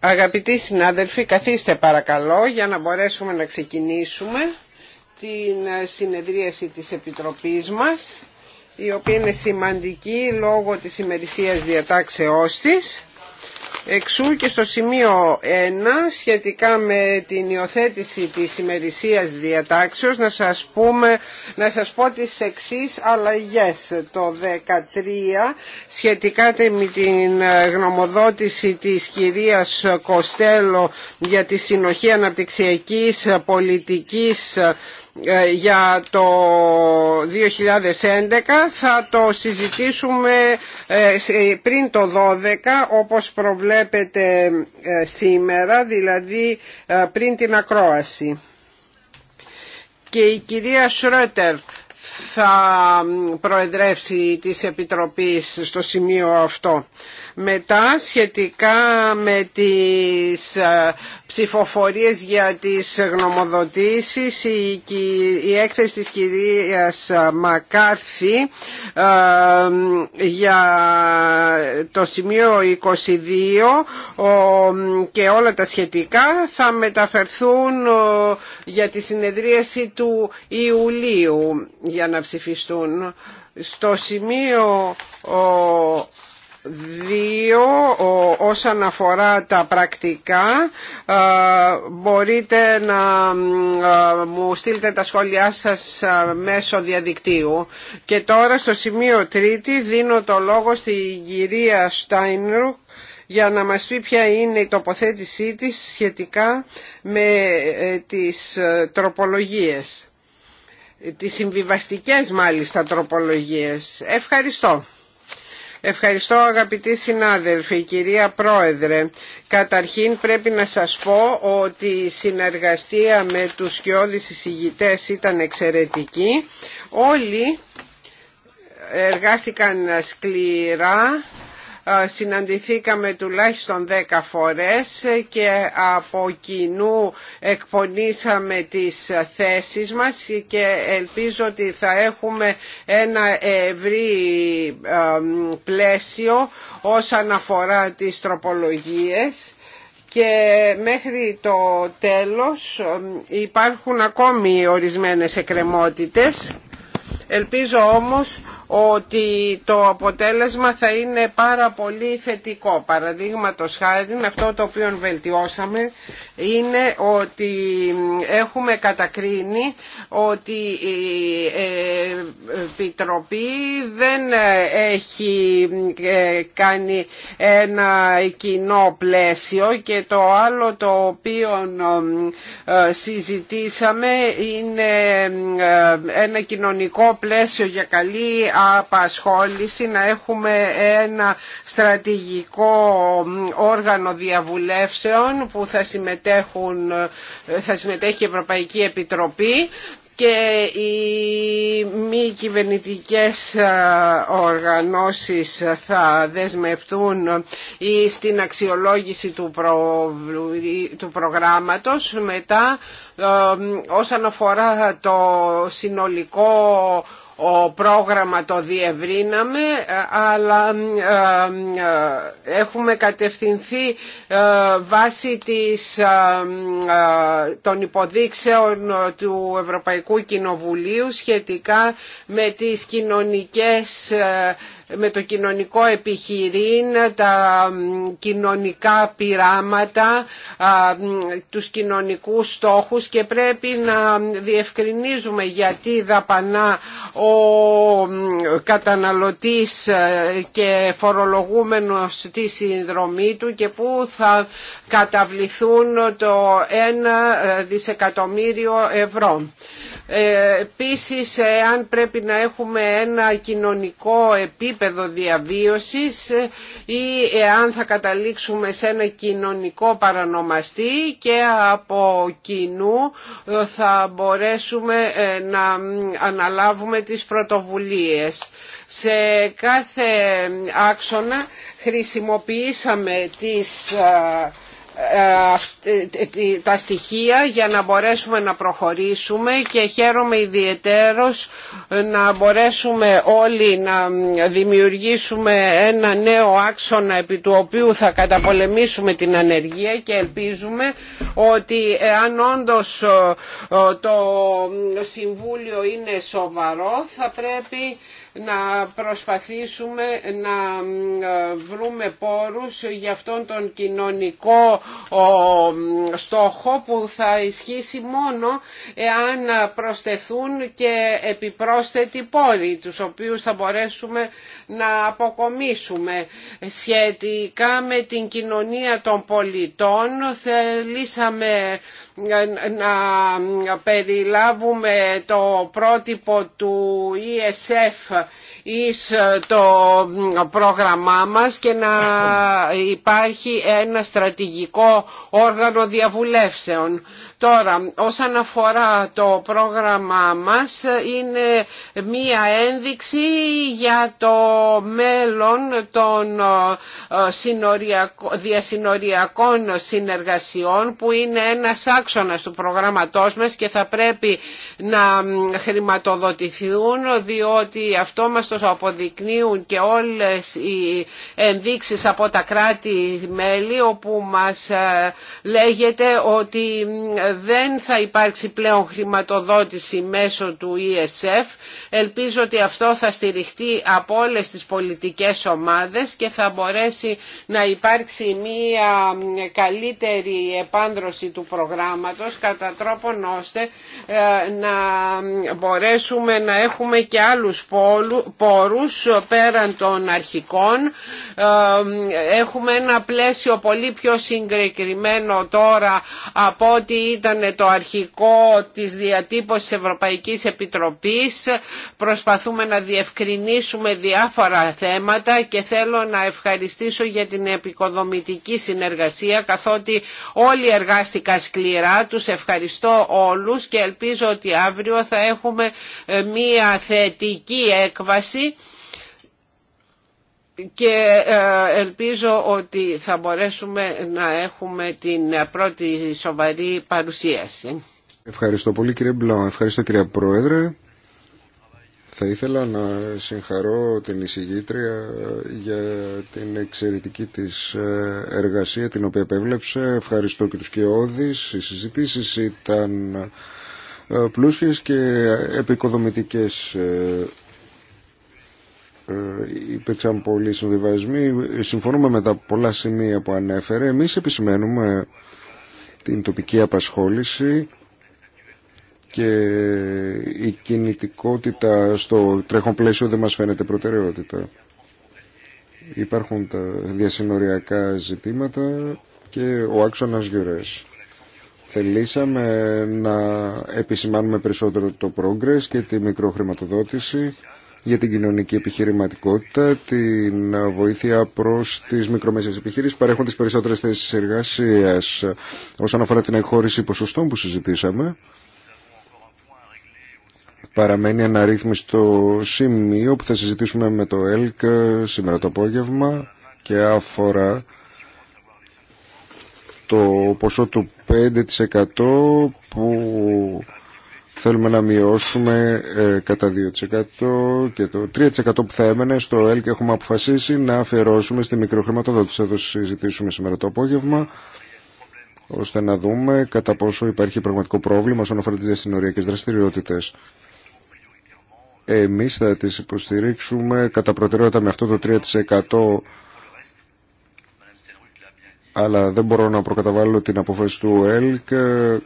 Αγαπητοί συνάδελφοι, καθίστε παρακαλώ για να μπορέσουμε να ξεκινήσουμε την ε, συνεδρίαση της Επιτροπής μας, η οποία είναι σημαντική λόγω της ημερησίας διατάξεώς της. Εξού και στο σημείο 1 σχετικά με την υιοθέτηση της ημερησίας διατάξεως να σας, πούμε, να σας πω τις εξής αλλαγές. Το 13 σχετικά με την ε, γνωμοδότηση της κυρίας Κοστέλο για τη συνοχή αναπτυξιακής πολιτικής ε, για το 2011 θα το συζητήσουμε ε, πριν το 12 όπως προβλέπετε ε, σήμερα δηλαδή πριν την ακρόαση και η κυρία Σρότερ θα προεδρεύσει της Επιτροπής στο σημείο αυτό. Μετά σχετικά με τις ε, ψηφοφορίες για τις γνωμοδοτήσεις η, η έκθεση της κυρίας Μακάρθη ε, για το σημείο 22 και όλα τα σχετικά θα μεταφερθούν για τη συνεδρίαση του Ιουλίου για να ψηφιστούν. Στο σημείο δύο όσον αφορά τα πρακτικά μπορείτε να μου στείλετε τα σχόλιά σας μέσω διαδικτύου και τώρα στο σημείο τρίτη δίνω το λόγο στη κυρία Στάινρουκ για να μας πει ποια είναι η τοποθέτησή της σχετικά με ε, τις ε, τροπολογίες ε, τις συμβιβαστικές μάλιστα τροπολογίες. Ευχαριστώ. Ευχαριστώ αγαπητοί συνάδελφοι, κυρία Πρόεδρε. Καταρχήν πρέπει να σας πω ότι η συνεργασία με τους σκιώδεις εισηγητές ήταν εξαιρετική. Όλοι εργάστηκαν σκληρά συναντηθήκαμε τουλάχιστον 10 φορές και από κοινού εκπονήσαμε τις θέσεις μας και ελπίζω ότι θα έχουμε ένα ευρύ πλαίσιο όσον αφορά τις τροπολογίες και μέχρι το τέλος υπάρχουν ακόμη ορισμένες εκκρεμότητες Ελπίζω όμως ότι το αποτέλεσμα θα είναι πάρα πολύ θετικό. Παραδείγματο χάρη, αυτό το οποίο βελτιώσαμε είναι ότι έχουμε κατακρίνει ότι η ε, Επιτροπή δεν έχει ε, κάνει ένα κοινό πλαίσιο και το άλλο το οποίο ε, συζητήσαμε είναι ένα κοινωνικό πλαίσιο για καλή απασχόληση, να έχουμε ένα στρατηγικό όργανο διαβουλεύσεων που θα, συμμετέχουν, θα συμμετέχει η Ευρωπαϊκή Επιτροπή και οι μη κυβερνητικές οργανώσεις θα δεσμευτούν ε, στην αξιολόγηση του, προ... προγράμματος μετά ε, όσον αφορά το συνολικό ο πρόγραμμα το διευρύναμε ε, αλλά ε, ε, έχουμε κατευθυνθεί βάσει της, των υποδείξεων του Ευρωπαϊκού Κοινοβουλίου σχετικά με τις κοινωνικές με το κοινωνικό επιχειρήν, τα κοινωνικά πειράματα, τους κοινωνικούς στόχους και πρέπει να διευκρινίζουμε γιατί δαπανά ο καταναλωτής ε, και φορολογούμενος τη συνδρομή του και πού θα καταβληθούν το 1 ε, δισεκατομμύριο ευρώ. Ε, επίσης, ε, αν πρέπει να έχουμε ένα κοινωνικό επίπεδο διαβίωσης ε, ή εάν θα καταλήξουμε σε ένα κοινωνικό παρανομαστή και από κοινού θα μπορέσουμε να αναλάβουμε τις πρωτοβουλίες. Σε κάθε άξονα χρησιμοποιήσαμε τις τα στοιχεία για να μπορέσουμε να προχωρήσουμε και χαίρομαι ιδιαιτέρως να μπορέσουμε όλοι να δημιουργήσουμε ένα νέο άξονα επί του οποίου θα καταπολεμήσουμε την ανεργία και ελπίζουμε ότι αν όντως ε, το Συμβούλιο είναι σοβαρό θα πρέπει να προσπαθήσουμε να ε, βρούμε πόρους για αυτόν τον κοινωνικό στόχο που θα ισχύσει μόνο εάν προσθεθούν και επιπρόσθετοι πόροι τους οποίους θα μπορέσουμε να αποκομίσουμε σχετικά με την κοινωνία των πολιτών θελήσαμε να περιλάβουμε το πρότυπο του ESF εις το πρόγραμμά μας και να υπάρχει ένα στρατηγικό όργανο διαβουλεύσεων. Τώρα, όσον αφορά το πρόγραμμα μας, είναι μία ένδειξη για το μέλλον των ε, διασυνοριακών συνεργασιών που είναι ένας άξονας του προγράμματός μας και θα πρέπει να χρηματοδοτηθούν διότι αυτό μας το αποδεικνύουν και όλες οι ενδείξεις από τα κράτη-μέλη όπου μας ε, λέγεται ότι δεν θα υπάρξει πλέον χρηματοδότηση μέσω του ESF. Ελπίζω ότι αυτό θα στηριχτεί από όλες τις πολιτικές ομάδες και θα μπορέσει να υπάρξει μία καλύτερη επάνδρωση του προγράμματος κατά τρόπον ώστε ε, να μπορέσουμε να έχουμε και άλλους πόρους πέραν των αρχικών. Ε, έχουμε ένα πλαίσιο πολύ πιο συγκεκριμένο τώρα από ότι ήταν το αρχικό της διατύπωσης Ευρωπαϊκής Επιτροπής. Προσπαθούμε να διευκρινίσουμε διάφορα θέματα και θέλω να ευχαριστήσω για την επικοδομητική συνεργασία καθότι όλοι εργάστηκαν σκληρά. Τους ευχαριστώ όλους και ελπίζω ότι αύριο θα έχουμε ε, μία θετική έκβαση και ε, ελπίζω ότι θα μπορέσουμε να έχουμε την πρώτη σοβαρή παρουσίαση. Ευχαριστώ πολύ κύριε Μπλό, ευχαριστώ κύριε Πρόεδρε. Θα ήθελα να συγχαρώ την εισηγήτρια για την εξαιρετική της ε, εργασία την οποία επέβλεψε. Ευχαριστώ και τους Κεώδης. Οι συζητήσεις ήταν ε, πλούσιες και επικοδομητικές ε, υπήρξαν πολλοί συμβιβασμοί. Συμφωνούμε με τα πολλά σημεία που ανέφερε. Εμείς επισημαίνουμε την τοπική απασχόληση και η κινητικότητα στο τρέχον πλαίσιο δεν μας φαίνεται προτεραιότητα. Υπάρχουν τα διασυνοριακά ζητήματα και ο άξονας γιορές. Θελήσαμε να επισημάνουμε περισσότερο το progress και τη μικροχρηματοδότηση για την κοινωνική επιχειρηματικότητα, την βοήθεια προς τις μικρομεσαίες επιχειρήσεις, παρέχουν τις περισσότερες θέσεις εργασίας όσον αφορά την εγχώρηση ποσοστών που συζητήσαμε. Παραμένει αναρρύθμιστο σημείο που θα συζητήσουμε με το ΕΛΚ σήμερα το απόγευμα και αφορά το ποσό του 5% που Θέλουμε να μειώσουμε ε, κατά 2% και το 3% που θα έμενε στο ΕΛΚ έχουμε αποφασίσει να αφιερώσουμε στη μικροχρηματοδότηση. Θα το συζητήσουμε σήμερα το απόγευμα ώστε να δούμε κατά πόσο υπάρχει πραγματικό πρόβλημα όσον αφορά τις διασυνοριακές δραστηριότητες. Εμείς θα τις υποστηρίξουμε κατά προτεραιότητα με αυτό το 3% αλλά δεν μπορώ να προκαταβάλω την αποφάση του ΕΛΚ.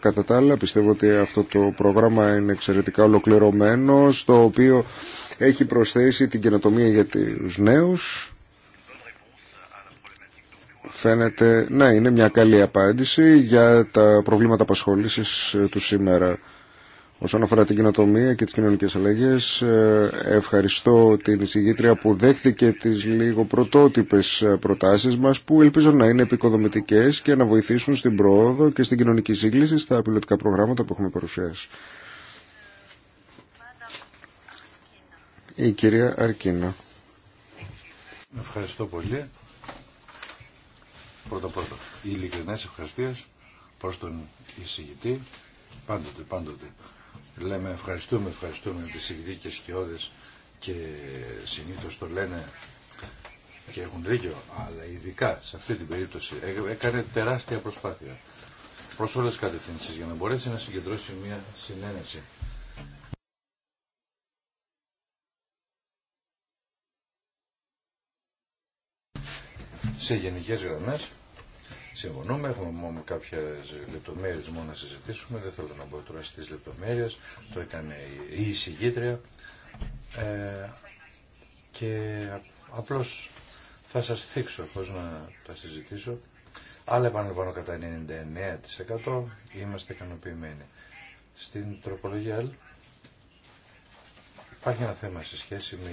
Κατά τα άλλα, πιστεύω ότι αυτό το πρόγραμμα είναι εξαιρετικά ολοκληρωμένο, στο οποίο έχει προσθέσει την καινοτομία για τους νέους. Φαίνεται να είναι μια καλή απάντηση για τα προβλήματα απασχόλησης του σήμερα. Όσον αφορά την κοινοτομία και τις κοινωνικές αλλαγές, ε, ευχαριστώ την εισηγήτρια που δέχθηκε τις λίγο πρωτότυπες ε, προτάσεις μας που ελπίζω να είναι επικοδομητικές και να βοηθήσουν στην πρόοδο και στην κοινωνική σύγκληση στα πιλωτικά προγράμματα που έχουμε παρουσιάσει. Η κυρία Αρκίνα. Ευχαριστώ πολύ. Πρώτα πρώτα, οι ειλικρινές ευχαριστίες προς τον εισηγητή πάντοτε, πάντοτε λέμε ευχαριστούμε, ευχαριστούμε τις και όδες και συνήθως το λένε και έχουν δίκιο, αλλά ειδικά σε αυτή την περίπτωση έκανε τεράστια προσπάθεια προς όλες τις κατευθύνσεις για να μπορέσει να συγκεντρώσει μια συνένεση. Σε γενικές γραμμές συμφωνούμε, έχουμε μόνο κάποια λεπτομέρειε μόνο να συζητήσουμε, δεν θέλω να μπω τώρα στι λεπτομέρειε, το έκανε η εισηγήτρια. Ε, και απλώ θα σα θίξω πώ να τα συζητήσω. Αλλά επαναλαμβάνω κατά 99% είμαστε ικανοποιημένοι. Στην τροπολογία υπάρχει ένα θέμα σε σχέση με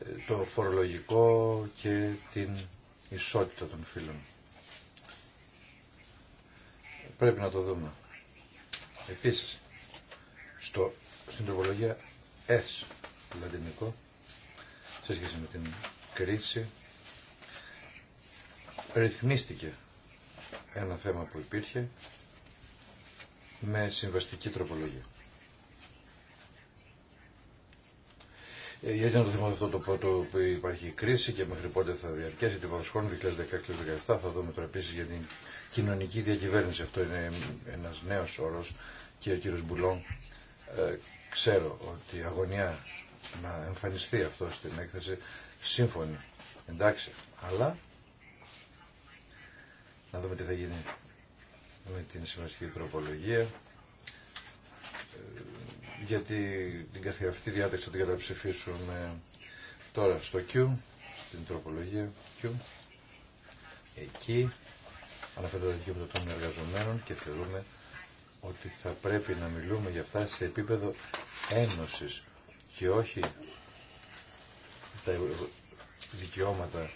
ε, το φορολογικό και την ισότητα των φίλων. Πρέπει να το δούμε. Επίση, στην τροπολογία S, λατινικό, σε σχέση με την κρίση, ρυθμίστηκε ένα θέμα που υπήρχε με συμβαστική τροπολογία. Ε, γιατί να το θυμάμαι αυτό το πρώτο που υπάρχει η κρίση και μέχρι πότε θα διαρκέσει την Πασχόλη 2016-2017. Θα δούμε τώρα επίση για την κοινωνική διακυβέρνηση. Αυτό είναι ένας νέος όρος και ο κύριος Μπουλόν ε, ξέρω ότι αγωνιά να εμφανιστεί αυτό στην έκθεση σύμφωνη. Εντάξει, αλλά να δούμε τι θα γίνει με την σημαντική τροπολογία ε, γιατί την καθιαυτή διάταξη θα την καταψηφίσουμε τώρα στο Q, στην τροπολογία Q. Εκεί αναφέρεται το δικαίωμα των εργαζομένων και θεωρούμε ότι θα πρέπει να μιλούμε για αυτά σε επίπεδο ένωσης και όχι τα δικαιώματα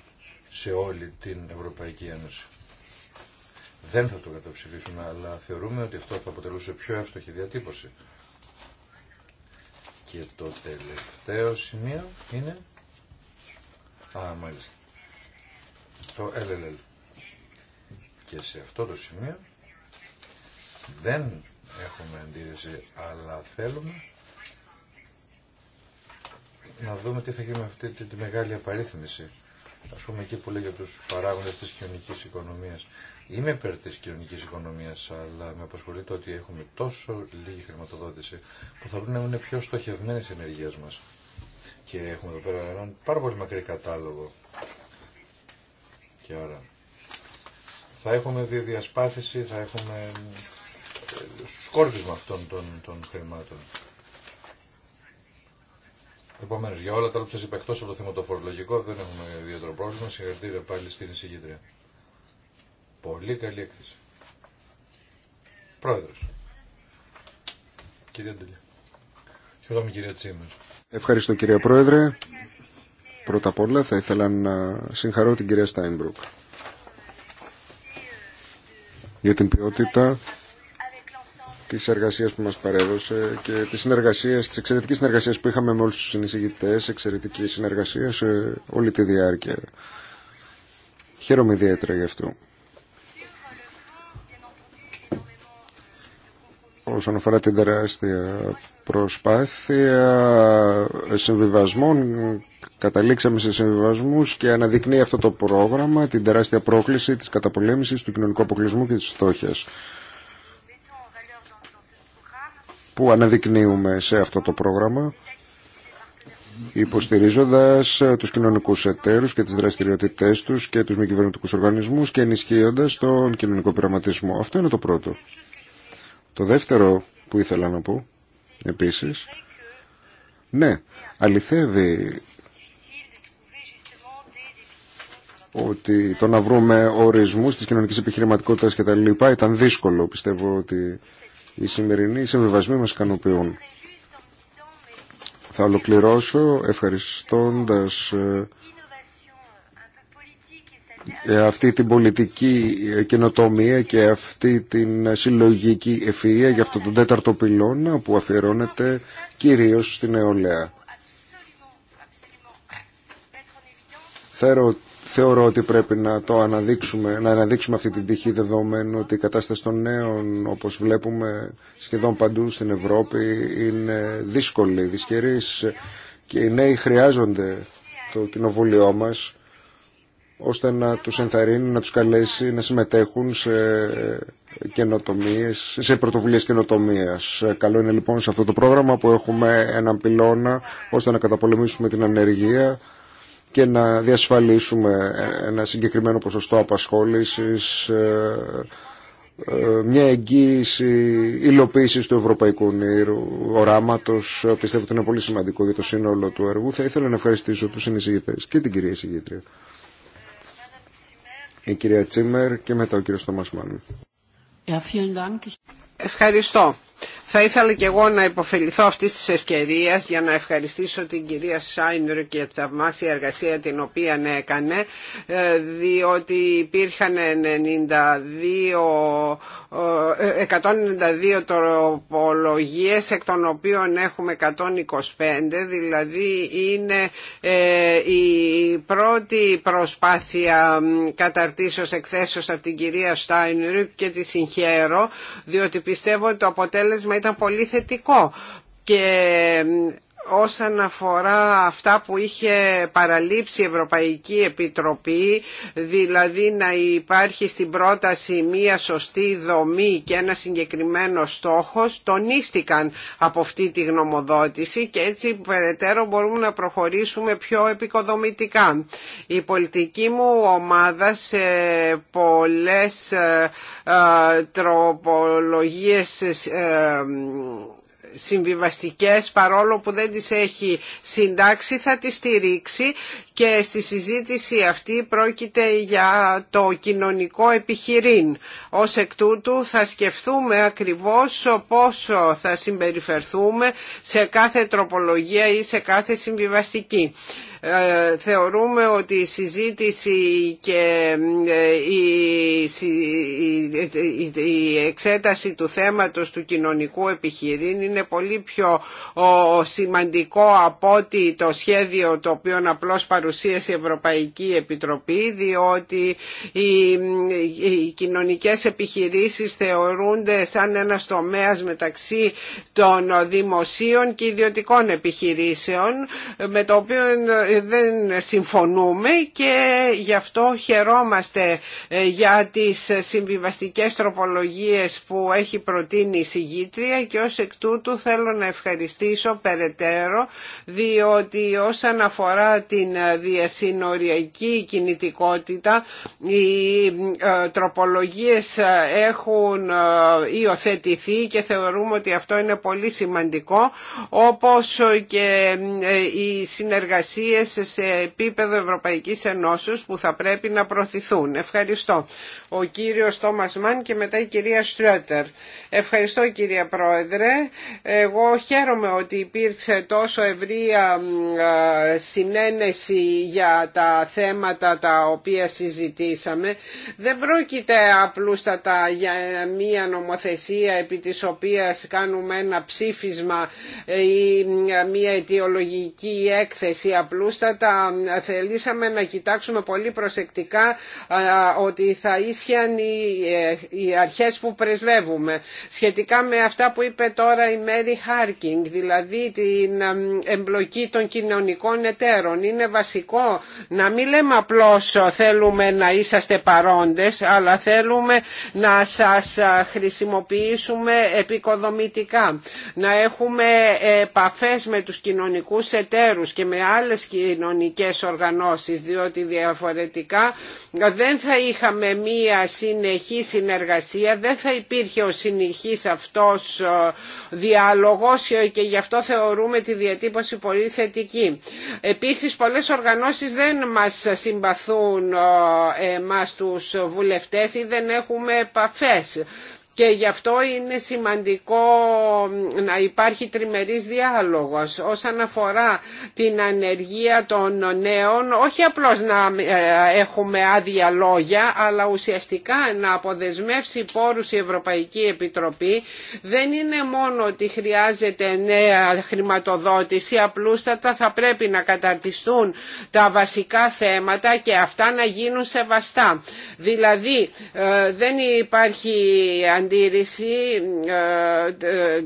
σε όλη την Ευρωπαϊκή Ένωση. Δεν θα το καταψηφίσουμε, αλλά θεωρούμε ότι αυτό θα αποτελούσε πιο εύστοχη διατύπωση. Και το τελευταίο σημείο είναι... Α, Το LLL. Και σε αυτό το σημείο δεν έχουμε αντίρρηση, αλλά θέλουμε να δούμε τι θα γίνει με αυτή τη, μεγάλη απαρίθμηση. Ας πούμε εκεί που λέγεται τους παράγοντες της κοινωνικής οικονομίας. Είμαι υπέρ της κοινωνικής οικονομίας, αλλά με απασχολεί το ότι έχουμε τόσο λίγη χρηματοδότηση που θα πρέπει να είναι πιο στοχευμένες οι ενεργείες μας. Και έχουμε εδώ πέρα έναν πάρα πολύ μακρύ κατάλογο. Και άρα θα έχουμε διαδιασπάθηση, θα έχουμε ε, σκόρπισμα αυτών των, των χρημάτων. Επομένως, για όλα τα άλλα που σας είπα εκτός από το θέμα το δεν έχουμε ιδιαίτερο πρόβλημα. Συγχαρητήρια πάλι στην εισηγήτρια. Πολύ καλή έκθεση. Πρόεδρος. Κυρία Ντελή. Συγγνώμη κυρία Τσίμερ. Ευχαριστώ κυρία Πρόεδρε. Πρώτα απ' όλα θα ήθελα να συγχαρώ την κυρία Στάινμπρουκ για την ποιότητα της εργασίας που μας παρέδωσε και τις συνεργασίας, της που είχαμε με όλους τους συνεισηγητές, εξαιρετική συνεργασία σε όλη τη διάρκεια. Χαίρομαι ιδιαίτερα γι' αυτό. όσον αφορά την τεράστια προσπάθεια συμβιβασμών καταλήξαμε σε συμβιβασμούς και αναδεικνύει αυτό το πρόγραμμα την τεράστια πρόκληση της καταπολέμησης του κοινωνικού αποκλεισμού και της φτώχειας που αναδεικνύουμε σε αυτό το πρόγραμμα υποστηρίζοντας τους κοινωνικούς εταίρους και τις δραστηριότητές τους και τους μη κυβερνητικούς οργανισμούς και ενισχύοντας τον κοινωνικό πειραματισμό. Αυτό είναι το πρώτο. Το δεύτερο που ήθελα να πω επίσης, ναι, αληθεύει ότι το να βρούμε ορισμούς της κοινωνικής επιχειρηματικότητας και τα λοιπά ήταν δύσκολο. Πιστεύω ότι οι σημερινοί συμβιβασμοί μας ικανοποιούν. Θα ολοκληρώσω ευχαριστώντας ε, ε, αυτή την πολιτική ε, καινοτομία και αυτή την συλλογική ευφυΐα για αυτό τον τέταρτο πυλώνα που αφιερώνεται κυρίως στην νεολαία. Θεωρώ, ότι πρέπει να το αναδείξουμε, να αναδείξουμε αυτή την τυχή δεδομένου ότι η κατάσταση των νέων όπως βλέπουμε σχεδόν παντού στην Ευρώπη είναι δύσκολη, δυσκερής και οι νέοι χρειάζονται το κοινοβούλιο μας ώστε να τους ενθαρρύνει, να τους καλέσει να συμμετέχουν σε, καινοτομίες, σε πρωτοβουλίες καινοτομίας. Καλό είναι λοιπόν σε αυτό το πρόγραμμα που έχουμε έναν πυλώνα ώστε να καταπολεμήσουμε την ανεργία και να διασφαλίσουμε ένα συγκεκριμένο ποσοστό απασχόλησης, ε, ε, μια εγγύηση υλοποίηση του ευρωπαϊκού ονείρου, οράματος. Ε, πιστεύω ότι είναι πολύ σημαντικό για το σύνολο του έργου. Θα ήθελα να ευχαριστήσω τους συνεισηγητές και την κυρία συγγήτρια η κυρία Τσίμερ και μετά ο κύριος Τόμας Μάνου. Ευχαριστώ. Θα ήθελα και εγώ να υποφεληθώ αυτής της ευκαιρίας για να ευχαριστήσω την κυρία Σάινρου και τη θαυμάσια εργασία την οποία έκανε ε, διότι υπήρχαν 92 192 ε, τροπολογίες εκ των οποίων έχουμε 125 δηλαδή είναι ε, η πρώτη προσπάθεια καταρτήσεως εκθέσεως από την κυρία Στάινρου και τη συγχαίρω διότι πιστεύω ότι το αποτέλεσμα ήταν πολύ θετικό και όσον αφορά αυτά που είχε παραλείψει η Ευρωπαϊκή Επιτροπή, δηλαδή να υπάρχει στην πρόταση μία σωστή δομή και ένα συγκεκριμένο στόχος, τονίστηκαν από αυτή τη γνωμοδότηση και έτσι περαιτέρω μπορούμε να προχωρήσουμε πιο επικοδομητικά. Η πολιτική μου ομάδα σε πολλές ε, ε, τροπολογίες ε, συμβιβαστικές παρόλο που δεν τις έχει συντάξει θα τις στηρίξει και στη συζήτηση αυτή πρόκειται για το κοινωνικό επιχειρήν. Ως εκ τούτου θα σκεφτούμε ακριβώς πόσο θα συμπεριφερθούμε σε κάθε τροπολογία ή σε κάθε συμβιβαστική. Ε, θεωρούμε ότι η συζήτηση και ε, η εξέταση του θέματος του κοινωνικού επιχειρήν είναι πολύ πιο σημαντικό από ότι το σχέδιο το οποίο απλώς παρουσιάζει παρουσίαση Ευρωπαϊκή Επιτροπή διότι οι, οι κοινωνικές επιχειρήσεις θεωρούνται σαν ένα τομέας μεταξύ των δημοσίων και ιδιωτικών επιχειρήσεων με το οποίο δεν συμφωνούμε και γι' αυτό χαιρόμαστε ε, για τις συμβιβαστικές τροπολογίες που έχει προτείνει η συγγήτρια και ως εκ τούτου θέλω να ευχαριστήσω περαιτέρω διότι όσον αφορά την διασυνοριακή δηλαδή κινητικότητα. Οι ε, τροπολογίες ε, έχουν ε, υιοθετηθεί και θεωρούμε ότι αυτό είναι πολύ σημαντικό όπως και οι συνεργασίες σε επίπεδο Ευρωπαϊκής Ενώσεως που θα πρέπει να προωθηθούν. Ευχαριστώ. Ο κύριος Τόμας Μαν και μετά η κυρία Στρέτερ. Ευχαριστώ κυρία Πρόεδρε. Εγώ χαίρομαι ότι υπήρξε τόσο ευρία συνένεση για τα θέματα τα οποία συζητήσαμε. Δεν πρόκειται απλούστατα για μία νομοθεσία επί της οποίας κάνουμε ένα ψήφισμα ή μία αιτιολογική έκθεση απλούστατα. Θελήσαμε να κοιτάξουμε πολύ προσεκτικά ότι θα ίσχυαν ε, οι αρχές που πρεσβεύουμε. Σχετικά με αυτά που είπε τώρα η Μέρι Χάρκινγκ, δηλαδή την εμπλοκή των κοινωνικών εταίρων. Είναι να μην λέμε απλώς ε, θέλουμε να είσαστε παρόντες αλλά θέλουμε να σας ε, χρησιμοποιήσουμε επικοδομητικά να έχουμε επαφές με τους κοινωνικούς εταίρους και με άλλες κοινωνικές οργανώσεις διότι διαφορετικά δεν θα είχαμε μία συνεχή συνεργασία δεν θα υπήρχε ο συνεχής αυτός ε, διάλογος και γι' αυτό θεωρούμε τη διατύπωση πολύ θετική. Επίσης πολλές οργανώσεις οργανώσεις δεν μας συμπαθούν ε, εμάς τους βουλευτές ή δεν έχουμε επαφές και γι' αυτό είναι σημαντικό να υπάρχει τριμερής διάλογος όσον αφορά την ανεργία των νέων όχι απλώς να ε, έχουμε άδεια λόγια αλλά ουσιαστικά να αποδεσμεύσει πόρους η Ευρωπαϊκή Επιτροπή δεν είναι μόνο ότι χρειάζεται νέα χρηματοδότηση απλούστατα θα πρέπει να καταρτιστούν τα βασικά θέματα και αυτά να γίνουν σεβαστά δηλαδή ε, δεν υπάρχει αντίρρηση. Ε, ε,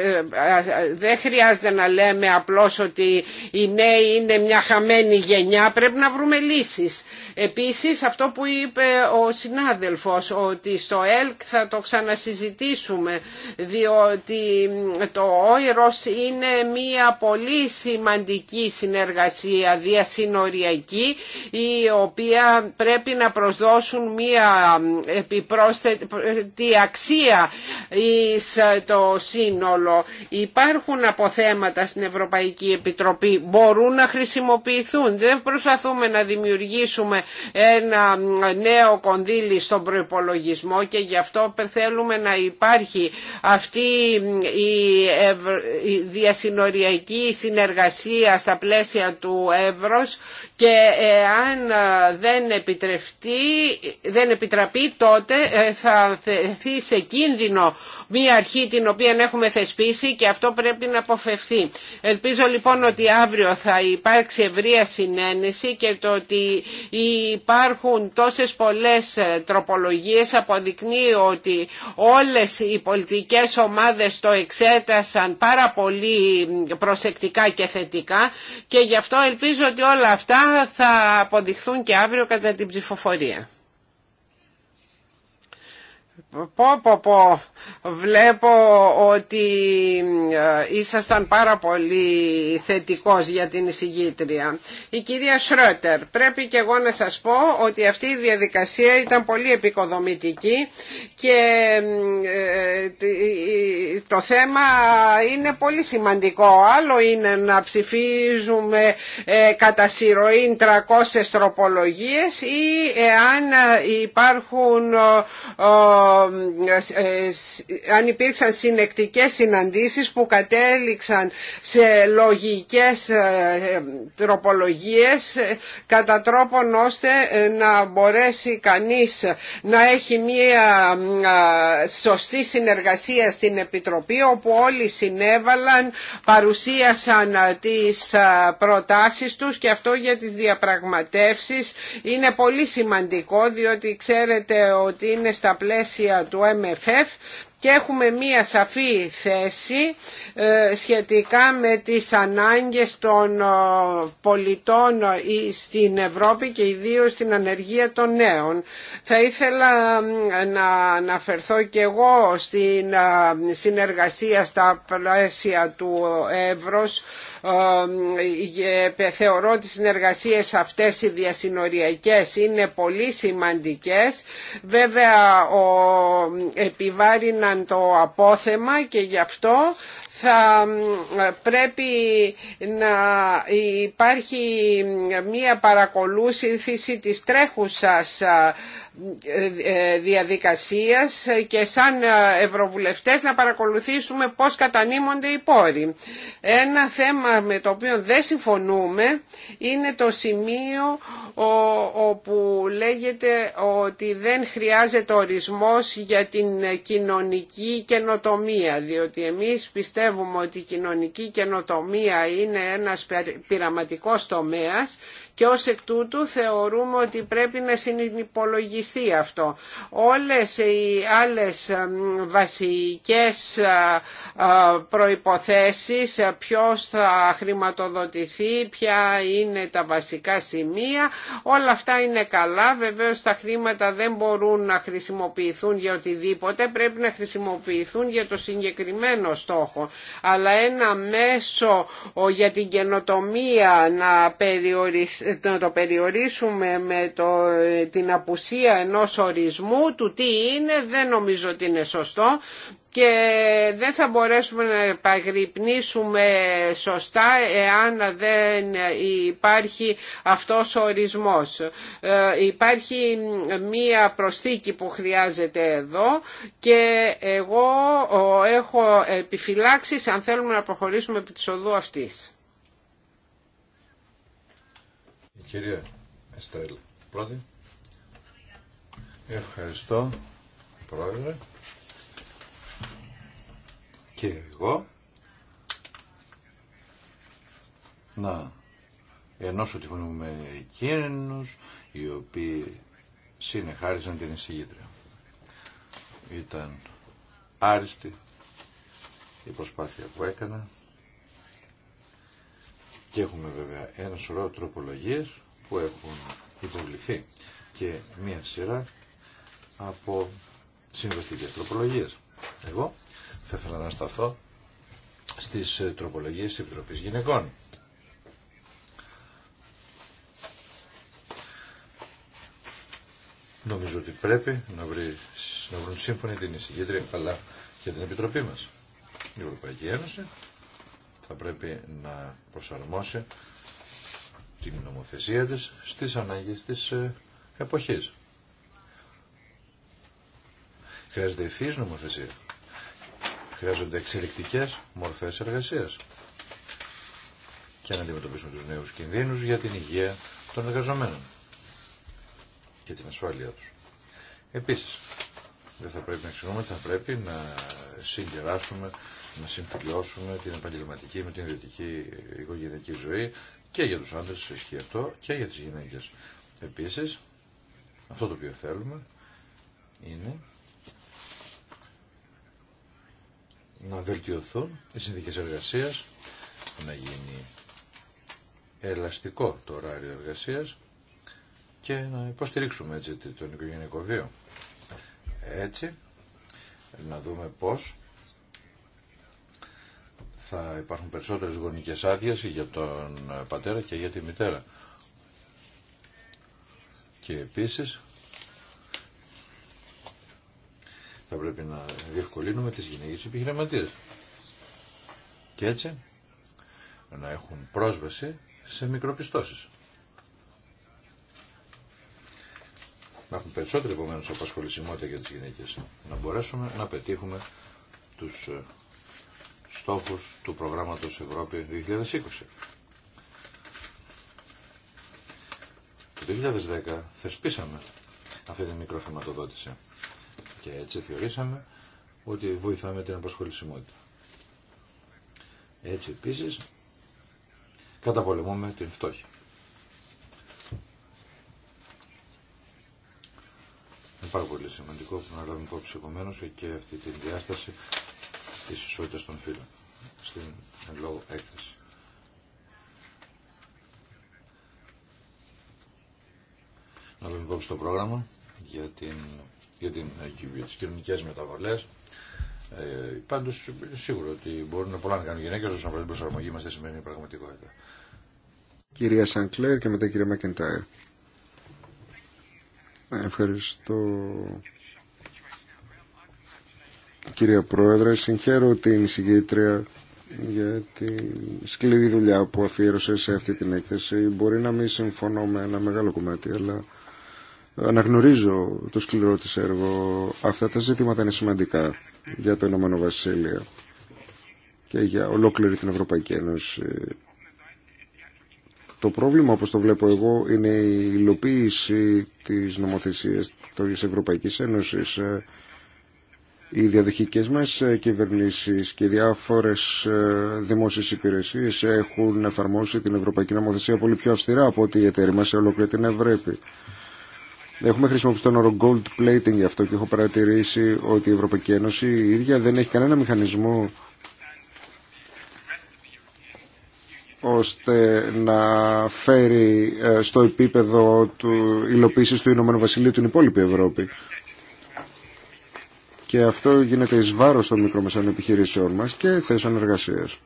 ε, δεν χρειάζεται να λέμε απλώς ότι οι νέοι είναι μια χαμένη γενιά. Πρέπει να βρούμε λύσεις. Επίσης αυτό που είπε ο συνάδελφος ότι στο ΕΛΚ θα το ξανασυζητήσουμε διότι το ΟΗΡΟΣ είναι μια πολύ σημαντική συνεργασία διασυνοριακή η οποία πρέπει να προσδώσουν μια επιπρόσθετη αξία εις το σύνολο. Υπάρχουν αποθέματα στην Ευρωπαϊκή Επιτροπή, μπορούν να χρησιμοποιηθούν. Δεν προσπαθούμε να δημιουργήσουμε ένα νέο κονδύλι στον προϋπολογισμό και γι' αυτό θέλουμε να υπάρχει αυτή η διασυνοριακή συνεργασία στα πλαίσια του Εύρος και εάν δεν, επιτρεφτεί, δεν επιτραπεί τότε ε, θα θεθεί σε κίνδυνο μία αρχή την οποία έχουμε θεσπίσει και αυτό πρέπει να αποφευθεί. Ελπίζω λοιπόν ότι αύριο θα υπάρξει ευρεία συνένεση και το ότι υπάρχουν τόσες πολλές ε, τροπολογίες αποδεικνύει ότι όλες οι πολιτικές ομάδες το εξέτασαν πάρα πολύ προσεκτικά και θετικά και γι' αυτό ελπίζω ότι όλα αυτά θα αποδειχθούν και αύριο κατά την ψηφοφορία. Πω, πω, πω. Βλέπω ότι ε, ήσασταν πάρα πολύ θετικός για την εισηγήτρια. Η κυρία Σρότερ, πρέπει και εγώ να σας πω ότι αυτή η διαδικασία ήταν πολύ επικοδομητική και ε, ε, το θέμα είναι πολύ σημαντικό. Άλλο είναι να ψηφίζουμε κατά συρροή 300 τροπολογίες ή εάν υπάρχουν αν υπήρξαν συνεκτικές συναντήσεις που κατέληξαν σε λογικές ε, τροπολογίες ε, κατά τρόπον ώστε ε, να μπορέσει κανείς να έχει μία σωστή συνεργασία στην Επιτροπή όπου όλοι συνέβαλαν, παρουσίασαν τις προτάσεις τους και αυτό για τις διαπραγματεύσεις είναι πολύ σημαντικό διότι ξέρετε ότι είναι στα πλαίσια του MFF και έχουμε μία σαφή θέση ε, σχετικά με τις ανάγκες των ε, πολιτών ε, στην Ευρώπη και ιδίως στην ανεργία των νέων. Θα ήθελα να αναφερθώ και εγώ στην συνεργασία στα πλαίσια του Εύρος ε, θεωρώ ότι οι συνεργασίες αυτές οι διασυνοριακές είναι πολύ σημαντικές. Βέβαια ο επιβάρυναν το απόθεμα και γι' αυτό θα πρέπει να υπάρχει μία παρακολούθηση της τρέχουσας ε, ε, διαδικασίας και σαν ευρωβουλευτές να παρακολουθήσουμε πώς κατανείμονται οι πόροι. Ένα θέμα με το οποίο δεν συμφωνούμε είναι το σημείο όπου λέγεται ότι δεν χρειάζεται ορισμός για την κοινωνική καινοτομία διότι εμείς πιστεύουμε ότι η κοινωνική καινοτομία είναι ένας πειραματικός τομέας και ως εκ τούτου θεωρούμε ότι πρέπει να συνυπολογιστεί αυτό. Όλες οι άλλες βασικές ε, ε, προϋποθέσεις, ε, ποιος θα χρηματοδοτηθεί, ποια είναι τα βασικά σημεία, όλα αυτά είναι καλά. Βεβαίως τα χρήματα δεν μπορούν να χρησιμοποιηθούν για οτιδήποτε, πρέπει να χρησιμοποιηθούν για το συγκεκριμένο στόχο. Αλλά ένα μέσο για την καινοτομία να περιοριστεί να το περιορίσουμε με το, την απουσία ενός ορισμού του τι είναι δεν νομίζω ότι είναι σωστό και δεν θα μπορέσουμε να επαγρυπνήσουμε σωστά εάν δεν υπάρχει αυτός ο ορισμός. Ε, υπάρχει μία προσθήκη που χρειάζεται εδώ και εγώ ε, έχω επιφυλάξεις αν θέλουμε να προχωρήσουμε επί της οδού αυτής. Κυρία Εστρέλα, πρώτη. Ευχαριστώ, πρόεδρε. Και εγώ να ενώσω τη φωνή μου με εκείνους οι οποίοι συνεχάριζαν την εισηγήτρια. Ήταν άριστη η προσπάθεια που έκανα και έχουμε βέβαια ένα σωρό τροπολογίες που έχουν υποβληθεί και μία σειρά από συμβαστικές τροπολογίες. Εγώ θα ήθελα να σταθώ στις ε, τροπολογίες τη Επιτροπής Γυναικών. Νομίζω ότι πρέπει να, βρει, να βρουν σύμφωνη την εισηγήτρια αλλά και την Επιτροπή μας. Η Ευρωπαϊκή Ένωση θα πρέπει να προσαρμόσει την νομοθεσία της στις ανάγκες της ε, εποχής. Χρειάζεται ευθύς νομοθεσία. Χρειάζονται εξελικτικές μορφές εργασίας και να αντιμετωπίσουμε τους νέους κινδύνους για την υγεία των εργαζομένων και την ασφάλεια τους. Επίσης, δεν θα πρέπει να ξεχνούμε θα πρέπει να συγκεράσουμε να συμφιλώσουμε την επαγγελματική με την ιδιωτική οικογενειακή ζωή και για τους άντρες ισχύει αυτό και για τις γυναίκες. Επίσης, αυτό το οποίο θέλουμε είναι να βελτιωθούν οι συνθήκες εργασίας, να γίνει ελαστικό το ωράριο εργασίας και να υποστηρίξουμε έτσι τον οικογενειακό βίο. Έτσι, να δούμε πώς θα υπάρχουν περισσότερες γονικές άδειες για τον πατέρα και για τη μητέρα. Και επίσης θα πρέπει να διευκολύνουμε τις γυναίκες επιχειρηματίες. Και έτσι να έχουν πρόσβαση σε μικροπιστώσεις. Να έχουν περισσότερη επομένω απασχολησιμότητα για τις γυναίκες. Να μπορέσουμε να πετύχουμε τους ε, στόχους του προγράμματος Ευρώπη 2020. Το 2010 θεσπίσαμε αυτή τη μικροχρηματοδότηση και έτσι θεωρήσαμε ότι βοηθάμε την απασχολησιμότητα. Έτσι επίσης καταπολεμούμε την φτώχεια. Είναι πάρα πολύ σημαντικό που να λάβουμε υπόψη επομένω και αυτή την διάσταση Τη ισότητα των φύλων στην λόγω έκθεση. Να λέμε υπόψη το πρόγραμμα για, την, για, την, ε, για τις κοινωνικές μεταβολές. Ε, Πάντω σίγουρο ότι μπορούν πολλά να κάνουν γυναίκε όσον αφορά την προσαρμογή μα στη σημερινή πραγματικότητα. Κυρία Σανκλέρ και μετά κυρία Μακεντάιρ. Ε, ευχαριστώ Κύριε Πρόεδρε, συγχαίρω την συγγήτρια για τη σκληρή δουλειά που αφιέρωσε σε αυτή την έκθεση. Μπορεί να μην συμφωνώ με ένα μεγάλο κομμάτι, αλλά αναγνωρίζω το σκληρό της έργο. Αυτά τα ζητήματα είναι σημαντικά για το Ηνωμένο Βασίλειο και για ολόκληρη την Ευρωπαϊκή Ένωση. Το πρόβλημα, όπως το βλέπω εγώ, είναι η υλοποίηση της νομοθεσίας της Ευρωπαϊκής Ένωσης οι διαδοχικές μας ε, κυβερνήσεις και διάφορες ε, δημόσιες υπηρεσίες έχουν εφαρμόσει την Ευρωπαϊκή Νομοθεσία πολύ πιο αυστηρά από ό,τι οι εταιρεία μας σε ολόκληρη την Ευρώπη. Έχουμε χρησιμοποιήσει τον όρο gold plating γι' αυτό και έχω παρατηρήσει ότι η Ευρωπαϊκή Ένωση η ίδια δεν έχει κανένα μηχανισμό ώστε να φέρει ε, στο επίπεδο του υλοποίησης του Ηνωμένου Βασιλείου την υπόλοιπη Ευρώπη και αυτό γίνεται εις βάρος των μικρομεσαίων επιχειρήσεων μας και θέσεων εργασίας.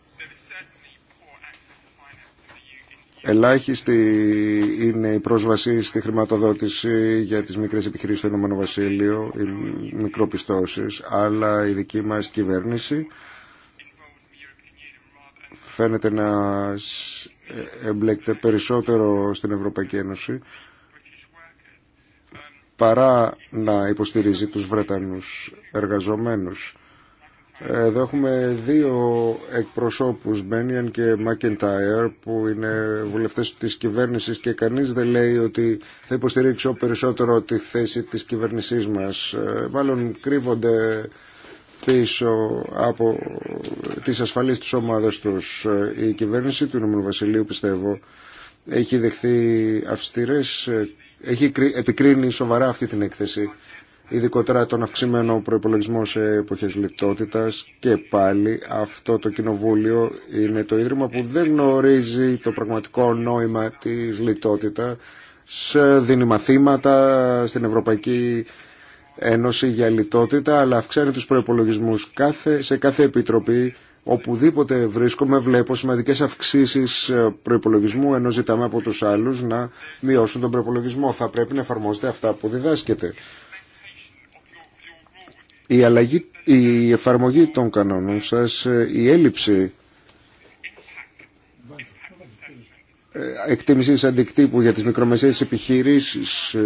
Ελάχιστη είναι η πρόσβαση στη χρηματοδότηση για τις μικρές επιχειρήσεις στο Ηνωμένο Βασίλειο, οι μικροπιστώσεις, αλλά η δική μας κυβέρνηση φαίνεται να εμπλέκεται περισσότερο στην Ευρωπαϊκή Ένωση παρά να υποστηρίζει τους Βρετανούς εργαζομένους. Εδώ έχουμε δύο εκπροσώπους, Μπένιαν και Μακεντάιρ, που είναι βουλευτές της κυβέρνησης και κανείς δεν λέει ότι θα υποστηρίξω περισσότερο τη θέση της κυβέρνησής μας. Ε, μάλλον κρύβονται πίσω από τις ασφαλείς της ομάδας τους. Ε, η κυβέρνηση του Ηνωμένου Βασιλείου, πιστεύω, έχει δεχθεί αυστηρές έχει επικρίνει σοβαρά αυτή την έκθεση, ειδικότερα τον αυξημένο προπολογισμό σε εποχέ λιτότητας και πάλι αυτό το κοινοβούλιο είναι το ίδρυμα που δεν γνωρίζει το πραγματικό νόημα της λιτότητα, δίνει μαθήματα στην Ευρωπαϊκή Ένωση για λιτότητα, αλλά αυξάνει του προπολογισμού σε κάθε επιτροπή Οπουδήποτε βρίσκομαι βλέπω σημαντικές αυξήσεις ε, προϋπολογισμού ενώ ζητάμε από τους άλλους να μειώσουν τον προϋπολογισμό. Θα πρέπει να εφαρμόζετε αυτά που διδάσκεται. Η, αλλαγή, η εφαρμογή των κανόνων σας, ε, η έλλειψη ε, εκτίμησης αντικτύπου για τις μικρομεσαίες επιχειρήσεις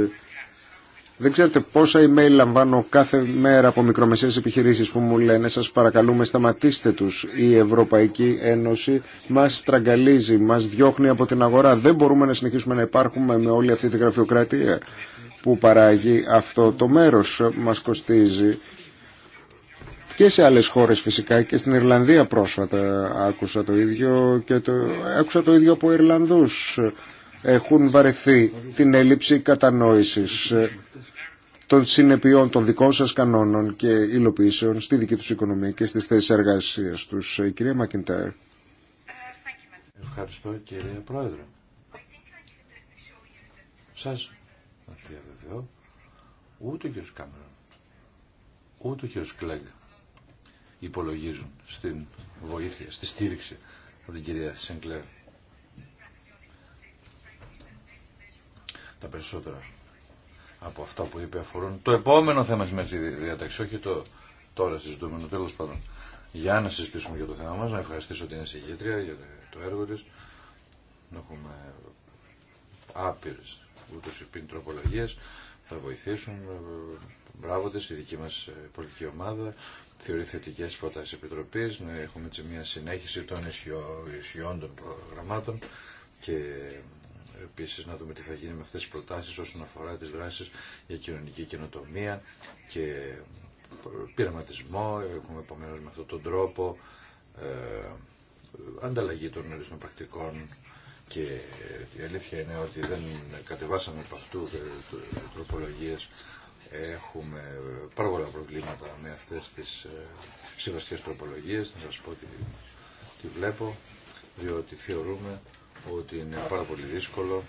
δεν ξέρετε πόσα email λαμβάνω κάθε μέρα από μικρομεσαίες επιχειρήσεις που μου λένε σας παρακαλούμε σταματήστε τους. Η Ευρωπαϊκή Ένωση μας στραγγαλίζει, μας διώχνει από την αγορά. Δεν μπορούμε να συνεχίσουμε να υπάρχουμε με όλη αυτή τη γραφειοκρατία που παράγει αυτό το μέρος μας κοστίζει. Και σε άλλες χώρες φυσικά και στην Ιρλανδία πρόσφατα άκουσα το ίδιο και το, άκουσα το ίδιο από Ιρλανδούς. Έχουν βαρεθεί την έλλειψη κατανόησης των συνεπειών των δικών σας κανόνων και υλοποιήσεων στη δική τους οικονομία και στις θέσεις εργασίας τους. Η ε, κυρία Μακιντάρ. Ευχαριστώ κύριε Πρόεδρε. Σας διαβεβαιώ ούτε ο κύριος Κάμερον ούτε ο κύριος Κλέγκ υπολογίζουν στην βοήθεια, στη στήριξη από την κυρία Σενκλέρ. Τα περισσότερα από αυτά που είπε αφορούν το επόμενο θέμα τη στη διαταξή, όχι το τώρα συζητούμενο, τέλο πάντων. Για να συζητήσουμε για το θέμα μα. να ευχαριστήσω την εισηγήτρια για το έργο τη. να έχουμε ούτω ή υπήν τροπολογίε. θα βοηθήσουν, ε, μπράβο της, η δική μα ε, πολιτική ομάδα, θεωρεί θετικέ προτάσει επιτροπή. να έχουμε έτσι μια συνέχιση των ισχυών των προγραμμάτων και επίσης να δούμε τι θα γίνει με αυτές τις προτάσεις όσον αφορά τις δράσεις για κοινωνική καινοτομία και πειραματισμό, έχουμε επομένως με αυτόν τον τρόπο ε, ανταλλαγή των ορισμών πρακτικών και η αλήθεια είναι ότι δεν κατεβάσαμε από αυτού ε, τροπολογίες έχουμε πάρα πολλά προβλήματα με αυτές τις ε, συμβαστικές τροπολογίες να σας πω ότι βλέπω διότι θεωρούμε ότι είναι πάρα πολύ δύσκολο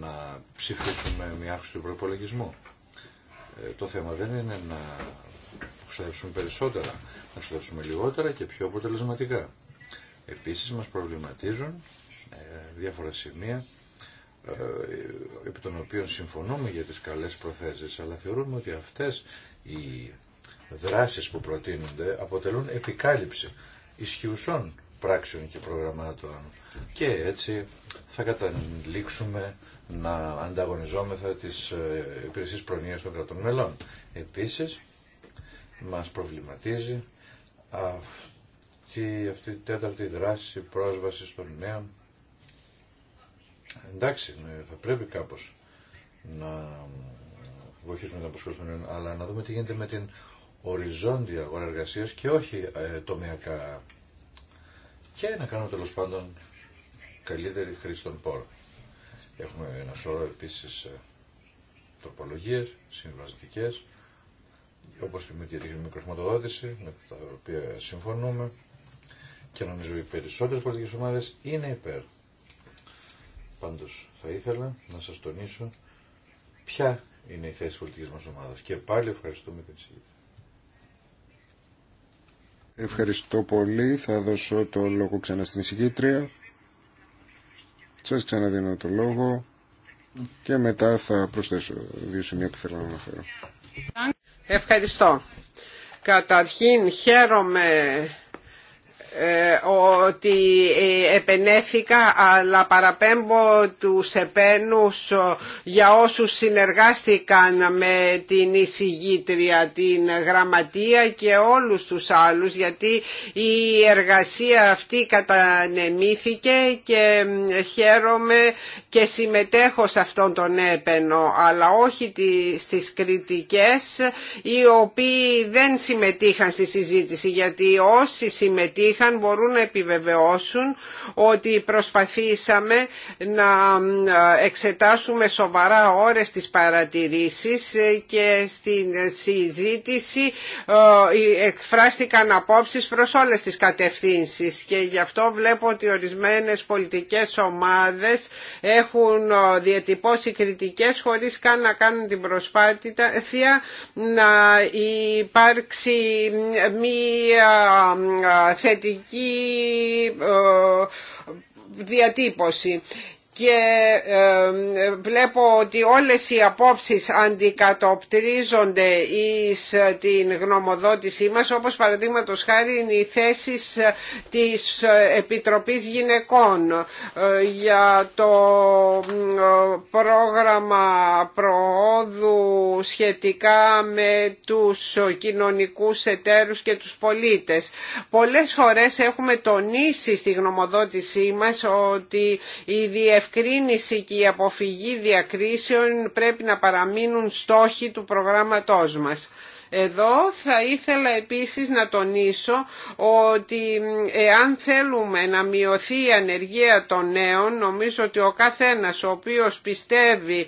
να ψηφίσουμε μια αύξηση του προπολογισμού. Ε, το θέμα δεν είναι να ξοδεύσουμε περισσότερα, να ξοδεύσουμε λιγότερα και πιο αποτελεσματικά. Επίσης μας προβληματίζουν ε, διάφορα σημεία ε, επί των οποίων συμφωνούμε για τις καλές προθέσεις, αλλά θεωρούμε ότι αυτές οι δράσεις που προτείνονται αποτελούν επικάλυψη ισχυουσών πράξεων και προγραμμάτων. Και έτσι θα καταλήξουμε να ανταγωνιζόμεθα τις ε, υπηρεσίες προνοίας των κρατών μελών. Επίσης, μας προβληματίζει αυτή, αυτή η τέταρτη δράση πρόσβαση των νέων. Εντάξει, ναι, θα πρέπει κάπως να βοηθήσουμε τα νέων, αλλά να δούμε τι γίνεται με την οριζόντια αγορά εργασία και όχι ε, τομεακά και να κάνουμε τέλο πάντων καλύτερη χρήση των πόρων. Έχουμε ένα σωρό επίσης ε, τροπολογίε, συμβαστικέ, όπως και με τη μικροχρηματοδότηση, με τα οποία συμφωνούμε και νομίζω οι περισσότερε πολιτικέ ομάδε είναι υπέρ. πάντω θα ήθελα να σα τονίσω ποια είναι η θέση τη πολιτική μα. ομάδα. Και πάλι ευχαριστούμε την συγκεκριμένη. Ευχαριστώ πολύ. Θα δώσω το λόγο ξανά στην εισηγήτρια. Σας ξαναδίνω το λόγο και μετά θα προσθέσω δύο σημεία που θέλω να αναφέρω. Ευχαριστώ. Καταρχήν χαίρομαι ε, ότι ε, επενέθηκα αλλά παραπέμπω του επένους ε, για όσους συνεργάστηκαν με την εισηγήτρια, την γραμματεία και όλους τους άλλους γιατί η εργασία αυτή κατανεμήθηκε και χαίρομαι και συμμετέχω σε αυτόν τον έπαινο αλλά όχι στις κριτικές οι οποίοι δεν συμμετείχαν στη συζήτηση γιατί όσοι συμμετείχαν αν μπορούν να επιβεβαιώσουν ότι προσπαθήσαμε να εξετάσουμε σοβαρά ώρες τις παρατηρήσεις ε, και στην συζήτηση ε, εκφράστηκαν απόψεις προς όλες τις κατευθύνσεις και γι' αυτό βλέπω ότι ορισμένες πολιτικές ομάδες έχουν ε, διατυπώσει κριτικές χωρίς καν να κάνουν την προσπάθεια να υπάρξει μία θετική πολιτική ε, διατύπωση και βλέπω ότι όλες οι απόψεις αντικατοπτρίζονται εις ε, την γνωμοδότησή μας όπως παραδείγματο χάρη είναι οι θέσεις ε, της ε, Επιτροπής Γυναικών για το πρόγραμμα προόδου σχετικά με τους κοινωνικούς εταίρους και τους πολίτες. Πολλές φορές έχουμε τονίσει στη γνωμοδότησή μας ότι η διευκρίνηση και η αποφυγή διακρίσεων πρέπει να παραμείνουν στόχοι του προγράμματός μας. Εδώ θα ήθελα επίσης να τονίσω ότι εάν θέλουμε να μειωθεί η ανεργία των νέων, νομίζω ότι ο καθένας ο οποίος πιστεύει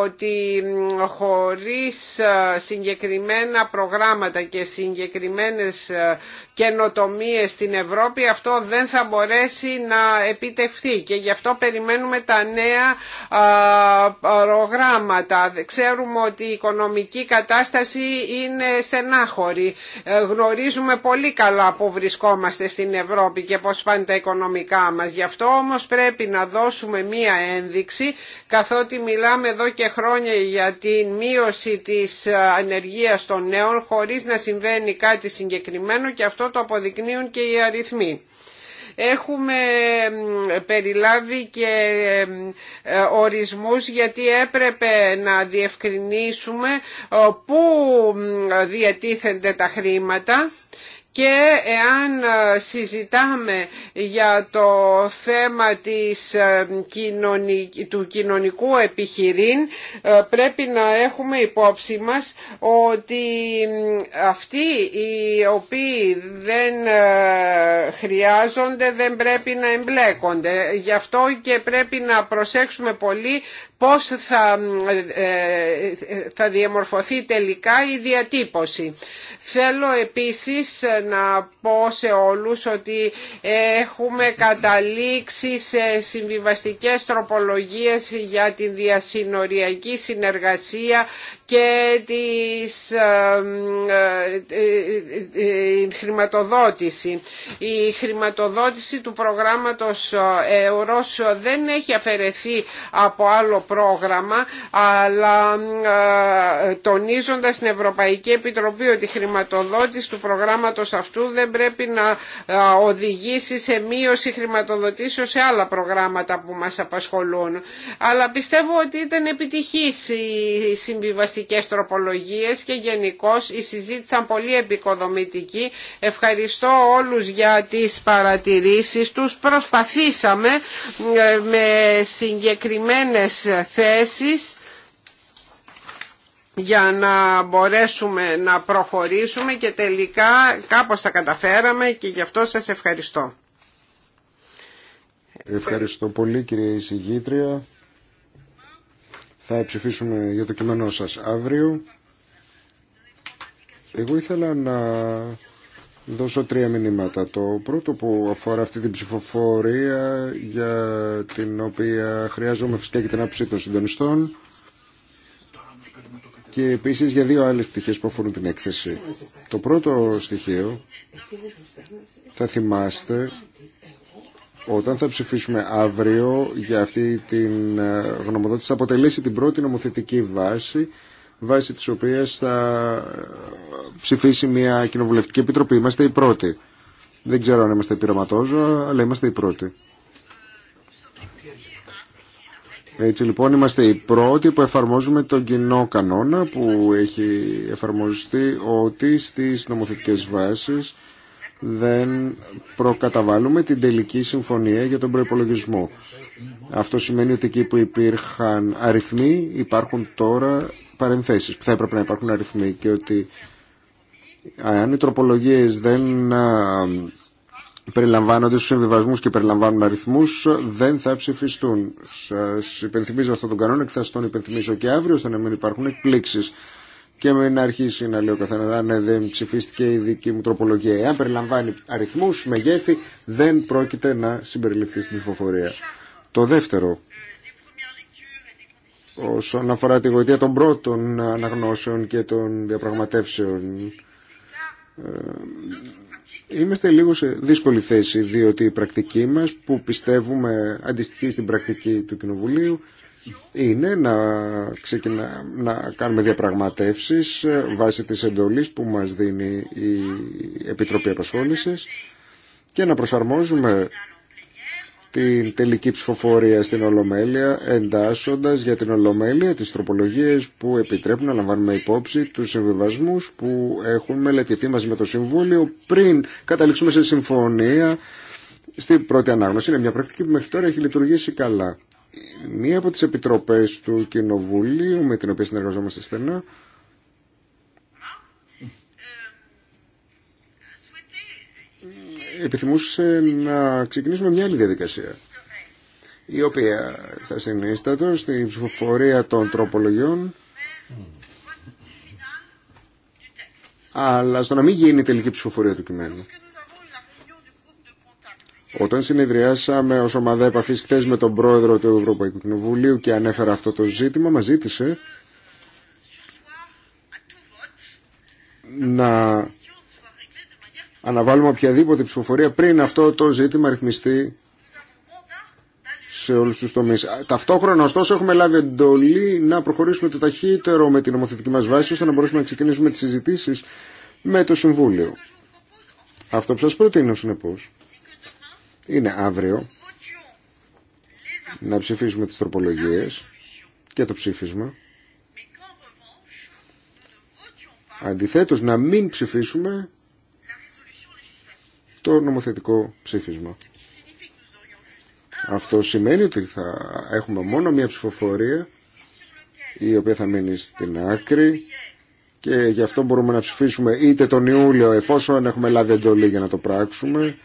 ότι χωρίς ε, συγκεκριμένα προγράμματα και συγκεκριμένες ε, καινοτομίε στην Ευρώπη αυτό δεν θα μπορέσει να επιτευχθεί και γι' αυτό περιμένουμε τα νέα προγράμματα. Ξέρουμε ότι η οικονομική κατάσταση είναι στενάχωρη. Ε, γνωρίζουμε πολύ καλά που βρισκόμαστε στην Ευρώπη και πώς πάνε τα οικονομικά μας. Γι' αυτό όμως πρέπει να δώσουμε μία ένδειξη καθότι μιλάμε εδώ και χρόνια για την μείωση της ε, ανεργίας των νέων χωρίς να συμβαίνει κάτι συγκεκριμένο και αυτό το αποδεικνύουν και οι αριθμοί. Έχουμε περιλάβει και ε, ορισμούς γιατί έπρεπε να διευκρινίσουμε ε, πού διατίθενται τα χρήματα και εάν ε, συζητάμε για το θέμα της, ε, του κοινωνικού επιχειρήν ε, πρέπει να έχουμε υπόψη μας ότι αυτοί οι οποίοι δεν χρειάζονται δεν πρέπει να εμπλέκονται. Γι' αυτό και πρέπει να προσέξουμε πολύ πώς θα, ε, θα διαμορφωθεί τελικά η διατύπωση. Θέλω επίσης να πω σε όλους ότι έχουμε καταλήξει σε συμβιβαστικές τροπολογίες για τη διασυνοριακή συνεργασία και της ε, ε, ε, η χρηματοδότηση. Η χρηματοδότηση του προγράμματος ΕΟΡΟΣ δεν έχει αφαιρεθεί από άλλο πρόγραμμα αλλά τονίζοντας στην Ευρωπαϊκή Επιτροπή ότι η χρηματοδότηση του προγράμματος αυτού δεν πρέπει να οδηγήσει σε μείωση χρηματοδοτήσεως σε άλλα προγράμματα που μας απασχολούν. Αλλά πιστεύω ότι ήταν επιτυχής η συμβιβαστική και τροπολογίες και γενικώ η συζήτηση ήταν πολύ επικοδομητική. Ευχαριστώ όλους για τις παρατηρήσεις τους. Προσπαθήσαμε ε, με συγκεκριμένες θέσεις για να μπορέσουμε να προχωρήσουμε και τελικά κάπως τα καταφέραμε και γι' αυτό σας ευχαριστώ. Ευχαριστώ πολύ κύριε εισηγήτρια. Θα ψηφίσουμε για το κείμενό σας αύριο. Εγώ ήθελα να δώσω τρία μηνύματα. Το πρώτο που αφορά αυτή την ψηφοφορία για την οποία χρειάζομαι φυσικά και την άποψη των συντονιστών και επίσης για δύο άλλες πτυχές που αφορούν την έκθεση. Το πρώτο στοιχείο θα θυμάστε όταν θα ψηφίσουμε αύριο για αυτή την ε, γνωμοδότηση θα αποτελέσει την πρώτη νομοθετική βάση βάση της οποίας θα ε, ψηφίσει μια κοινοβουλευτική επιτροπή. Είμαστε οι πρώτοι. Δεν ξέρω αν είμαστε πειραματόζωα, αλλά είμαστε οι πρώτοι. Έτσι λοιπόν είμαστε οι πρώτοι που εφαρμόζουμε τον κοινό κανόνα που έχει εφαρμοστεί ότι στις νομοθετικές βάσεις δεν προκαταβάλουμε την τελική συμφωνία για τον προϋπολογισμό. Αυτό σημαίνει ότι εκεί που υπήρχαν αριθμοί υπάρχουν τώρα παρενθέσεις που θα έπρεπε να υπάρχουν αριθμοί και ότι αν οι τροπολογίες δεν περιλαμβάνονται στους συμβιβασμούς και περιλαμβάνουν αριθμούς δεν θα ψηφιστούν. Σας υπενθυμίζω αυτόν τον κανόνα και θα σας τον υπενθυμίσω και αύριο ώστε να μην υπάρχουν εκπλήξεις και με να αρχίσει να λέω καθένα, ναι, δεν ψηφίστηκε η δική μου τροπολογία. Εάν περιλαμβάνει αριθμού, μεγέθη, δεν πρόκειται να συμπεριληφθεί στην ψηφοφορία. Το δεύτερο, όσον αφορά τη γοητεία των πρώτων αναγνώσεων και των διαπραγματεύσεων, ε, είμαστε λίγο σε δύσκολη θέση, διότι η πρακτική μας, που πιστεύουμε αντιστοιχεί στην πρακτική του Κοινοβουλίου, είναι να, ξεκινά, να κάνουμε διαπραγματεύσεις ε, βάσει της εντολής που μας δίνει η Επιτροπή Απασχόλησης και να προσαρμόζουμε την τελική ψηφοφορία στην Ολομέλεια εντάσσοντας για την Ολομέλεια τις τροπολογίες που επιτρέπουν να λαμβάνουμε υπόψη τους συμβιβασμούς που έχουν μελετηθεί μαζί με το Συμβούλιο πριν καταλήξουμε σε συμφωνία στην πρώτη ανάγνωση. Είναι μια πρακτική που μέχρι τώρα έχει λειτουργήσει καλά μία από τις επιτροπές του Κοινοβουλίου με την οποία συνεργαζόμαστε στενά επιθυμούσε να ξεκινήσουμε μια άλλη διαδικασία η οποία θα συνίστατο στη ψηφοφορία των τροπολογιών αλλά στο να μην γίνει τελική ψηφοφορία του κειμένου. Όταν συνεδριάσαμε ως ομάδα επαφής χθες με τον πρόεδρο του Ευρωπαϊκού Κοινοβουλίου και ανέφερα αυτό το ζήτημα, μας ζήτησε να αναβάλουμε οποιαδήποτε ψηφοφορία πριν αυτό το ζήτημα ρυθμιστεί σε όλους τους τομείς. Ταυτόχρονα, ωστόσο, έχουμε λάβει εντολή να προχωρήσουμε το ταχύτερο με την νομοθετική μας βάση, ώστε να μπορέσουμε να ξεκινήσουμε τις συζητήσεις με το Συμβούλιο. Αυτό που σα προτείνω, συνεπώ, είναι αύριο να ψηφίσουμε τις τροπολογίες και το ψήφισμα. Αντιθέτως να μην ψηφίσουμε το νομοθετικό ψήφισμα. Αυτό σημαίνει ότι θα έχουμε μόνο μία ψηφοφορία η οποία θα μείνει στην άκρη και γι' αυτό μπορούμε να ψηφίσουμε είτε τον Ιούλιο εφόσον έχουμε λάβει εντολή για να το πράξουμε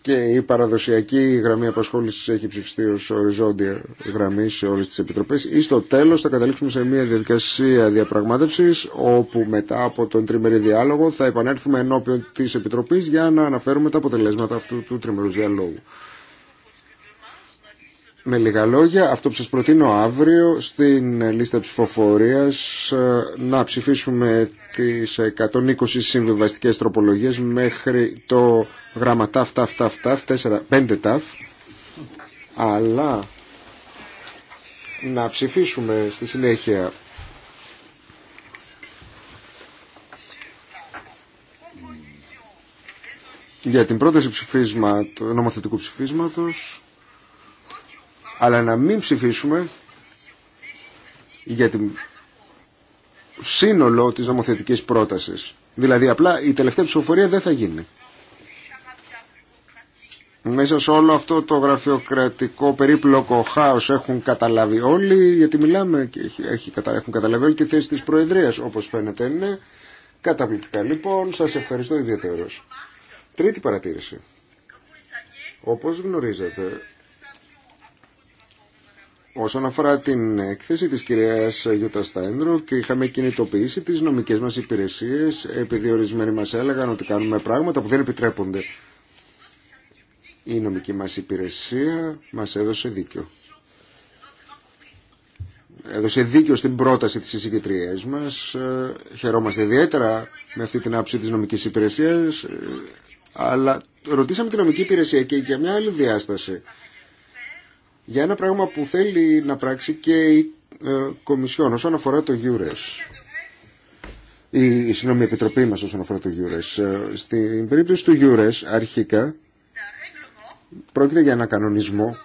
και η παραδοσιακή γραμμή απασχόληση έχει ψηφιστεί ω οριζόντια γραμμή σε όλε τι επιτροπέ. Ή στο τέλο θα καταλήξουμε σε μια διαδικασία διαπραγμάτευση, όπου μετά από τον τριμερή διάλογο θα επανέλθουμε ενώπιον τη επιτροπή για να αναφέρουμε τα αποτελέσματα αυτού του τριμερού διαλόγου. Με λίγα λόγια, αυτό που σας προτείνω αύριο στην λίστα ψηφοφορίας ε, να ψηφίσουμε τις 120 συμβιβαστικές τροπολογίες μέχρι το γράμμα ταφ, ταφ, ταφ, ταφ, 4, 5 ταφ, αλλά να ψηφίσουμε στη συνέχεια για την πρόταση ψηφίσμα, νομοθετικού ψηφίσματος αλλά να μην ψηφίσουμε για το σύνολο της νομοθετικής πρότασης. Δηλαδή απλά η τελευταία ψηφοφορία δεν θα γίνει. Μέσα σε όλο αυτό το γραφειοκρατικό περίπλοκο χάος έχουν καταλάβει όλοι, γιατί μιλάμε και έχουν καταλάβει όλη τη θέση της Προεδρίας, όπως φαίνεται είναι. Καταπληκτικά λοιπόν, σας ευχαριστώ ιδιαίτερος. Τρίτη παρατήρηση. Όπως γνωρίζετε, Όσον αφορά την έκθεση της κυρίας Γιούτα Στάιντρο και είχαμε κινητοποιήσει τις νομικές μας υπηρεσίες επειδή ορισμένοι μας έλεγαν ότι κάνουμε πράγματα που δεν επιτρέπονται. Η νομική μας υπηρεσία μας έδωσε δίκιο. Έδωσε δίκιο στην πρόταση της συζητητριές μας. Χαιρόμαστε ιδιαίτερα με αυτή την άψη της νομικής υπηρεσίας αλλά ρωτήσαμε την νομική υπηρεσία και για μια άλλη διάσταση για ένα πράγμα που θέλει να πράξει και η ε, Κομισιόν όσον αφορά το Γιούρες. Η, η Επιτροπή μας όσον αφορά το Γιούρες. Στην περίπτωση του Γιούρες αρχικά πρόκειται για ένα κανονισμό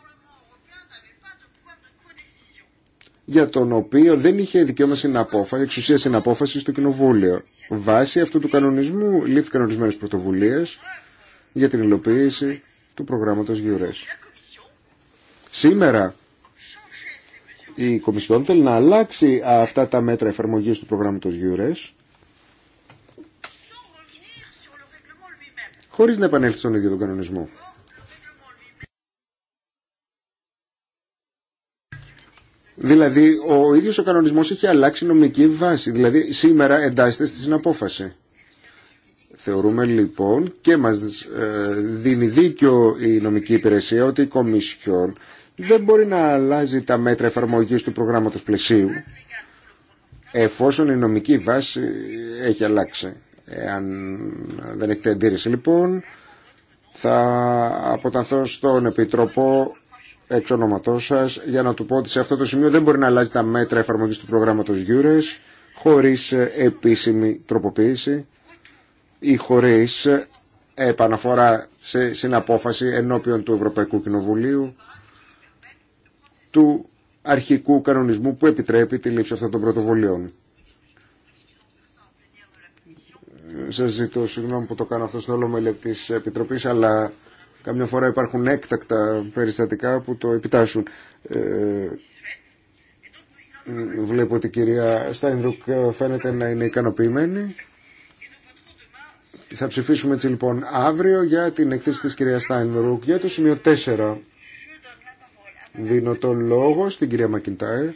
για τον οποίο δεν είχε δικαίωμα απόφαση εξουσία απόφαση στο Κοινοβούλιο. Βάσει αυτού του κανονισμού λήφθηκαν ορισμένε πρωτοβουλίε για την υλοποίηση του προγράμματος Γιουρές. Σήμερα η Κομισιόν θέλει να αλλάξει αυτά τα μέτρα εφαρμογής του προγράμματος Γιουρές χωρίς να επανέλθει στον ίδιο τον κανονισμό. Δηλαδή, ο ίδιος ο κανονισμός έχει αλλάξει νομική βάση. Δηλαδή, σήμερα εντάσσεται στη απόφαση. Θεωρούμε λοιπόν και μας ε, δίνει δίκιο η νομική υπηρεσία ότι η Κομισιόν δεν μπορεί να αλλάζει τα μέτρα εφαρμογής του προγράμματος πλαισίου εφόσον η νομική βάση έχει αλλάξει. Εάν δεν έχετε αντίρρηση λοιπόν θα αποταθώ στον Επιτροπό εξ ονοματός σας για να του πω ότι σε αυτό το σημείο δεν μπορεί να αλλάζει τα μέτρα εφαρμογής του προγράμματος Γιούρες χωρίς ε, επίσημη τροποποίηση ή χωρίς ε, επαναφορά σε συναπόφαση ενώπιον του Ευρωπαϊκού Κοινοβουλίου του αρχικού κανονισμού που επιτρέπει τη λήψη αυτών των πρωτοβολιών. Σα ζητώ συγγνώμη που το κάνω αυτό στο όλο μελέτη τη Επιτροπής, αλλά καμιά φορά υπάρχουν έκτακτα περιστατικά που το επιτάσσουν. Ε, βλέπω ότι η κυρία Στάινρουκ φαίνεται να είναι ικανοποιημένη. Θα ψηφίσουμε έτσι λοιπόν αύριο για την εκθέση της κυρία Στάινρουκ για το σημείο 4. Δίνω το λόγο στην κυρία Μακιντάιρ.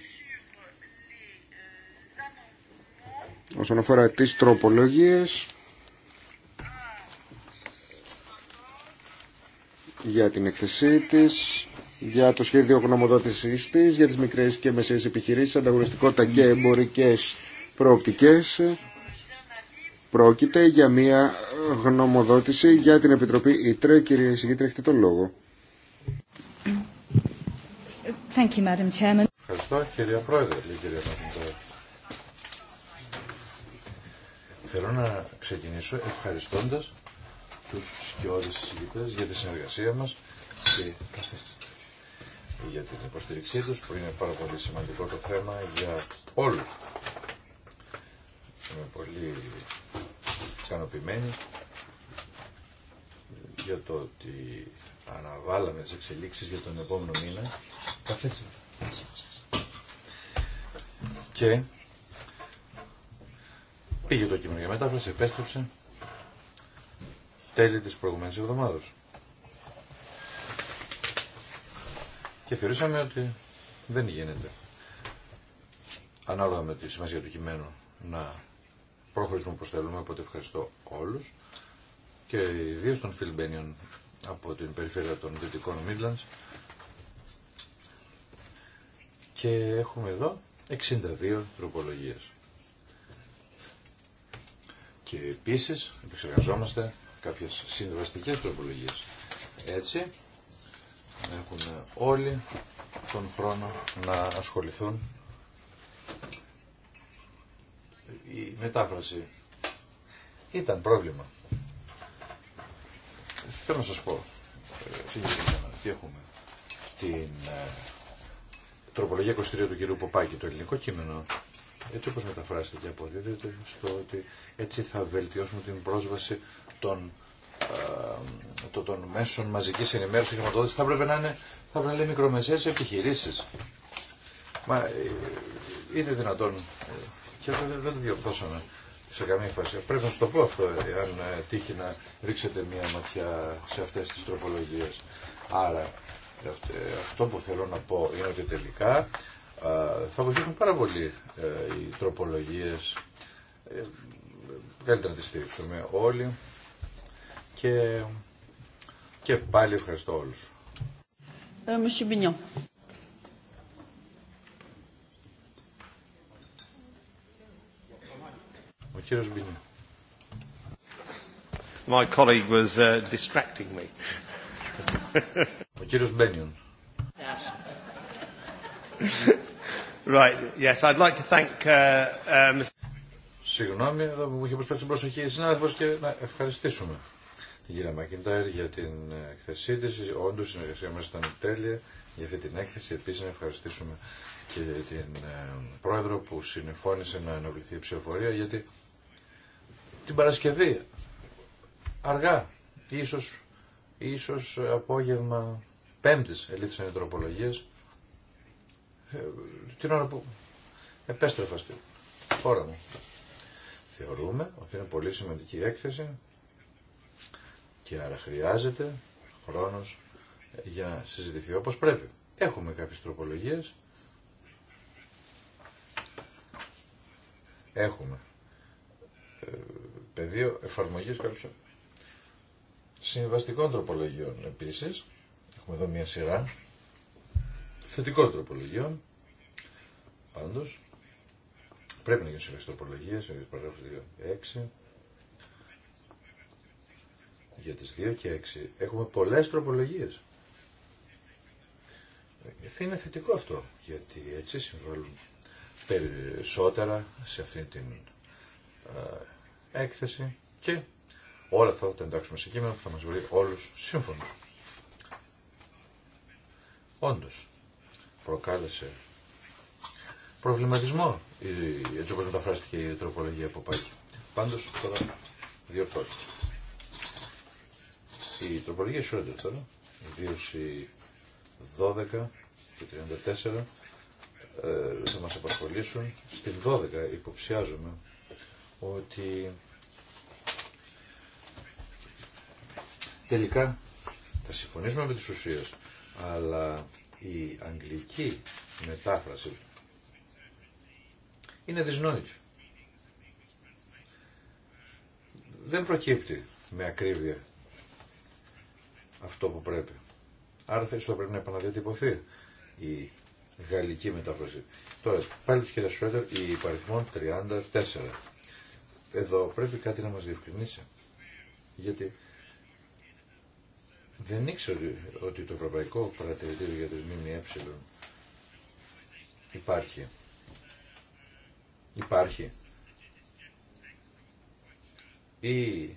Όσον αφορά τις τροπολογίες για την εκθεσή της, για το σχέδιο γνωμοδότησής της, για τις μικρές και μεσαίες επιχειρήσεις, ανταγωνιστικότητα και εμπορικές προοπτικές. Πρόκειται για μια γνωμοδότηση για την Επιτροπή ΙΤΡΕ. Κύριε Συγήτρια, έχετε τον λόγο. Ευχαριστώ, κυρία Πρόεδρε, κυρία Θέλω να ξεκινήσω ευχαριστώντας τους σκιώδεις συζητητές για τη συνεργασία μας και για την υποστήριξή του που είναι πάρα πολύ σημαντικό το θέμα για όλους. Είμαι πολύ ικανοποιημένη για το ότι αναβάλαμε τις εξελίξεις για τον επόμενο μήνα. Καθέστε. Και πήγε το κείμενο για μετάφραση, επέστρεψε τέλη της προηγουμένης εβδομάδας. Και θεωρήσαμε ότι δεν γίνεται ανάλογα με τη σημασία του κειμένου να προχωρήσουμε όπως θέλουμε, οπότε ευχαριστώ όλους και ιδίως τον Φιλμπένιον από την περιφέρεια των Δυτικών Μίτλαντς και έχουμε εδώ 62 τροπολογίες. Και επίσης επεξεργαζόμαστε κάποιες συνδραστικέ τροπολογίες. Έτσι έχουν όλοι τον χρόνο να ασχοληθούν η μετάφραση ήταν πρόβλημα θέλω να σας πω ε, συγκεκριμένα τι έχουμε. Την ε, τροπολογία 23 του κυρίου Ποπάκη, το ελληνικό κείμενο, έτσι όπως μεταφράζεται και αποδίδεται στο ότι έτσι θα βελτιώσουμε την πρόσβαση των, ε, των μέσων μαζικής ενημέρωσης και χρηματοδότησης. Θα πρέπει να είναι, θα πρέπει να λέει μικρομεσαίες επιχειρήσεις. Μα είναι δυνατόν ε, και δεν το διορθώσαμε σε καμία φάση. Πρέπει να σου το πω αυτό, αν ε, τύχει να ρίξετε μία ματιά σε αυτές τις τροπολογίες. Άρα, ε, αυτό που θέλω να πω είναι ότι τελικά θα βοηθήσουν πάρα πολύ ε, οι τροπολογίες. Καλύτερα να τις στηρίξουμε όλοι και, και πάλι ευχαριστώ όλους. Ε, My colleague was uh, distracting me. Ο κύριος Μπένιον. Right, yes, I'd like to thank uh, uh, Mr. Συγγνώμη, μου είχε προσφέρει την προσοχή η συνάδελφος και να ευχαριστήσουμε την κυρία Μακιντάρ για την ε, εκθεσή τη. Όντως, η συνεργασία μα ήταν τέλεια για αυτή την έκθεση. Επίσης, να ευχαριστήσουμε και την ε, πρόεδρο που συνεφώνησε να αναβληθεί η ψηφοφορία γιατί την Παρασκευή, αργά, ίσως, ίσως απόγευμα πέμπτης ελήφθησαν οι τροπολογίες, ε, την ώρα που επέστρεφα στην χώρα μου. Θεωρούμε ότι είναι πολύ σημαντική έκθεση και άρα χρειάζεται χρόνος για να συζητηθεί όπως πρέπει. Έχουμε κάποιες τροπολογίες, έχουμε ε, πεδίο εφαρμογή κάποιων συμβαστικών τροπολογιών επίση. Έχουμε εδώ μια σειρά θετικών τροπολογιών. Πάντω, πρέπει να γίνουν συμβαστικές τροπολογίες, παράγραφος 2, 6, για τις 2 και 6. Έχουμε πολλές τροπολογίες. Ε, είναι θετικό αυτό, γιατί έτσι συμβάλλουν περισσότερα σε αυτή την ε, έκθεση και όλα αυτά θα τα εντάξουμε σε κείμενο που θα μας βρει όλους σύμφωνος. Όντως, προκάλεσε προβληματισμό έτσι όπως μεταφράστηκε η τροπολογία από πάκι. Πάντως τώρα διορθώθηκε. Η τροπολογία ισότητα τώρα, ιδίως η 12 και 34 ε, θα μας απασχολήσουν. Στην 12 υποψιάζομαι ότι Τελικά θα συμφωνήσουμε με τις ουσίες, αλλά η αγγλική μετάφραση είναι δυσνόητη. Δεν προκύπτει με ακρίβεια αυτό που πρέπει. Άρα θα πρέπει να επαναδιατυπωθεί η γαλλική μετάφραση. Τώρα, πάλι της κυρίας Σουέτερ, η υπαριθμόν 34. Εδώ πρέπει κάτι να μας διευκρινίσει. Γιατί δεν ήξερε ότι το Ευρωπαϊκό Παρατηρητήριο για τις ΜΜΕ υπάρχει. Υπάρχει. Ή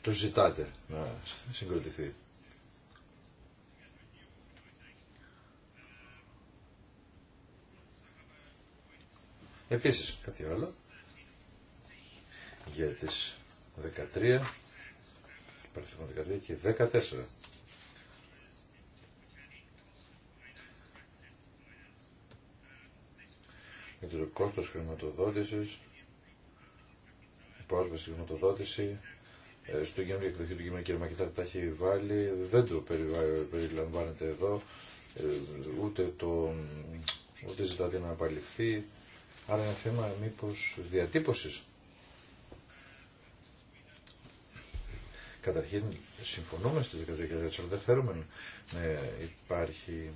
το ζητάτε να συγκροτηθεί. Επίσης κάτι άλλο για τις 13 παραστημών 13 και 14. Για το κόστος χρηματοδότησης, πώς πρόσβαση χρηματοδότηση, ε, στο κείμενο εκδοχή του κειμένου κ. Μακητάρ τα έχει βάλει, δεν το περιλαμβάνεται εδώ, ε, ούτε, το, ούτε ζητάτε να απαλληφθεί, άρα είναι θέμα μήπως διατύπωσης. Καταρχήν συμφωνούμε στις 12.000, αλλά δεν θέλουμε να υπάρχει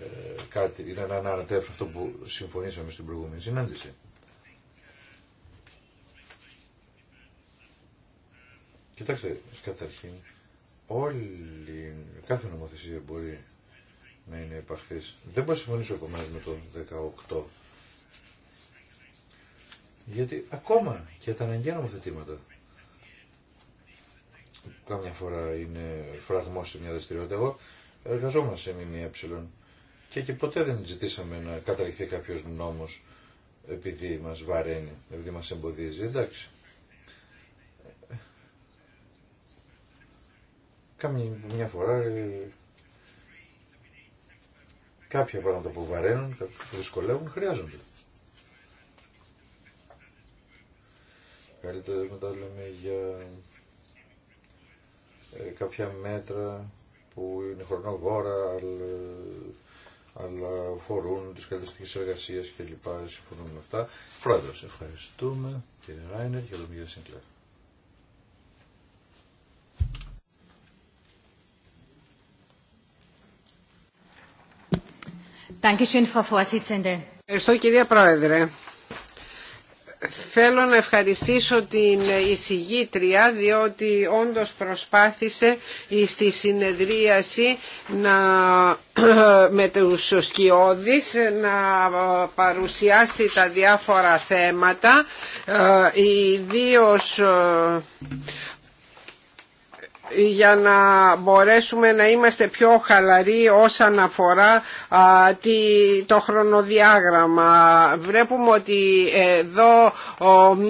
ε, κάτι, είναι να ανατεύσουμε αυτό που συμφωνήσαμε στην προηγούμενη συνάντηση. Κοιτάξτε, καταρχήν, όλη, κάθε νομοθεσία μπορεί να είναι επαχθής. Δεν μπορώ να συμφωνήσω ακόμα με το 18. Γιατί ακόμα και τα αναγκαία νομοθετήματα κάμια φορά είναι φραγμό σε μια δραστηριότητα. Εγώ εργαζόμαστε σε ΜΜΕ και, και ποτέ δεν ζητήσαμε να καταργηθεί κάποιο νόμο επειδή μα βαραίνει, επειδή μα εμποδίζει. Εντάξει. Κάμια μια φορά ε, κάποια πράγματα που βαραίνουν, που δυσκολεύουν, χρειάζονται. Καλύτερα μετά λέμε για ε, κάποια μέτρα που είναι χρονοβόρα, αλλά, φορούν τις καταστοιχές εργασίες και λοιπά, συμφωνούμε με αυτά. Πρόεδρος, ευχαριστούμε, κύριε Ράινερ και τον κύριο Σίγκλερ. Ευχαριστώ κυρία Πρόεδρε. Θέλω να ευχαριστήσω την εισηγήτρια διότι όντως προσπάθησε στη συνεδρίαση να, με τους σκιώδεις να παρουσιάσει τα διάφορα θέματα ε, ιδίως ε, για να μπορέσουμε να είμαστε πιο χαλαροί όσον αφορά το χρονοδιάγραμμα. Βλέπουμε ότι εδώ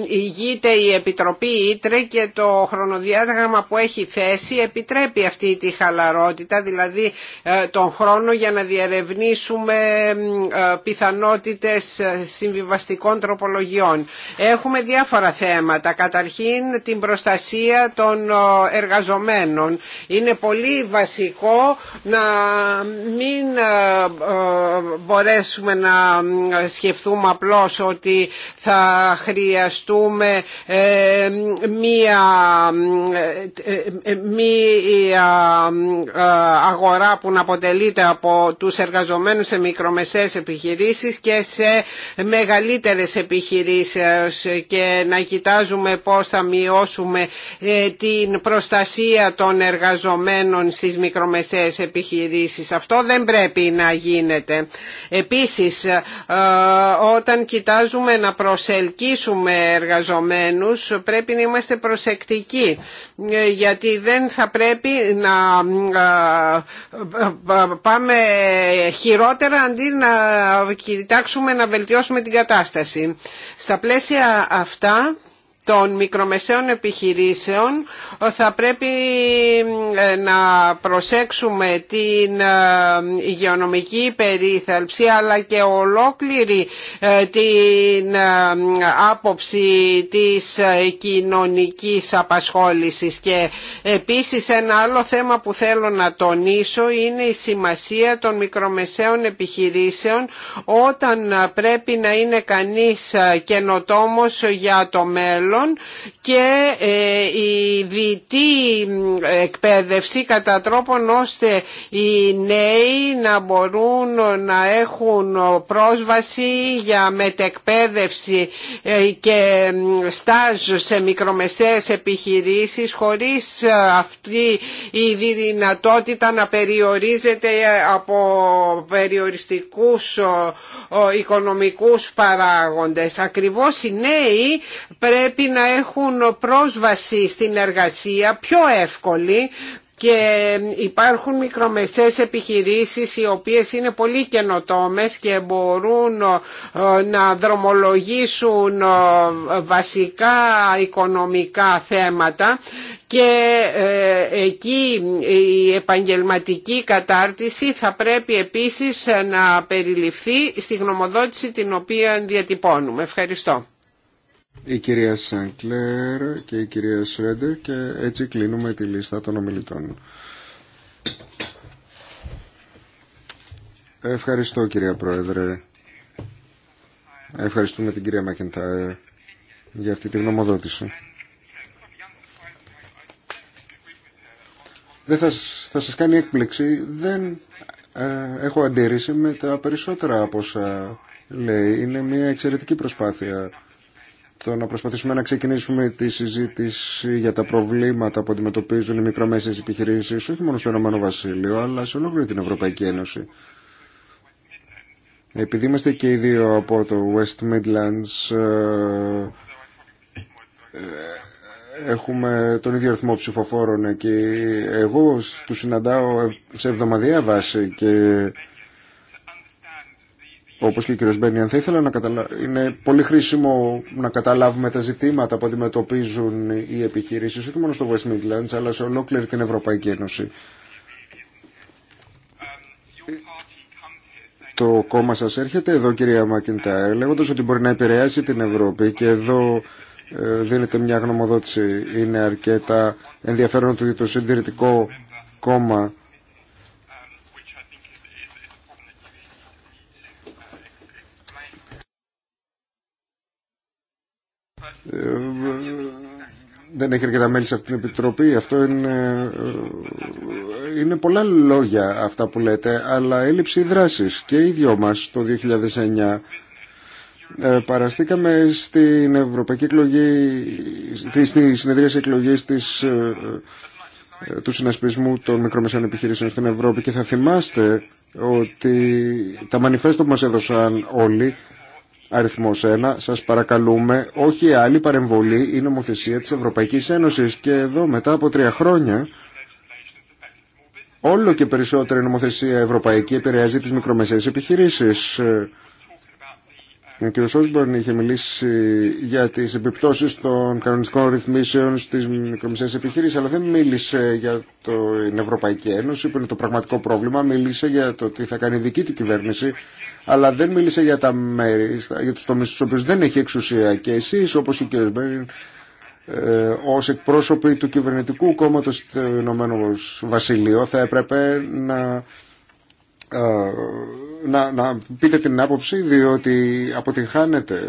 ηγείται η Επιτροπή Ήτρε και το χρονοδιάγραμμα που έχει θέσει επιτρέπει αυτή τη χαλαρότητα, δηλαδή ε, τον χρόνο για να διερευνήσουμε ε, πιθανότητες ε, συμβιβαστικών τροπολογιών. Έχουμε διάφορα θέματα. Καταρχήν την προστασία των εργαζομένων είναι πολύ βασικό να μην ε, ε, μπορέσουμε να ε, σκεφτούμε απλώς ότι θα χρειαστούμε μία, μία αγορά που να αποτελείται από τους εργαζομένους σε μικρομεσαίες επιχειρήσεις και σε μεγαλύτερες επιχειρήσεις και να κοιτάζουμε πώς θα μειώσουμε την προστασία των εργαζομένων στις μικρομεσαίες επιχειρήσεις. Αυτό δεν πρέπει να γίνεται. Επίσης, ε, όταν κοιτάζουμε να προσελκύσουμε εργαζομένους, πρέπει να είμαστε προσεκτικοί, ε, γιατί δεν θα πρέπει να ε, πάμε χειρότερα αντί να κοιτάξουμε να βελτιώσουμε την κατάσταση. Στα πλαίσια αυτά των μικρομεσαίων επιχειρήσεων ε, θα πρέπει ε, να προσέξουμε την ε, υγειονομική περίθαλψη αλλά και ολόκληρη την άποψη της κοινωνικής απασχόλησης και επίσης ένα άλλο θέμα που θέλω να τονίσω είναι η σημασία των μικρομεσαίων επιχειρήσεων όταν πρέπει να είναι κανείς καινοτόμος για το μέλλον και ε, η διτή εκπαίδευση κατά τρόπον ώστε οι νέοι να μπορούν να έχουν πρόσβαση για μετεκπαίδευση ε, και στάζ σε μικρομεσαίες επιχειρήσεις χωρίς αυτή η δυνατότητα να περιορίζεται από περιοριστικούς οικονομικούς παράγοντες. Ακριβώς οι νέοι πρέπει πρέπει να έχουν πρόσβαση στην εργασία πιο εύκολη και υπάρχουν μικρομεσαίες επιχειρήσεις οι οποίες είναι πολύ καινοτόμες και μπορούν ε, να δρομολογήσουν ε, βασικά οικονομικά θέματα και ε, εκεί η επαγγελματική κατάρτιση θα πρέπει επίσης να περιληφθεί στη γνωμοδότηση την οποία διατυπώνουμε. Ευχαριστώ η κυρία Σανκλέρ και η κυρία Σρέντερ και έτσι κλείνουμε τη λίστα των ομιλητών. Ευχαριστώ κυρία Πρόεδρε. Ευχαριστούμε την κυρία Μακεντάερ για αυτή τη γνωμοδότηση. Δεν θα, θα σας κάνει έκπληξη. Δεν ε, έχω αντίρρηση με τα περισσότερα από όσα λέει. Είναι μια εξαιρετική προσπάθεια το να προσπαθήσουμε να ξεκινήσουμε τη συζήτηση για τα προβλήματα που αντιμετωπίζουν οι μικρομέσες επιχειρήσει όχι μόνο στο Ηνωμένο Βασίλειο, αλλά σε ολόκληρη την Ευρωπαϊκή Ένωση. Επειδή είμαστε και οι δύο από το West Midlands, ε, ε, έχουμε τον ίδιο αριθμό ψηφοφόρων και εγώ του συναντάω σε εβδομαδιαία βάση και όπως και ο κ. Μπένιαν, θα ήθελα να καταλα... είναι πολύ χρήσιμο να καταλάβουμε τα ζητήματα που αντιμετωπίζουν οι επιχειρήσεις, όχι μόνο στο West Midlands, αλλά σε ολόκληρη την Ευρωπαϊκή Ένωση. Το κόμμα σας έρχεται εδώ, κυρία Μακιντάερ λέγοντας ότι μπορεί να επηρεάσει την Ευρώπη και εδώ ε, δίνεται μια γνωμοδότηση. Είναι αρκετά ενδιαφέρον ότι το συντηρητικό κόμμα δεν έχει αρκετά μέλη σε αυτήν την επιτροπή. Αυτό είναι, είναι πολλά λόγια αυτά που λέτε, αλλά έλλειψη δράσης. Και οι δυο μα το 2009 ε, παραστήκαμε στην Ευρωπαϊκή Εκλογή, στη συνεδρίαση εκλογής της, ε, ε, του συνασπισμού των μικρομεσαίων επιχειρήσεων στην Ευρώπη και θα θυμάστε ότι τα μανιφέστο που μας έδωσαν όλοι Αριθμό 1, σας παρακαλούμε, όχι άλλη παρεμβολή η νομοθεσία της Ευρωπαϊκής Ένωσης. Και εδώ μετά από τρία χρόνια, όλο και περισσότερη νομοθεσία ευρωπαϊκή επηρεάζει τις μικρομεσαίες επιχειρήσεις. Ε, ο κ. Όσμπορν είχε μιλήσει για τις επιπτώσεις των κανονιστικών ρυθμίσεων στις μικρομεσαίες επιχειρήσεις, αλλά δεν μίλησε για την Ευρωπαϊκή Ένωση, που είναι το πραγματικό πρόβλημα. Μίλησε για το τι θα κάνει η δική του κυβέρνηση αλλά δεν μίλησε για τα μέρη, για τους τομείς στους οποίους δεν έχει εξουσία και εσείς όπως ο κ. Μπέριν ε, ως εκπρόσωποι του κυβερνητικού κόμματος του Ηνωμένου Βασιλείου θα έπρεπε να, ε, να, να πείτε την άποψη διότι αποτυγχάνετε.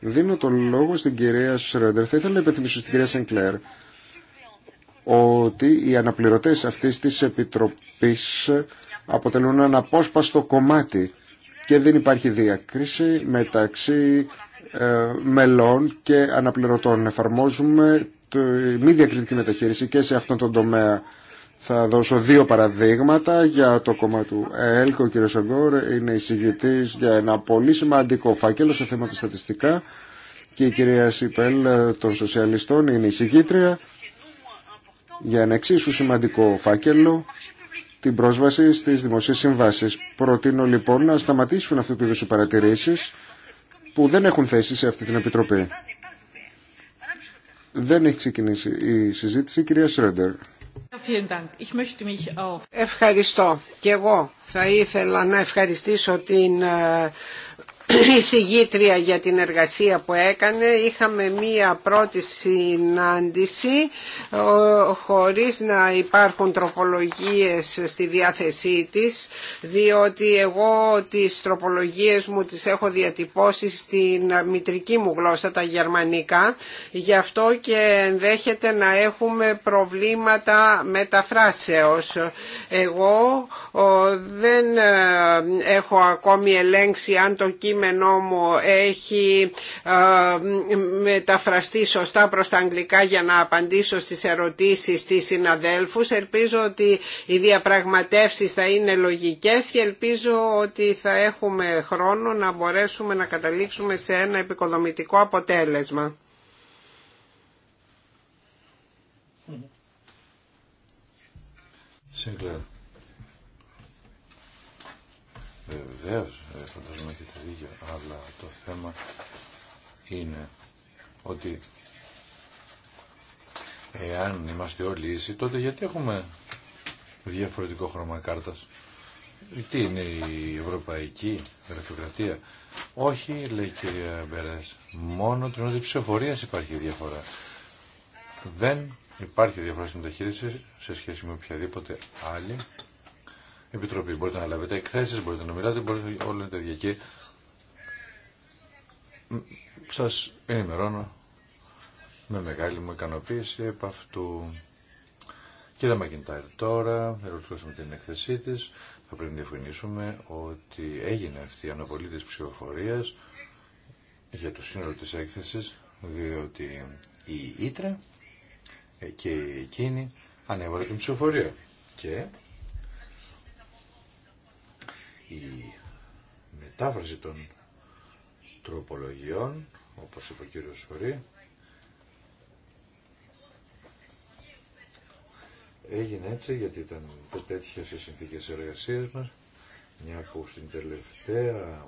Δίνω το λόγο στην κυρία Σρέντερ. Θα ήθελα να υπενθυμίσω στην κυρία Σενκλέρ ότι οι αναπληρωτές αυτής της Επιτροπής αποτελούν ένα απόσπαστο κομμάτι και δεν υπάρχει διακρίση μεταξύ ε, μελών και αναπληρωτών. Εφαρμόζουμε μη διακριτική μεταχείριση και σε αυτόν τον τομέα. Θα δώσω δύο παραδείγματα για το κόμμα του ΕΕΛΚ. Ο κ. Σογκόρ είναι εισηγητής για ένα πολύ σημαντικό φάκελο σε θέματα στατιστικά και η κυρία Σιπέλ ε, των Σοσιαλιστών είναι εισηγήτρια για ένα εξίσου σημαντικό φάκελο την πρόσβαση στις δημοσίες συμβάσεις. Προτείνω λοιπόν να σταματήσουν αυτού του είδους οι παρατηρήσεις που δεν έχουν θέση σε αυτή την Επιτροπή. Δεν έχει ξεκινήσει η συζήτηση, κυρία Σρέντερ. Ευχαριστώ. Και εγώ θα ήθελα να ευχαριστήσω την ε, εισηγήτρια για την εργασία που έκανε. Είχαμε μία πρώτη συνάντηση χωρίς να υπάρχουν τροπολογίες στη διάθεσή της διότι εγώ τις τροπολογίες μου τις έχω διατυπώσει στην μητρική μου γλώσσα τα γερμανικά γι' αυτό και ενδέχεται να έχουμε προβλήματα μεταφράσεως. Εγώ δεν ε, έχω ακόμη ελέγξει αν το κείμενο με νόμο έχει ε, μεταφραστεί σωστά προς τα αγγλικά για να απαντήσω στις ερωτήσεις της συναδέλφους. Ελπίζω ότι οι διαπραγματεύσεις θα είναι λογικές και ελπίζω ότι θα έχουμε χρόνο να μπορέσουμε να καταλήξουμε σε ένα επικοδομητικό αποτέλεσμα. Ε, Βεβαίω, ε, φαντάζομαι αλλά το θέμα είναι ότι εάν είμαστε όλοι ίσοι, τότε γιατί έχουμε διαφορετικό χρώμα κάρτας. Τι είναι η ευρωπαϊκή γραφειοκρατία. Όχι, λέει η κυρία Μπερές, μόνο την ότι ψηφοφορία υπάρχει διαφορά. Δεν υπάρχει διαφορά στην μεταχείριση σε σχέση με οποιαδήποτε άλλη επιτροπή. Μπορείτε να λάβετε εκθέσεις, μπορείτε να μιλάτε, μπορείτε όλα τα σας ενημερώνω με μεγάλη μου ικανοποίηση επ' αυτού. Κύριε Μακιντάρη, τώρα ερωτήσαμε την εκθεσή της. Θα πρέπει να διευκρινίσουμε ότι έγινε αυτή η αναβολή της ψηφοφορίας για το σύνολο της έκθεσης, διότι η Ήτρα ε, και εκείνη ανέβαλε την ψηφοφορία. Και η μετάφραση των τροπολογιών, όπως είπε ο κύριος Έγινε έτσι γιατί ήταν τέτοιε οι συνθήκε εργασία μα, μια που στην τελευταία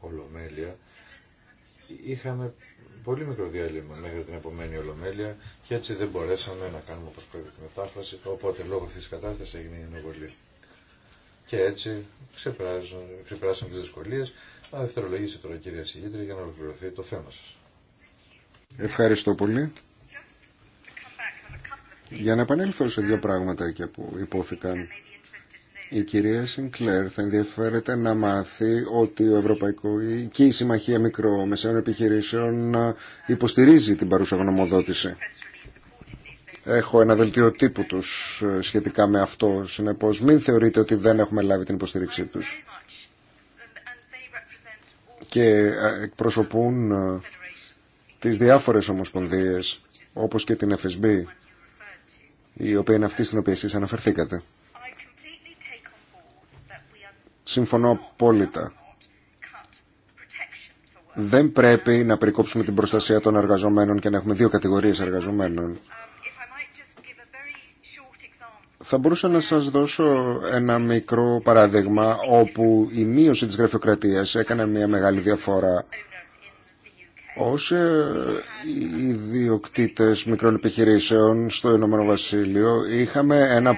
ολομέλεια είχαμε πολύ μικρό διάλειμμα μέχρι την επομένη ολομέλεια και έτσι δεν μπορέσαμε να κάνουμε όπω πρέπει τη μετάφραση. Οπότε λόγω αυτή τη κατάσταση έγινε η ενοβολή και έτσι ξεπεράσαμε τι δυσκολίε Θα δευτερολογήσω τώρα κυρία Συγήτρια για να ολοκληρωθεί το θέμα σας. Ευχαριστώ πολύ. Για να επανέλθω σε δύο πράγματα και που υπόθηκαν. Η κυρία Σινκλέρ θα ενδιαφέρεται να μάθει ότι η Ευρωπαϊκή Συμμαχία Μικρομεσαίων Επιχειρήσεων ε, υποστηρίζει την παρούσα γνωμοδότηση. Έχω ένα δελτίο τύπου τους ε, σχετικά με αυτό. Συνεπώς μην θεωρείτε ότι δεν έχουμε λάβει την υποστήριξή τους. Και ε, εκπροσωπούν ε, τις διάφορες ομοσπονδίε, όπως και την FSB, η οποία είναι αυτή στην οποία εσεί αναφερθήκατε. Συμφωνώ απόλυτα. Δεν πρέπει να περικόψουμε την προστασία των εργαζομένων και να έχουμε δύο κατηγορίες εργαζομένων. Θα μπορούσα να σας δώσω ένα μικρό παράδειγμα όπου η μείωση της γραφειοκρατίας έκανε μια μεγάλη διαφορά. όσοι ε, ιδιοκτήτες μικρών επιχειρήσεων στο Ηνωμένο Βασίλειο είχαμε ένα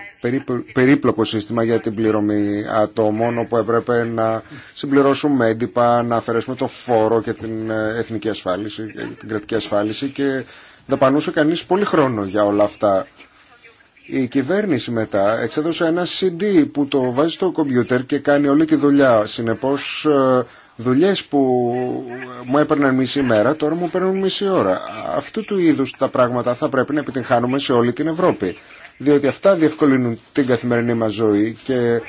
περίπλοκο σύστημα για την πληρωμή ατόμων όπου έπρεπε να συμπληρώσουμε έντυπα, να αφαιρέσουμε το φόρο και την ε, εθνική ασφάλιση, ε, την κρατική ασφάλιση και δαπανούσε κανείς πολύ χρόνο για όλα αυτά. Η κυβέρνηση μετά εξέδωσε ένα CD που το βάζει στο κομπιούτερ και κάνει όλη τη δουλειά. Συνεπώς ε, δουλειές που ε, μου έπαιρναν μισή μέρα τώρα μου παίρνουν μισή ώρα. Αυτού του είδους τα πράγματα θα πρέπει να επιτυγχάνουμε σε όλη την Ευρώπη. Διότι αυτά διευκολύνουν την καθημερινή μας ζωή και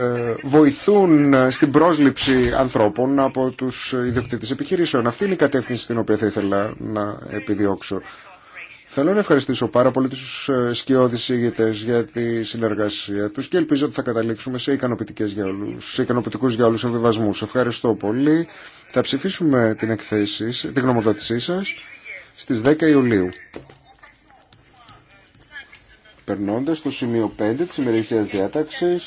ε, βοηθούν στην πρόσληψη ανθρώπων από τους ιδιοκτήτες επιχειρήσεων. Αυτή είναι η κατεύθυνση την οποία θα ήθελα να επιδιώξω. Θέλω να ευχαριστήσω πάρα πολύ του ε, σκιώδεις ηγητέ για τη συνεργασία τους και ελπίζω ότι θα καταλήξουμε σε, ικανοποιητικού για όλου σε ικανοποιητικούς Ευχαριστώ πολύ. Θα ψηφίσουμε την εκθέση, την γνωμοδότησή σας στις 10 Ιουλίου. Περνώντα στο σημείο 5 τη ημερησία διάταξη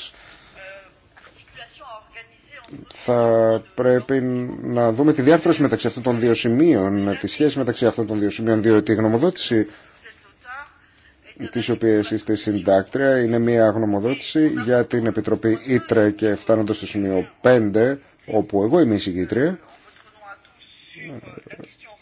θα πρέπει να δούμε τη διάρθρωση μεταξύ αυτών των δύο σημείων, τη σχέση μεταξύ αυτών των δύο σημείων, διότι η γνωμοδότηση τη οποία είστε συντάκτρια είναι μια γνωμοδότηση για την Επιτροπή Ήτρε και φτάνοντα στο σημείο 5, όπου εγώ είμαι η συγκήτρια,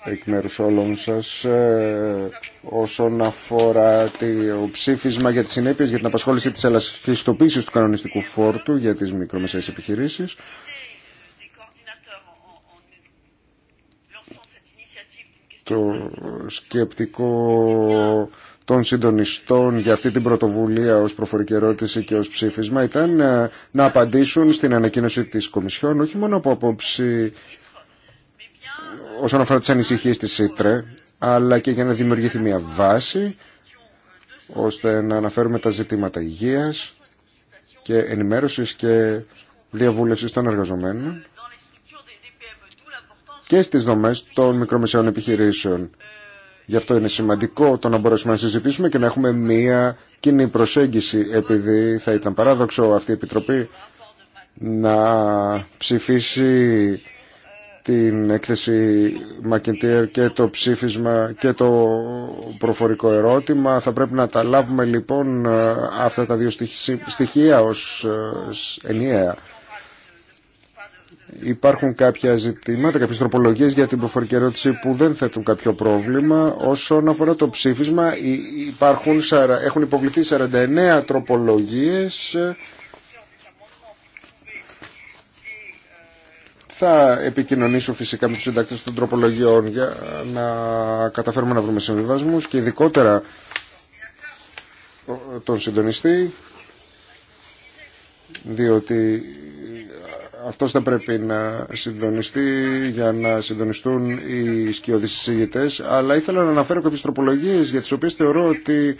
εκ μέρους όλων σας ε, όσον αφορά το ψήφισμα για τις συνέπειες για την απασχόληση της ελασχιστοποίησης του κανονιστικού φόρτου για τις μικρομεσαίες επιχειρήσεις. το σκεπτικό των συντονιστών για αυτή την πρωτοβουλία ως προφορική ερώτηση και ως ψήφισμα ήταν ε, να απαντήσουν στην ανακοίνωση της Κομισιόν όχι μόνο από απόψη όσον αφορά τις ανησυχίες της ΣΥΤΡΕ αλλά και για να δημιουργηθεί μια βάση ώστε να αναφέρουμε τα ζητήματα υγείας και ενημέρωσης και διαβούλευσης των εργαζομένων και στις δομές των μικρομεσαίων επιχειρήσεων. Γι' αυτό είναι σημαντικό το να μπορέσουμε να συζητήσουμε και να έχουμε μία κοινή προσέγγιση, επειδή θα ήταν παράδοξο αυτή η Επιτροπή να ψηφίσει την έκθεση McIntyre και το ψήφισμα και το προφορικό ερώτημα. Θα πρέπει να τα λάβουμε λοιπόν αυτά τα δύο στοιχεία ως ε, ενιαία Υπάρχουν κάποια ζητήματα, κάποιες τροπολογίες για την προφορική ερώτηση που δεν θέτουν κάποιο πρόβλημα. Όσον αφορά το ψήφισμα, υπάρχουν, έχουν υποβληθεί 49 τροπολογίες. Θα επικοινωνήσω φυσικά με τους συντακτές των τροπολογιών για να καταφέρουμε να βρούμε συμβιβασμούς και ειδικότερα τον συντονιστή διότι αυτός θα πρέπει να συντονιστεί για να συντονιστούν οι σκιώδεις συζήτητες, αλλά ήθελα να αναφέρω κάποιες τροπολογίες για τις οποίες θεωρώ ότι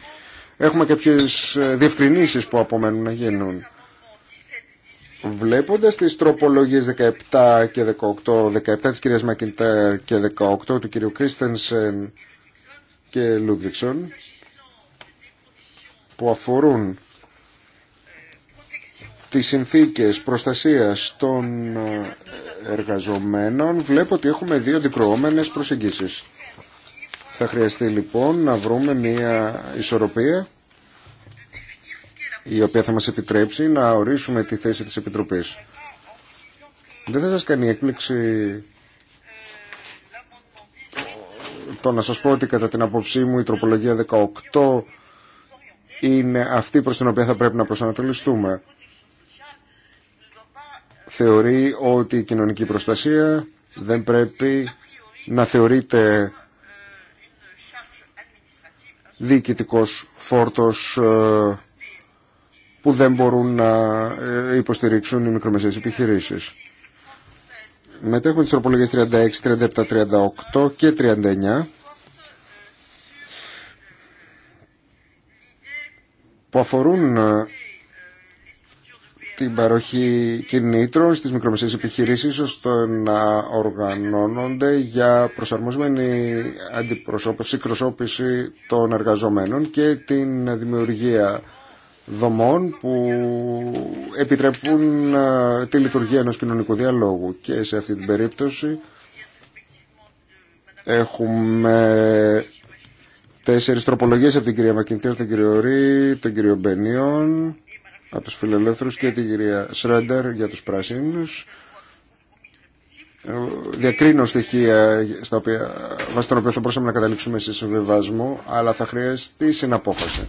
έχουμε κάποιες ε, διευκρινήσεις που απομένουν να γίνουν. Βλέποντας τις τροπολογίες 17 και 18, 17 της κυρίας Μακιντέρ και 18 του κυρίου Κρίστενσεν και Λούδβιξον, που αφορούν τις συνθήκες προστασίας των εργαζομένων βλέπω ότι έχουμε δύο δικροόμενες προσεγγίσεις. Θα χρειαστεί λοιπόν να βρούμε μια ισορροπία η οποία θα μας επιτρέψει να ορίσουμε τη θέση της Επιτροπής. Δεν θα σας κάνει έκπληξη το να σας πω ότι κατά την απόψή μου η τροπολογία 18 είναι αυτή προς την οποία θα πρέπει να προσανατολιστούμε θεωρεί ότι η κοινωνική προστασία δεν πρέπει να θεωρείται διοικητικός φόρτος ε, που δεν μπορούν να ε, υποστηρίξουν οι μικρομεσαίες επιχειρήσεις. Μετέχουν τις τροπολογίες 36, 37, 38 και 39 που αφορούν ε, την παροχή κινήτρων στις μικρομεσαίες επιχειρήσεις ώστε να οργανώνονται για προσαρμοσμένη αντιπροσώπευση, κροσόπηση των εργαζομένων και την δημιουργία δομών που επιτρέπουν ε, τη λειτουργία ενός κοινωνικού διαλόγου και σε αυτή την περίπτωση έχουμε τέσσερις τροπολογίες από την κυρία Μακιντήρ, τον κύριο Ρή, τον κύριο Μπενίον από τους φιλελεύθερους και την κυρία Σρέντερ για τους πράσινους. Ε, διακρίνω στοιχεία στα οποία, βάσει των οποίων θα μπορούσαμε να καταλήξουμε σε συμβιβασμό, αλλά θα χρειαστεί συναπόφαση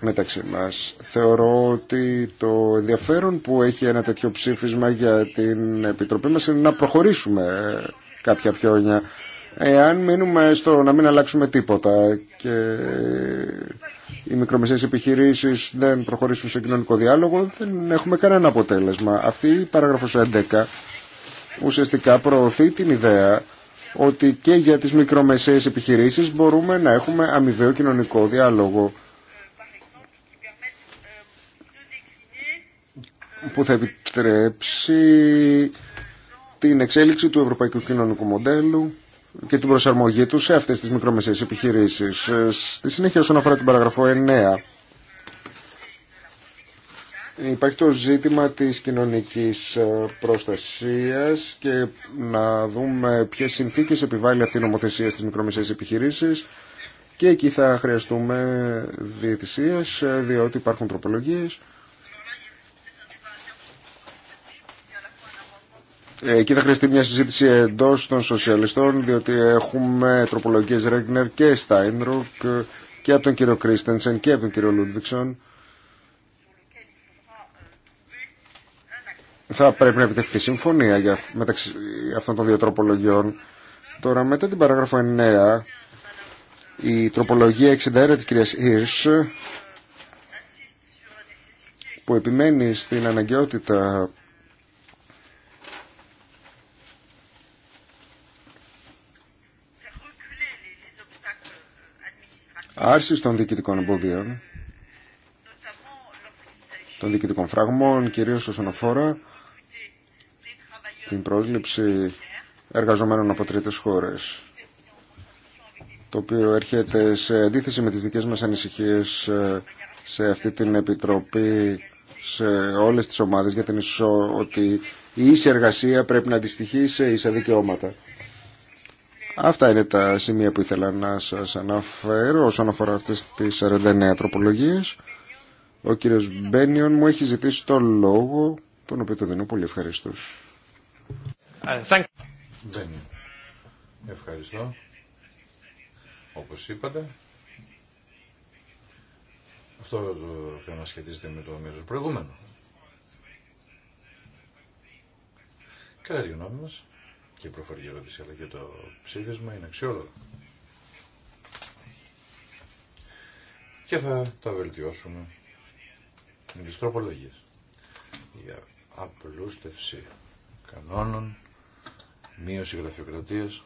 μεταξύ μας. Θεωρώ ότι το ενδιαφέρον που έχει ένα τέτοιο ψήφισμα για την Επιτροπή μας είναι να προχωρήσουμε κάποια πιόνια. Εάν μείνουμε στο να μην αλλάξουμε τίποτα και οι μικρομεσαίες επιχειρήσεις δεν προχωρήσουν σε κοινωνικό διάλογο, δεν έχουμε κανένα αποτέλεσμα. Αυτή η παράγραφος 11 ουσιαστικά προωθεί την ιδέα ότι και για τις μικρομεσαίες επιχειρήσεις μπορούμε να έχουμε αμοιβαίο κοινωνικό διάλογο που θα επιτρέψει την εξέλιξη του ευρωπαϊκού κοινωνικού μοντέλου και την προσαρμογή του σε αυτές τις μικρομεσαίες επιχειρήσεις. Ε, στη συνέχεια όσον αφορά την παραγραφό 9 Υπάρχει το ζήτημα της κοινωνικής ε, προστασίας και να δούμε ποιες συνθήκες επιβάλλει αυτή η νομοθεσία στις μικρομεσαίες επιχειρήσεις και εκεί θα χρειαστούμε διαιτησίες ε, διότι υπάρχουν τροπολογίες Εκεί θα χρειαστεί μια συζήτηση εντό των σοσιαλιστών, διότι έχουμε τροπολογίες Ρέγνερ και Στάινρουκ και από τον κύριο Κρίστενσεν και από τον κύριο Λούντβιξον. Θα πρέπει να επιτευχθεί συμφωνία για, μεταξύ αυτών των δύο τροπολογιών. Τώρα, μετά την παράγραφο 9, η τροπολογία 61 της κυρίας Ήρς, που επιμένει στην αναγκαιότητα Άρση των διοικητικών εμποδίων, των διοικητικών φραγμών, κυρίως όσον αφορά την πρόσληψη εργαζομένων από τρίτες χώρες το οποίο έρχεται σε αντίθεση με τις δικές μας ανησυχίες ε, σε αυτή την Επιτροπή σε όλες τις ομάδες για την ισο... ότι η ίση εργασία πρέπει να αντιστοιχεί σε ίσα δικαιώματα. Αυτά είναι τα σημεία που ήθελα να σας αναφέρω όσον αφορά αυτές τις 49 τροπολογίες. Ο κύριος Μπένιον μου έχει ζητήσει το λόγο, τον οποίο το δίνω πολύ ευχαριστώ. Ε, ευχαριστώ. Όπως είπατε, αυτό το θέμα σχετίζεται με το μέρος προηγούμενο. Κατά τη γνώμη μας, και η προφορική ερώτηση αλλά και το ψήφισμα είναι αξιόλογο. Και θα τα βελτιώσουμε με τις τροπολογίες για απλούστευση κανόνων, μείωση γραφειοκρατίας,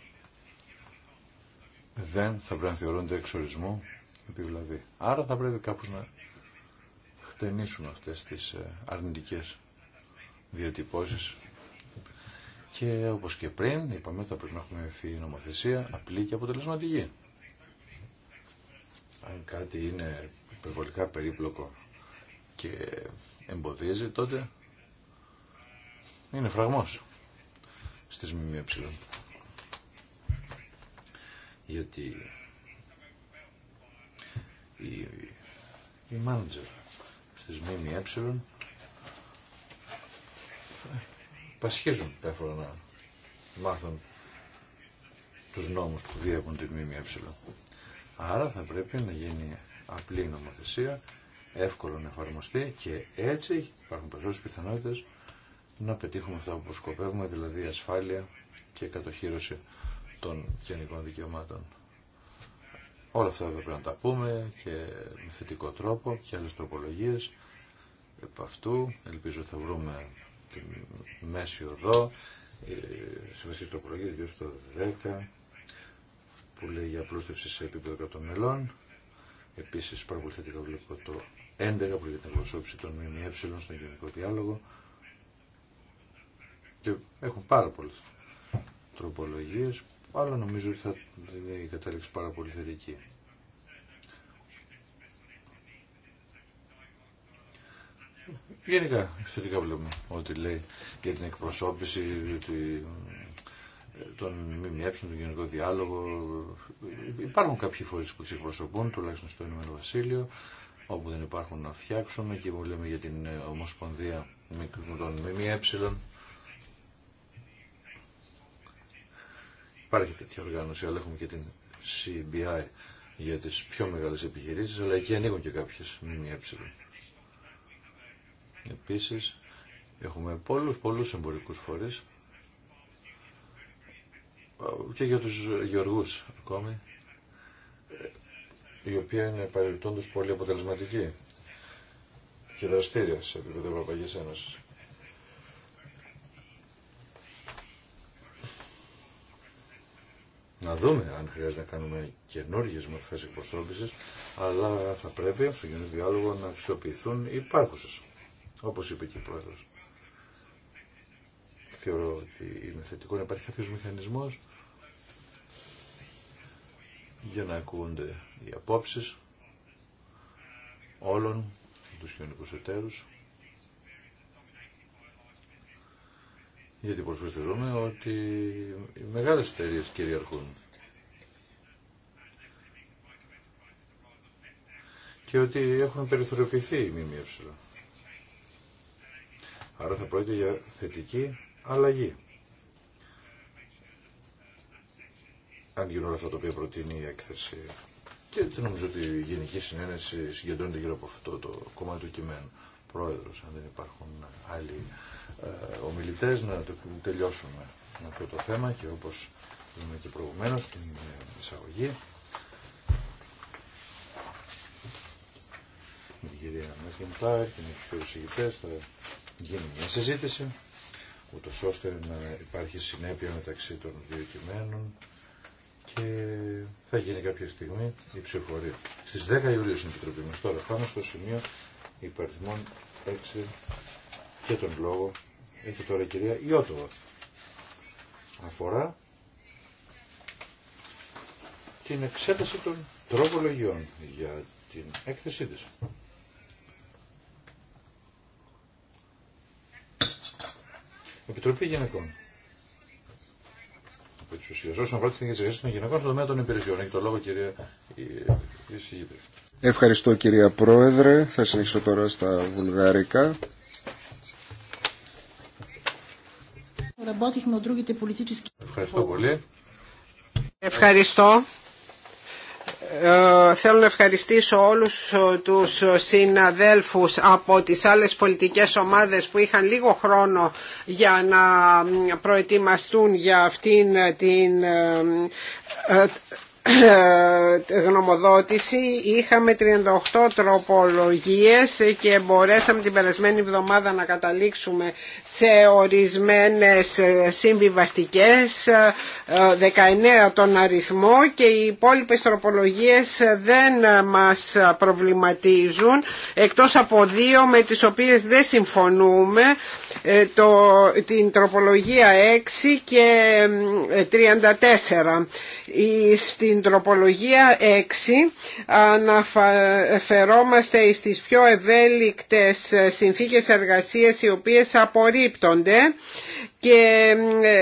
δεν θα πρέπει να θεωρούνται εξορισμού επιβλαβή. Δηλαδή. Άρα θα πρέπει κάπως να χτενίσουμε αυτές τις ε, αρνητικές διατυπώσεις και όπως και πριν, είπαμε θα πρέπει να έχουμε η νομοθεσία, απλή και αποτελεσματική. Αν κάτι είναι υπερβολικά περίπλοκο και εμποδίζει, τότε είναι φραγμός στις ΜΜΕ. Γιατί οι, η manager στις ΜΜΕ πασχίζουν εύκολα να μάθουν τους νόμους που διέπουν την ΜΜΕ. Άρα θα πρέπει να γίνει απλή νομοθεσία, εύκολο να εφαρμοστεί και έτσι υπάρχουν περισσότερες πιθανότητες να πετύχουμε αυτά που σκοπεύουμε, δηλαδή ασφάλεια και κατοχήρωση των γενικών δικαιωμάτων. Όλα αυτά θα πρέπει να τα πούμε και με θετικό τρόπο και άλλες τροπολογίες. Επ' αυτού ελπίζω θα βρούμε τη μέση οδό, συμβαστική τροπολογία, γύρω στο 10, που λέει για απλούστευση σε επίπεδο των μελών. Επίση, πάρα πολύ θετικά βλέπω το 11, που λέει την εκπροσώπηση των ΜΜΕ στον γενικό διάλογο. Και έχουν πάρα πολλέ τροπολογίε, αλλά νομίζω ότι θα είναι η κατάληξη πάρα πολύ θετική. Γενικά, θετικά βλέπουμε ότι λέει για την εκπροσώπηση ε, των τον ΜΜΕ, τον Γενικό Διάλογο. Υπάρχουν κάποιοι φορεί που τις εκπροσωπούν, τουλάχιστον στο Ηνωμένο Βασίλειο, όπου δεν υπάρχουν να φτιάξουμε και που λέμε για την ε, Ομοσπονδία των ΜΜΕ. Υπάρχει τέτοια οργάνωση, αλλά έχουμε και την CBI για τις πιο μεγάλες επιχειρήσεις, αλλά εκεί ανοίγουν και κάποιες ΜΜΕ. Επίσης, έχουμε πολλούς, πολλούς εμπορικούς φορείς και για τους γεωργούς ακόμη, η οποία είναι παρελθόντως πολύ αποτελεσματική και δραστήρια σε επίπεδο Ευρωπαϊκής Ένωσης. Να δούμε αν χρειάζεται να κάνουμε καινούργιε μορφέ εκπροσώπηση, αλλά θα πρέπει στο κοινό διάλογο να αξιοποιηθούν οι υπάρχουσε. Όπως είπε και η Πρόεδρος. Θεωρώ ότι είναι θετικό να υπάρχει κάποιος μηχανισμός για να ακούγονται οι απόψεις όλων τους κοινωνικούς εταίρους γιατί προσφυστηρούμε ότι οι μεγάλες εταιρείες κυριαρχούν και ότι έχουν περιθωριοποιηθεί οι ΜΜΕ. Άρα θα πρόκειται για θετική αλλαγή. Αν γίνουν όλα αυτά τα οποία προτείνει η έκθεση. Και νομίζω ότι η Γενική Συνένεση συγκεντρώνεται γύρω από αυτό το κομμάτι του κειμένου. Πρόεδρος, αν δεν υπάρχουν άλλοι ε, ομιλητές, να το τελειώσουμε με αυτό το θέμα και όπως είπαμε και προηγουμένω στην εισαγωγή. Η κυρία και οι θα γίνει μια συζήτηση, ούτως ώστε να υπάρχει συνέπεια μεταξύ των δύο κειμένων και θα γίνει κάποια στιγμή η ψηφορία. Στις 10 Ιουλίου στην Επιτροπή μας. Τώρα πάμε στο σημείο υπαριθμών 6 και τον λόγο έχει τώρα η κυρία Ιώτοβα. Αφορά την εξέταση των τροπολογιών για την έκθεσή της. Επιτροπή Γυναικών. Όσον αφορά τι θέσει των γυναικών στον τομέα των υπηρεσιών. Έχει το λόγο κυρία Ισηγήτρη. Ευχαριστώ κυρία Πρόεδρε. Θα συνεχίσω τώρα στα βουλγάρικα. Ευχαριστώ πολύ. Ευχαριστώ. Ε, θέλω να ευχαριστήσω όλους ε, τους συναδέλφους από τις άλλες πολιτικές ομάδες που είχαν λίγο χρόνο για να προετοιμαστούν για αυτήν την ε, ε, γνωμοδότηση είχαμε 38 τροπολογίες και μπορέσαμε την περασμένη εβδομάδα να καταλήξουμε σε ορισμένες συμβιβαστικές 19 ε, τον αριθμό και οι υπόλοιπες τροπολογίες δεν μας προβληματίζουν εκτός από δύο με τις οποίες δεν συμφωνούμε ε, το, την τροπολογία 6 και 34. Στην τροπολογία 6 αναφερόμαστε στις πιο ευέλικτες συνθήκες εργασίας οι οποίες απορρίπτονται και ε,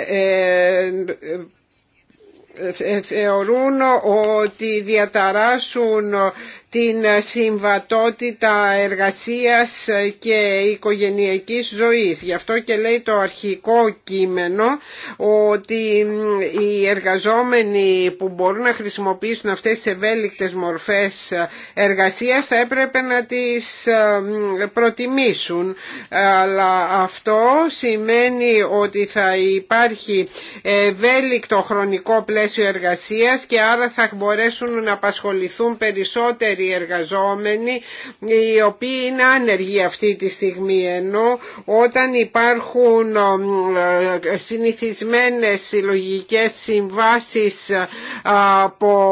ε, θεωρούν ότι διαταράσσουν την ε, συμβατότητα εργασίας ε, και οικογενειακής ζωής. Γι' αυτό και λέει το αρχικό κείμενο ότι οι εργαζόμενοι που μπορούν να χρησιμοποιήσουν αυτές τις ευέλικτες μορφές ε, εργασίας θα έπρεπε να τις προτιμήσουν. Αλλά αυτό σημαίνει ότι θα υπάρχει ευέλικτο χρονικό πλαίσιο εργασίας και άρα θα μπορέσουν να απασχοληθούν περισσότεροι ελεύθεροι εργαζόμενοι οι οποίοι είναι άνεργοι αυτή τη στιγμή ενώ όταν υπάρχουν ε, συνηθισμένες συλλογικές συμβάσεις ε, από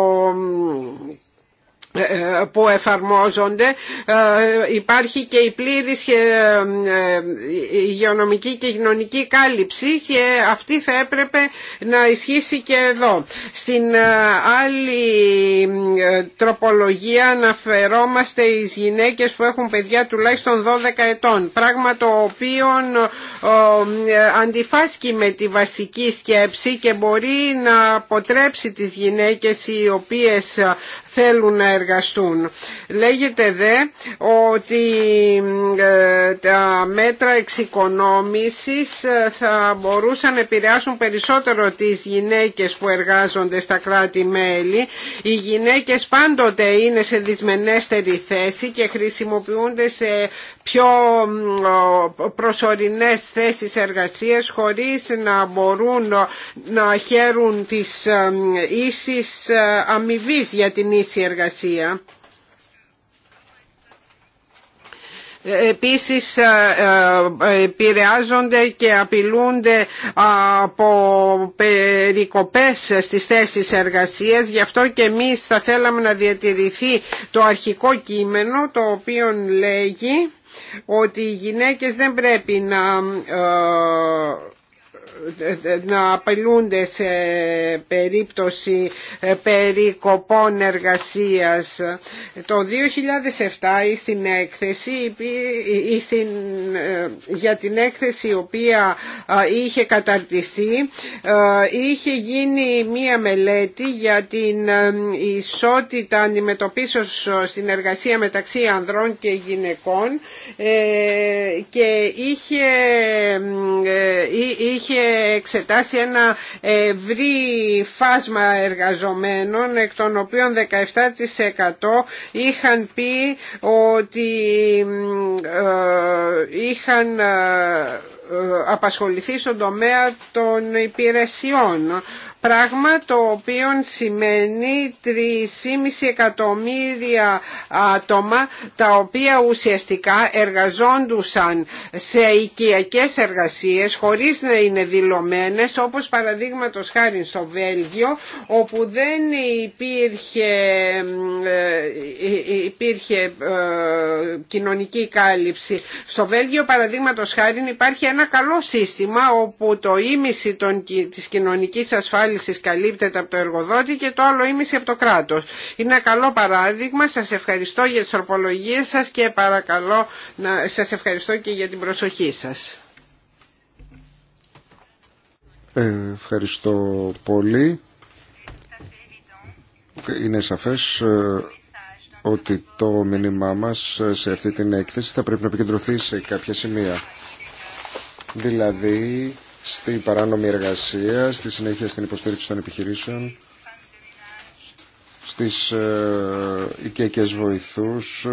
που εφαρμόζονται ε, υπάρχει και η πλήρης ε, υγειονομική και κοινωνική κάλυψη και αυτή θα έπρεπε να ισχύσει και εδώ. Στην ε, άλλη τροπολογία αναφερόμαστε εις γυναίκες που έχουν παιδιά τουλάχιστον 12 ετών πράγμα το οποίο αντιφάσκει με τη βασική σκέψη και μπορεί να αποτρέψει τις γυναίκες οι οποίες θέλουν να εργαστούν. Λέγεται δε ότι ε, τα μέτρα εξοικονόμησης ε, θα μπορούσαν να επηρεάσουν περισσότερο τις γυναίκες που εργάζονται στα κράτη-μέλη. Οι γυναίκες πάντοτε είναι σε δυσμενέστερη θέση και χρησιμοποιούνται σε πιο προσωρινές θέσεις εργασίας χωρίς να μπορούν να χαίρουν τις ίσεις αμοιβή για την ίση εργασία. Επίσης ε, ε, επηρεάζονται και απειλούνται από περικοπές στις θέσεις εργασίας. Γι' αυτό και εμείς θα θέλαμε να διατηρηθεί το αρχικό κείμενο το οποίο λέγει ότι οι γυναίκες δεν πρέπει να ε, να απελούνται σε περίπτωση ε, περικοπών εργασίας. Το 2007 στην έκθεση, στην, ε, για την έκθεση η οποία είχε καταρτιστεί ε, είχε γίνει μία μελέτη για την ισότητα αντιμετωπίσεως στην εργασία μεταξύ ανδρών και γυναικών και είχε, είχε εξετάσει ένα ευρύ φάσμα εργαζομένων εκ των οποίων 17% είχαν πει ότι ε, είχαν ε, ε, απασχοληθεί στον τομέα των υπηρεσιών πράγμα το οποίο σημαίνει 3,5 εκατομμύρια άτομα τα οποία ουσιαστικά εργαζόντουσαν σε οικιακές εργασίες χωρίς να είναι δηλωμένες όπως παραδείγματο χάρη στο Βέλγιο όπου δεν υπήρχε, ε, υπήρχε ε, κοινωνική κάλυψη. Στο Βέλγιο παραδείγματο χάρη υπάρχει ένα καλό σύστημα όπου το ίμιση των, της κοινωνικής ασφάλειας καλύπτεται από το εργοδότη και το άλλο ήμιση από το κράτος. Είναι ένα καλό παράδειγμα. Σας ευχαριστώ για τι ορπολογίε σας και παρακαλώ να σας ευχαριστώ και για την προσοχή σας. Ε, ευχαριστώ πολύ. Είναι σαφές ε, ότι το μήνυμά μας σε αυτή την έκθεση θα πρέπει να επικεντρωθεί σε κάποια σημεία. Δηλαδή Στη παράνομη εργασία, στη συνέχεια στην υποστήριξη των επιχειρήσεων, στις ε, οικιακές βοηθούς,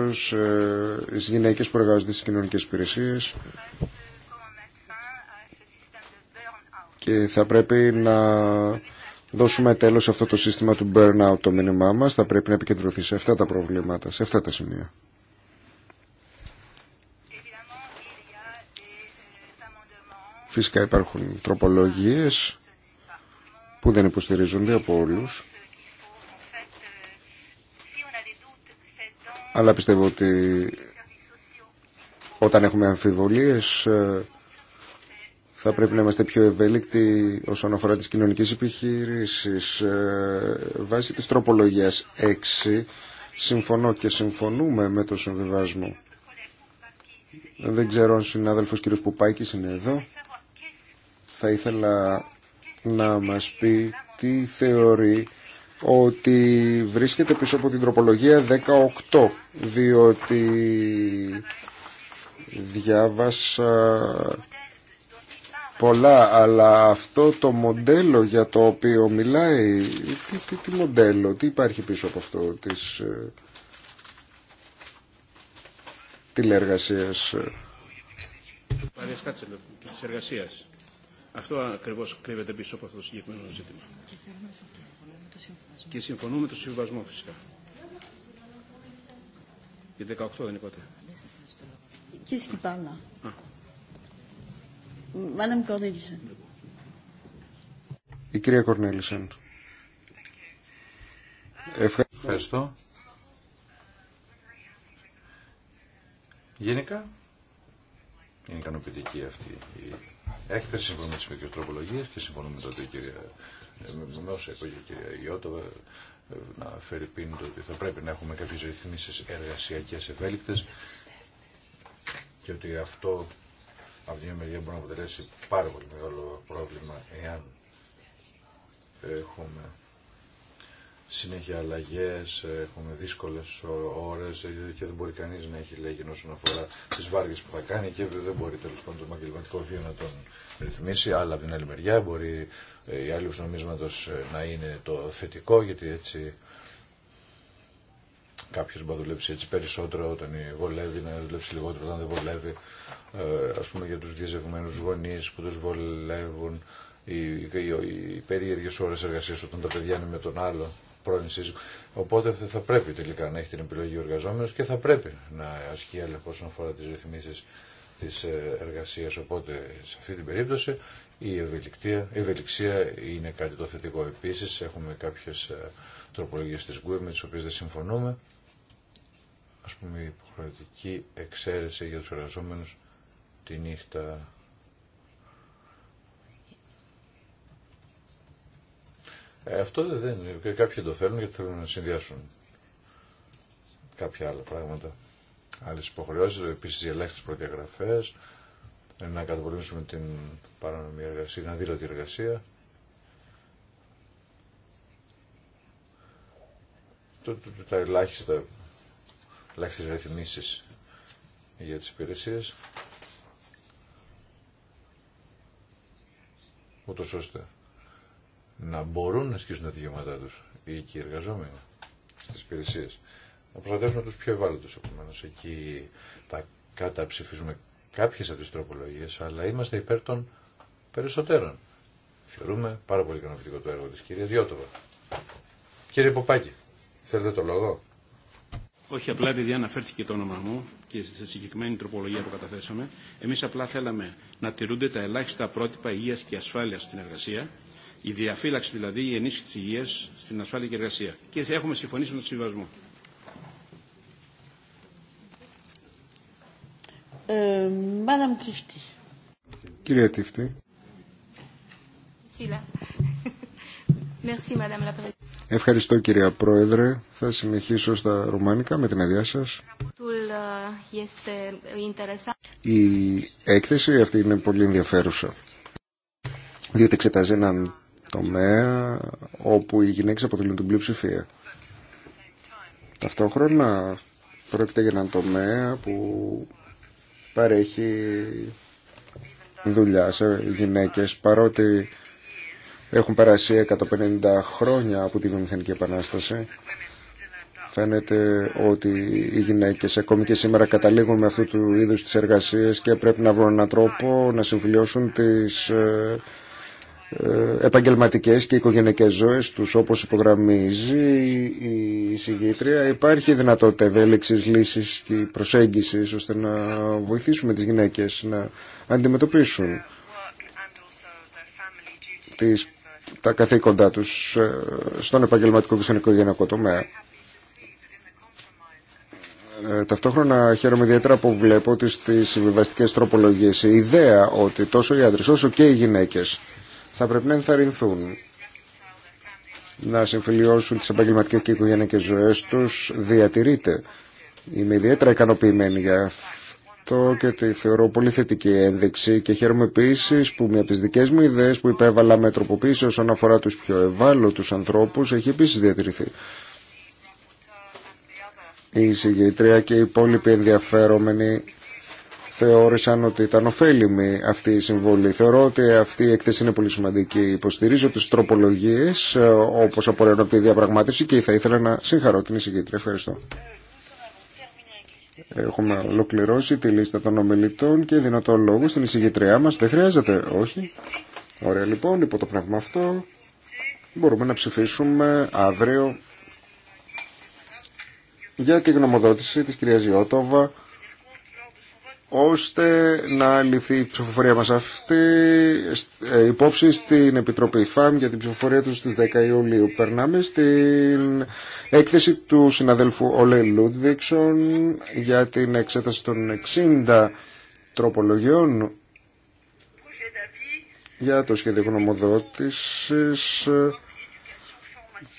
στις γυναίκες που εργάζονται στις κοινωνικές υπηρεσίες και θα πρέπει να δώσουμε τέλος σε αυτό το σύστημα του burnout το μήνυμά μας, θα πρέπει να επικεντρωθεί σε αυτά τα προβλήματα, σε αυτά τα σημεία. Φυσικά υπάρχουν τροπολογίες που δεν υποστηρίζονται από όλους. Αλλά πιστεύω ότι όταν έχουμε αμφιβολίες ε, θα πρέπει να είμαστε πιο ευέλικτοι όσον αφορά τις κοινωνικές επιχειρήσεις. Ε, βάσει της τροπολογίας 6 συμφωνώ και συμφωνούμε με το συμβιβασμό. Δεν ξέρω αν ο συνάδελφος κ. Πουπάκης είναι εδώ θα ήθελα να μας πει τι θεωρεί ότι βρίσκεται πίσω από την τροπολογία 18 διότι διάβασα πολλά αλλά αυτό το μοντέλο για το οποίο μιλάει τι, τι, μοντέλο, τι υπάρχει πίσω από αυτό της ε, της εργασίας αυτό ακριβώς κρύβεται πίσω από αυτό το συγκεκριμένο ζήτημα. Και συμφωνούμε με το συμβασμό φυσικά. Η 18 δεν είναι ποτέ. Qu'est-ce qui parle Η κυρία Κορνέλισεν. Ευχαριστώ. Γενικά, είναι ικανοποιητική αυτή η Έχετε συμφωνήσει με τις τροπολογίε και συμφωνούμε με το ότι η κυρία ε, είπε και η κυρία Ιώτοβα ε, να φέρει πίνη ότι θα πρέπει να έχουμε κάποιες ρυθμίσεις εργασιακέ ευέλικτε και ότι αυτό από μια μεριά μπορεί να αποτελέσει πάρα πολύ μεγάλο πρόβλημα εάν έχουμε συνέχεια αλλαγέ, έχουμε δύσκολε ώρε και δεν μπορεί κανεί να έχει λέγει όσον αφορά τι βάρκε που θα κάνει και δεν μπορεί τέλο πάντων το επαγγελματικό βίο να τον ρυθμίσει. Αλλά από την άλλη μεριά μπορεί η άλλη νομίσματο να είναι το θετικό γιατί έτσι κάποιο μπορεί να δουλέψει έτσι περισσότερο όταν βολεύει, να δουλέψει λιγότερο όταν δεν βολεύει. Ε, Α πούμε για του διαζευμένου γονεί που του βολεύουν οι, οι, οι περίεργε ώρε εργασία όταν τα παιδιά είναι με τον άλλο πρώην Οπότε θα πρέπει τελικά να έχει την επιλογή ο εργαζόμενο και θα πρέπει να ασκεί έλεγχο όσον αφορά τι ρυθμίσεις της ε, εργασίας. Οπότε σε αυτή την περίπτωση η ευελιξία, είναι κάτι το θετικό. Επίσης έχουμε κάποιες ε, τροπολογίες τη ΓΚΟΕ με τις οποίες δεν συμφωνούμε. Ας πούμε η υποχρεωτική εξαίρεση για του εργαζόμενου τη νύχτα Ε, αυτό δεν είναι. Κάποιοι το θέλουν γιατί θέλουν να συνδυάσουν κάποια άλλα πράγματα. Άλλε υποχρεώσει, επίση οι ελάχιστε προδιαγραφέ, ε, να καταπολεμήσουμε την παρανομή εργασία, την τη εργασία. Τα ελάχιστα, ελάχιστε ρυθμίσει για τι υπηρεσίε. Ούτω ώστε να μπορούν να ασκήσουν τα δικαιώματά του οι εκεί εργαζόμενοι στι υπηρεσίε. Να προστατεύσουμε του πιο ευάλωτου επομένω. Εκεί τα καταψηφίζουμε κάποιε από τι τροπολογίε, αλλά είμαστε υπέρ των περισσότερων. Θεωρούμε πάρα πολύ ικανοποιητικό το έργο τη κυρία Διώτοβα. Κύριε Ποπάκη, θέλετε το λόγο. Όχι απλά επειδή αναφέρθηκε το όνομα μου και στη συγκεκριμένη τροπολογία που καταθέσαμε, Εμεί απλά θέλαμε να τηρούνται τα ελάχιστα πρότυπα υγεία και ασφάλεια στην εργασία, η διαφύλαξη δηλαδή, η ενίσχυση τη υγεία στην ασφάλεια και εργασία. Και έχουμε συμφωνήσει με τον συμβασμό. Ε, Κυρία Ευχαριστώ κυρία Πρόεδρε. Θα συνεχίσω στα ρουμάνικα με την αδειά σας. Ε, η έκθεση αυτή είναι πολύ ενδιαφέρουσα, διότι εξετάζει έναν τομέα όπου οι γυναίκε αποτελούν την πλειοψηφία. Ταυτόχρονα πρόκειται για έναν τομέα που παρέχει δουλειά σε γυναίκες παρότι έχουν περάσει 150 χρόνια από τη βιομηχανική επανάσταση φαίνεται ότι οι γυναίκες ακόμη και σήμερα καταλήγουν με αυτού του είδους τις εργασίες και πρέπει να βρουν έναν τρόπο να συμφιλειώσουν τις ε, ε, επαγγελματικές και οικογενειακές ζωές τους όπως υπογραμμίζει η συγγήτρια υπάρχει δυνατότητα ευέλιξης λύσης και προσέγγισης ώστε να βοηθήσουμε τις γυναίκες να αντιμετωπίσουν τις, τα καθήκοντά τους ε, στον επαγγελματικό και στον οικογενειακό τομέα. Ε, ταυτόχρονα χαίρομαι ιδιαίτερα που βλέπω ότι στις συμβιβαστικές τροπολογίες η ιδέα ότι τόσο οι άντρες όσο και οι γυναίκες θα πρέπει να ενθαρρυνθούν να συμφιλειώσουν τις επαγγελματικές και οικογενειακές ζωές τους διατηρείται. Είμαι ιδιαίτερα ικανοποιημένη για αυτό και τη θεωρώ πολύ θετική ένδειξη και χαίρομαι επίση που μία από τις δικές μου ιδέες που υπέβαλα με τροποποίηση όσον αφορά τους πιο ευάλωτους ανθρώπους έχει επίσης διατηρηθεί. Η συγγετρία και οι υπόλοιποι ενδιαφέρομενοι θεώρησαν ότι ήταν ωφέλιμη αυτή η συμβολή. Θεωρώ ότι αυτή η εκθέση είναι πολύ σημαντική. Υποστηρίζω τι τροπολογίε, ε, όπω απορρέουν από τη διαπραγμάτευση και θα ήθελα να συγχαρώ την εισηγήτρια. Ευχαριστώ. Έχουμε ολοκληρώσει τη λίστα των ομιλητών και δίνω το λόγο στην εισηγητριά μας. Δεν χρειάζεται, όχι. Ωραία λοιπόν, υπό το πνεύμα αυτό μπορούμε να ψηφίσουμε αύριο για τη γνωμοδότηση της κυρίας Ιώτοβα ώστε να λυθεί η ψηφοφορία μας αυτή ε, υπόψη στην Επιτροπή ΦΑΜ για την ψηφοφορία του στις 10 Ιουλίου. Περνάμε στην έκθεση του συναδέλφου Όλε Λούντβιξον για την εξέταση των 60 τροπολογιών για το σχέδιο γνωμοδότησης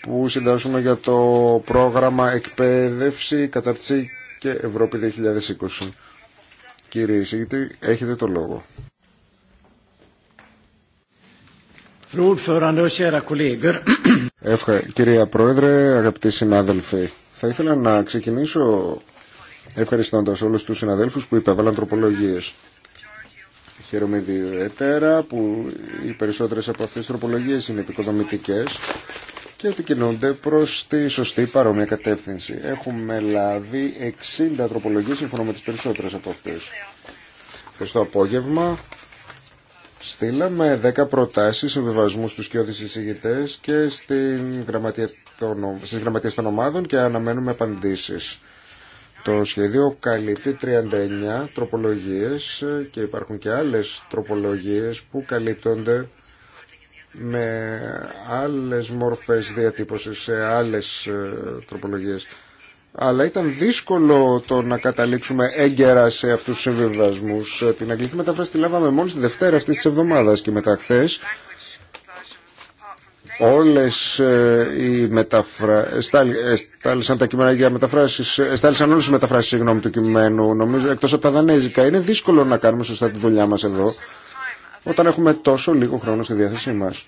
που συντάσσουμε για το πρόγραμμα εκπαίδευση, κατάρτιση και Ευρώπη 2020. Κύριε Ισήτη, έχετε το λόγο. Ευχα... Κυρία Πρόεδρε, αγαπητοί συνάδελφοι, θα ήθελα να ξεκινήσω ευχαριστώντας όλους τους συναδέλφους που υπέβαλαν τροπολογίες. Χαίρομαι ιδιαίτερα που οι περισσότερες από αυτές τις τροπολογίες είναι επικοδομητικές και επικοινωνούνται προ τη σωστή παρόμοια κατεύθυνση. Έχουμε λάβει 60 τροπολογίες σύμφωνα με τι περισσότερε από αυτέ. Στο απόγευμα στείλαμε 10 προτάσεις βεβασμού στου κοιόδη εισηγητές και στην γραμματεία των, στις γραμματείες των ομάδων και αναμένουμε απαντήσεις. Το σχέδιο καλύπτει 39 τροπολογίες και υπάρχουν και άλλες τροπολογίες που καλύπτονται με άλλες μορφές διατύπωσης, σε άλλες ε, τροπολογίες. Αλλά ήταν δύσκολο το να καταλήξουμε έγκαιρα σε αυτούς τους συμβιβασμούς. Ε, την αγγλική μετάφραση τη λάβαμε μόλις τη Δευτέρα αυτής της εβδομάδας και μετά χθε. Ε, όλες οι μεταφρα... τα κείμενα μεταφράσεις, στάλησαν μεταφράσεις συγγνώμη του κειμένου, νομίζω, εκτός από τα δανέζικα. Είναι δύσκολο να κάνουμε σωστά τη δουλειά μας εδώ όταν έχουμε τόσο λίγο χρόνο στη διάθεσή μας.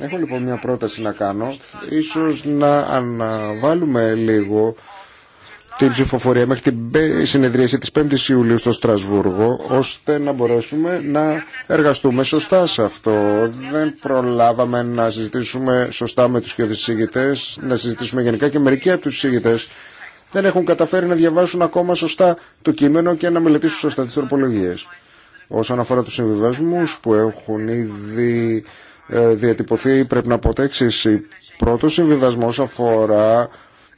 Έχω λοιπόν μια πρόταση να κάνω, ίσως να αναβάλουμε λίγο την ψηφοφορία μέχρι την συνεδρίαση της 5ης Ιουλίου στο Στρασβούργο ώστε να μπορέσουμε να εργαστούμε σωστά σε αυτό. Δεν προλάβαμε να συζητήσουμε σωστά με τους κοιόδης συζητητές, να συζητήσουμε γενικά και μερικοί από τους συζητητές δεν έχουν καταφέρει να διαβάσουν ακόμα σωστά το κείμενο και να μελετήσουν σωστά τις τροπολογίες. Όσον αφορά τους συμβιβασμούς που έχουν ήδη ε, διατυπωθεί, πρέπει να πω Ο Πρώτος συμβιβασμός αφορά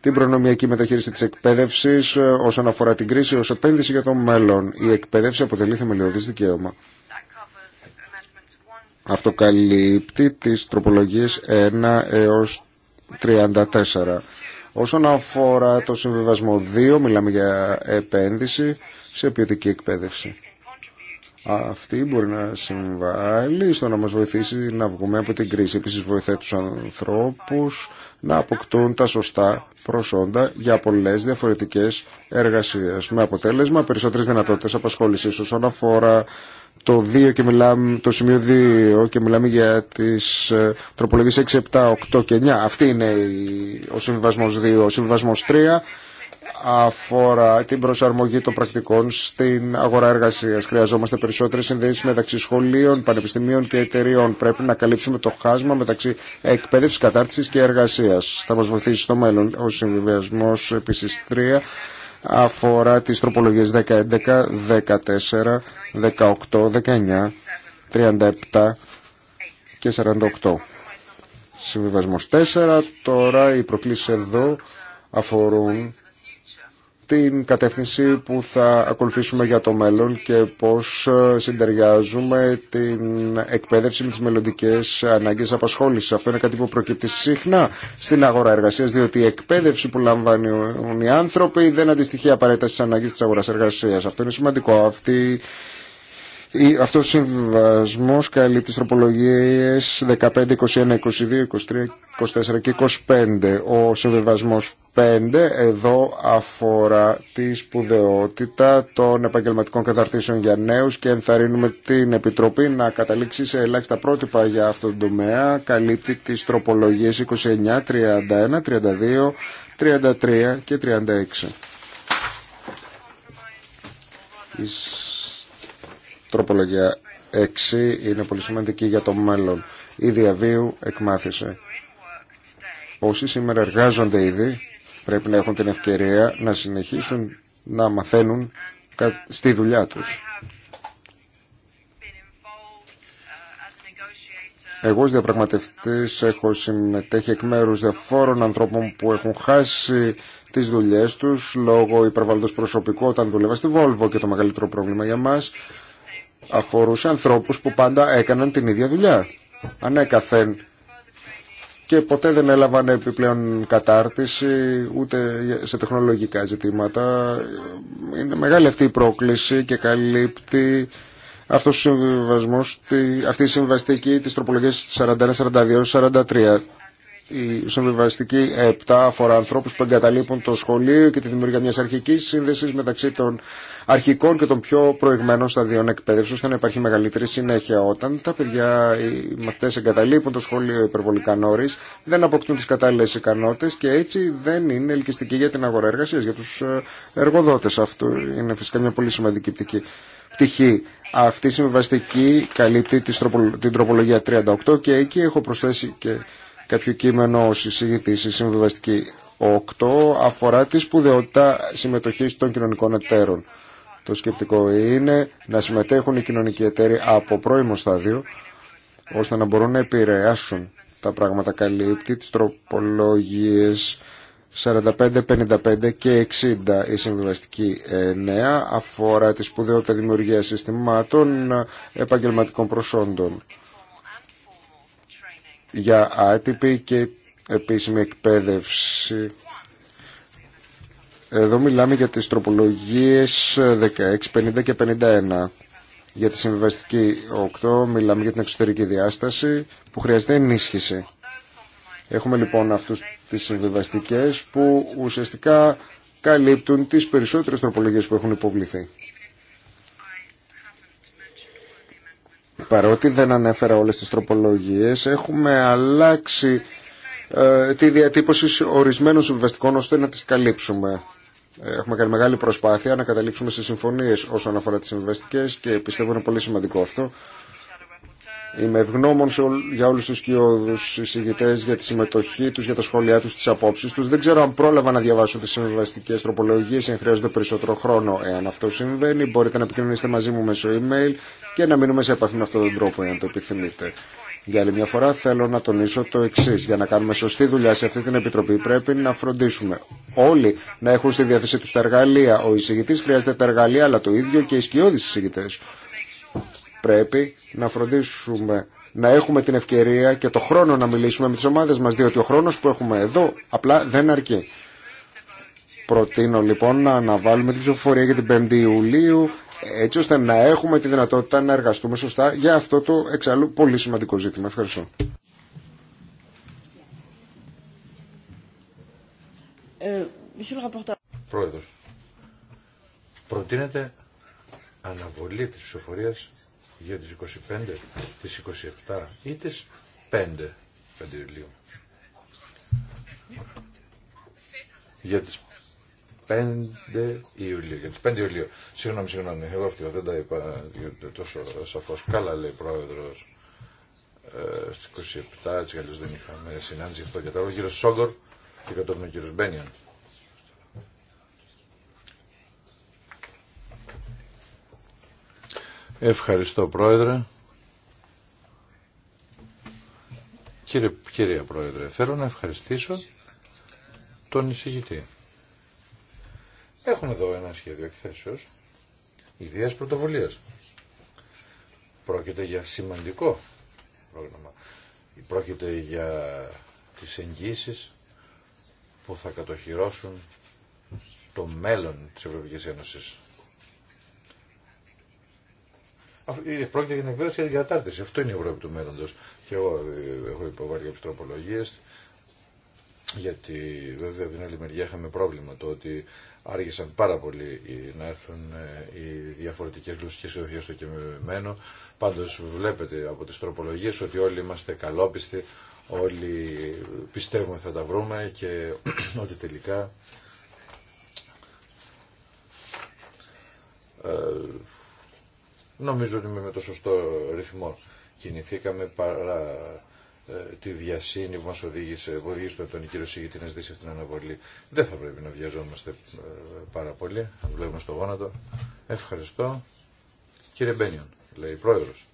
την προνομιακή μεταχείριση της εκπαίδευσης ε, όσον αφορά την κρίση ως επένδυση για το μέλλον. Η εκπαίδευση αποτελεί θεμελιώδης δικαίωμα. Αυτό καλύπτει τις τροπολογίες 1 έως 34. Όσον αφορά το συμβιβασμό 2, μιλάμε για επένδυση σε ποιοτική εκπαίδευση. Αυτή μπορεί να συμβάλλει στο να μας βοηθήσει να βγούμε από την κρίση. Επίσης βοηθάει τους ανθρώπους να αποκτούν τα σωστά προσόντα για πολλές διαφορετικές εργασίες. Με αποτέλεσμα περισσότερες δυνατότητες απασχόλησης όσον αφορά το, 2 και μιλάμε, το σημείο 2 και μιλάμε για τις ε, τροπολογίες 6, 7, 8 και 9. Αυτή είναι ο συμβιβασμός 2. Ο συμβιβασμός 3 αφορά την προσαρμογή των πρακτικών στην αγορά εργασία. Χρειαζόμαστε περισσότερε συνδέσει μεταξύ σχολείων, πανεπιστημίων και εταιριών. Πρέπει να καλύψουμε το χάσμα μεταξύ εκπαίδευση, κατάρτιση και εργασία. Θα μα βοηθήσει στο μέλλον. Ο συμβιβασμό επίση 3 αφορά τις τροπολογίες 10, 11, 14, 18, 19, 37 και 48. Συμβιβασμός 4. Τώρα οι προκλήσει εδώ αφορούν την κατεύθυνση που θα ακολουθήσουμε για το μέλλον και πώς ε, συντεριάζουμε την εκπαίδευση με τις μελλοντικές ανάγκες απασχόλησης. Αυτό είναι κάτι που προκύπτει συχνά στην αγορά εργασίας, διότι η εκπαίδευση που λαμβάνουν οι άνθρωποι δεν αντιστοιχεί απαραίτητα στις ανάγκες της αγοράς εργασίας. Αυτό είναι σημαντικό. Αυτός ο συμβασμός καλύπτει τροπολογίες 15, 21, 22, 23, 24 και 25. Ο συμβιβασμό 5 εδώ αφορά τη σπουδαιότητα των επαγγελματικών καταρτήσεων για νέους και ενθαρρύνουμε την Επιτροπή να καταλήξει σε ελάχιστα πρότυπα για αυτόν τον τομέα. Καλύπτει τις τροπολογίες 29, 31, 32, 33 και 36. Τροπολογία 6 είναι πολύ σημαντική για το μέλλον. Η διαβίου εκμάθησε. Όσοι σήμερα εργάζονται ήδη πρέπει να έχουν την ευκαιρία να συνεχίσουν να μαθαίνουν στη δουλειά τους. Εγώ ως διαπραγματευτής έχω συμμετέχει εκ μέρους διαφόρων ανθρώπων που έχουν χάσει τις δουλειές τους λόγω υπερβάλλοντος προσωπικό όταν δούλευα στη Βόλβο και το μεγαλύτερο πρόβλημα για μας αφορούσε ανθρώπους που πάντα έκαναν την ίδια δουλειά. Ανέκαθεν και ποτέ δεν έλαβαν επιπλέον κατάρτιση ούτε σε τεχνολογικά ζητήματα. Είναι μεγάλη αυτή η πρόκληση και καλύπτει αυτός ο συμβασμός αυτή η συμβαστική της τροπολογίας 41, 42, 43 η συμβιβαστική 7 αφορά ανθρώπου που εγκαταλείπουν το σχολείο και τη δημιουργία μια αρχική σύνδεση μεταξύ των αρχικών και των πιο προηγμένων σταδίων εκπαίδευση, ώστε να υπάρχει μεγαλύτερη συνέχεια. Όταν τα παιδιά, οι μαθητέ εγκαταλείπουν το σχολείο υπερβολικά νωρί, δεν αποκτούν τι κατάλληλε ικανότητε και έτσι δεν είναι ελκυστική για την αγορά εργασία, για του ε, εργοδότε. Αυτό είναι φυσικά μια πολύ σημαντική πτυχή. Αυτή η συμβιβαστική καλύπτει την τροπολογία 38 και εκεί έχω προσθέσει και κάποιο κείμενο ο η συμβιβαστική 8 αφορά τη σπουδαιότητα συμμετοχή των κοινωνικών εταίρων. Το σκεπτικό είναι να συμμετέχουν οι κοινωνικοί εταίροι από πρώιμο στάδιο ώστε να μπορούν να επηρεάσουν τα πράγματα καλύπτει τις τροπολογίες 45, 55 και 60 η συμβιβαστική 9 αφορά τη σπουδαιότητα δημιουργία συστημάτων επαγγελματικών προσόντων για άτυπη και επίσημη εκπαίδευση. Εδώ μιλάμε για τις τροπολογίες 16, 50 και 51. Για τη συμβιβαστική 8 μιλάμε για την εξωτερική διάσταση που χρειάζεται ενίσχυση. Έχουμε λοιπόν αυτούς τις συμβιβαστικές που ουσιαστικά καλύπτουν τις περισσότερες τροπολογίες που έχουν υποβληθεί. παρότι δεν ανέφερα όλες τις τροπολογίες, έχουμε αλλάξει ε, τη διατύπωση ορισμένων συμβιβαστικών ώστε να τις καλύψουμε. Ε, έχουμε κάνει μεγάλη προσπάθεια να καταλήξουμε σε συμφωνίες όσον αφορά τις συμβιβαστικές και πιστεύω είναι πολύ σημαντικό αυτό Είμαι ευγνώμων σε ό, για όλους τους κοιόδους εισηγητές για τη συμμετοχή τους, για τα σχόλιά τους, τις απόψεις τους. Δεν ξέρω αν πρόλαβα να διαβάσω τις συμβαστικές τροπολογίες, αν χρειάζονται περισσότερο χρόνο. Εάν αυτό συμβαίνει, μπορείτε να επικοινωνήσετε μαζί μου μέσω email και να μείνουμε σε επαφή με αυτόν τον τρόπο, εάν το επιθυμείτε. Για άλλη μια φορά θέλω να τονίσω το εξή. Για να κάνουμε σωστή δουλειά σε αυτή την επιτροπή πρέπει να φροντίσουμε όλοι να έχουν στη διάθεση του τα εργαλεία. Ο εισηγητή χρειάζεται τα εργαλεία, αλλά το ίδιο και οι σκιώδει εισηγητέ. Πρέπει να φροντίσουμε να έχουμε την ευκαιρία και το χρόνο να μιλήσουμε με τις ομάδες μας, διότι ο χρόνος που έχουμε εδώ απλά δεν αρκεί. Προτείνω λοιπόν να αναβάλουμε την ψηφοφορία για την 5η Ιουλίου, έτσι ώστε να έχουμε τη δυνατότητα να εργαστούμε σωστά για αυτό το εξάλλου πολύ σημαντικό ζήτημα. Ευχαριστώ. Πρόεδρος, προτείνεται αναβολή της ψηφοφορίας για τις 25, τις 27 ή τις 5 Πεντηριλίου. Για τις 5 Ιουλίου. Για τις 5 Ιουλίου. Συγγνώμη, συγγνώμη. Εγώ αυτή δεν τα είπα τόσο σαφώς. Καλά λέει πρόεδρος. Ε, στις 27, έτσι καλώς δεν είχαμε συνάντηση αυτό και τα Ο Κύριος Σόγκορ και κατόπιν ο κύριος Μπένιαν. Ευχαριστώ Πρόεδρε. Κύριε, Πρόεδρε, θέλω να ευχαριστήσω τον εισηγητή. Έχουμε εδώ ένα σχέδιο εκθέσεως ιδέας πρωτοβουλίας. Πρόκειται για σημαντικό πρόγραμμα. Πρόκειται για τις εγγύσεις που θα κατοχυρώσουν το μέλλον της Ευρωπαϊκής Ένωσης. Ε, πρόκειται για την εκπαίδευση και την κατάρτιση. Αυτό είναι η Ευρώπη του μέλλοντο. Και εγώ ε, έχω υποβάλει κάποιε τροπολογίε. Γιατί βέβαια από την άλλη μεριά είχαμε πρόβλημα το ότι άργησαν πάρα πολύ να έρθουν ε, οι διαφορετικέ γλωσσικέ ειδοχέ στο κείμενο. Πάντω βλέπετε από τι τροπολογίε ότι όλοι είμαστε καλόπιστοι, όλοι πιστεύουμε θα τα βρούμε και ότι τελικά Νομίζω ότι με το σωστό ρυθμό κινηθήκαμε παρά ε, τη βιασύνη που μας οδήγησε, που οδήγησε τον κύριο Σιγητή να ζητήσει αυτήν την αναβολή. Δεν θα πρέπει να βιαζόμαστε ε, πάρα πολύ. Βλέπουμε στο γόνατο. Ευχαριστώ. Κύριε Μπένιον, λέει πρόεδρος.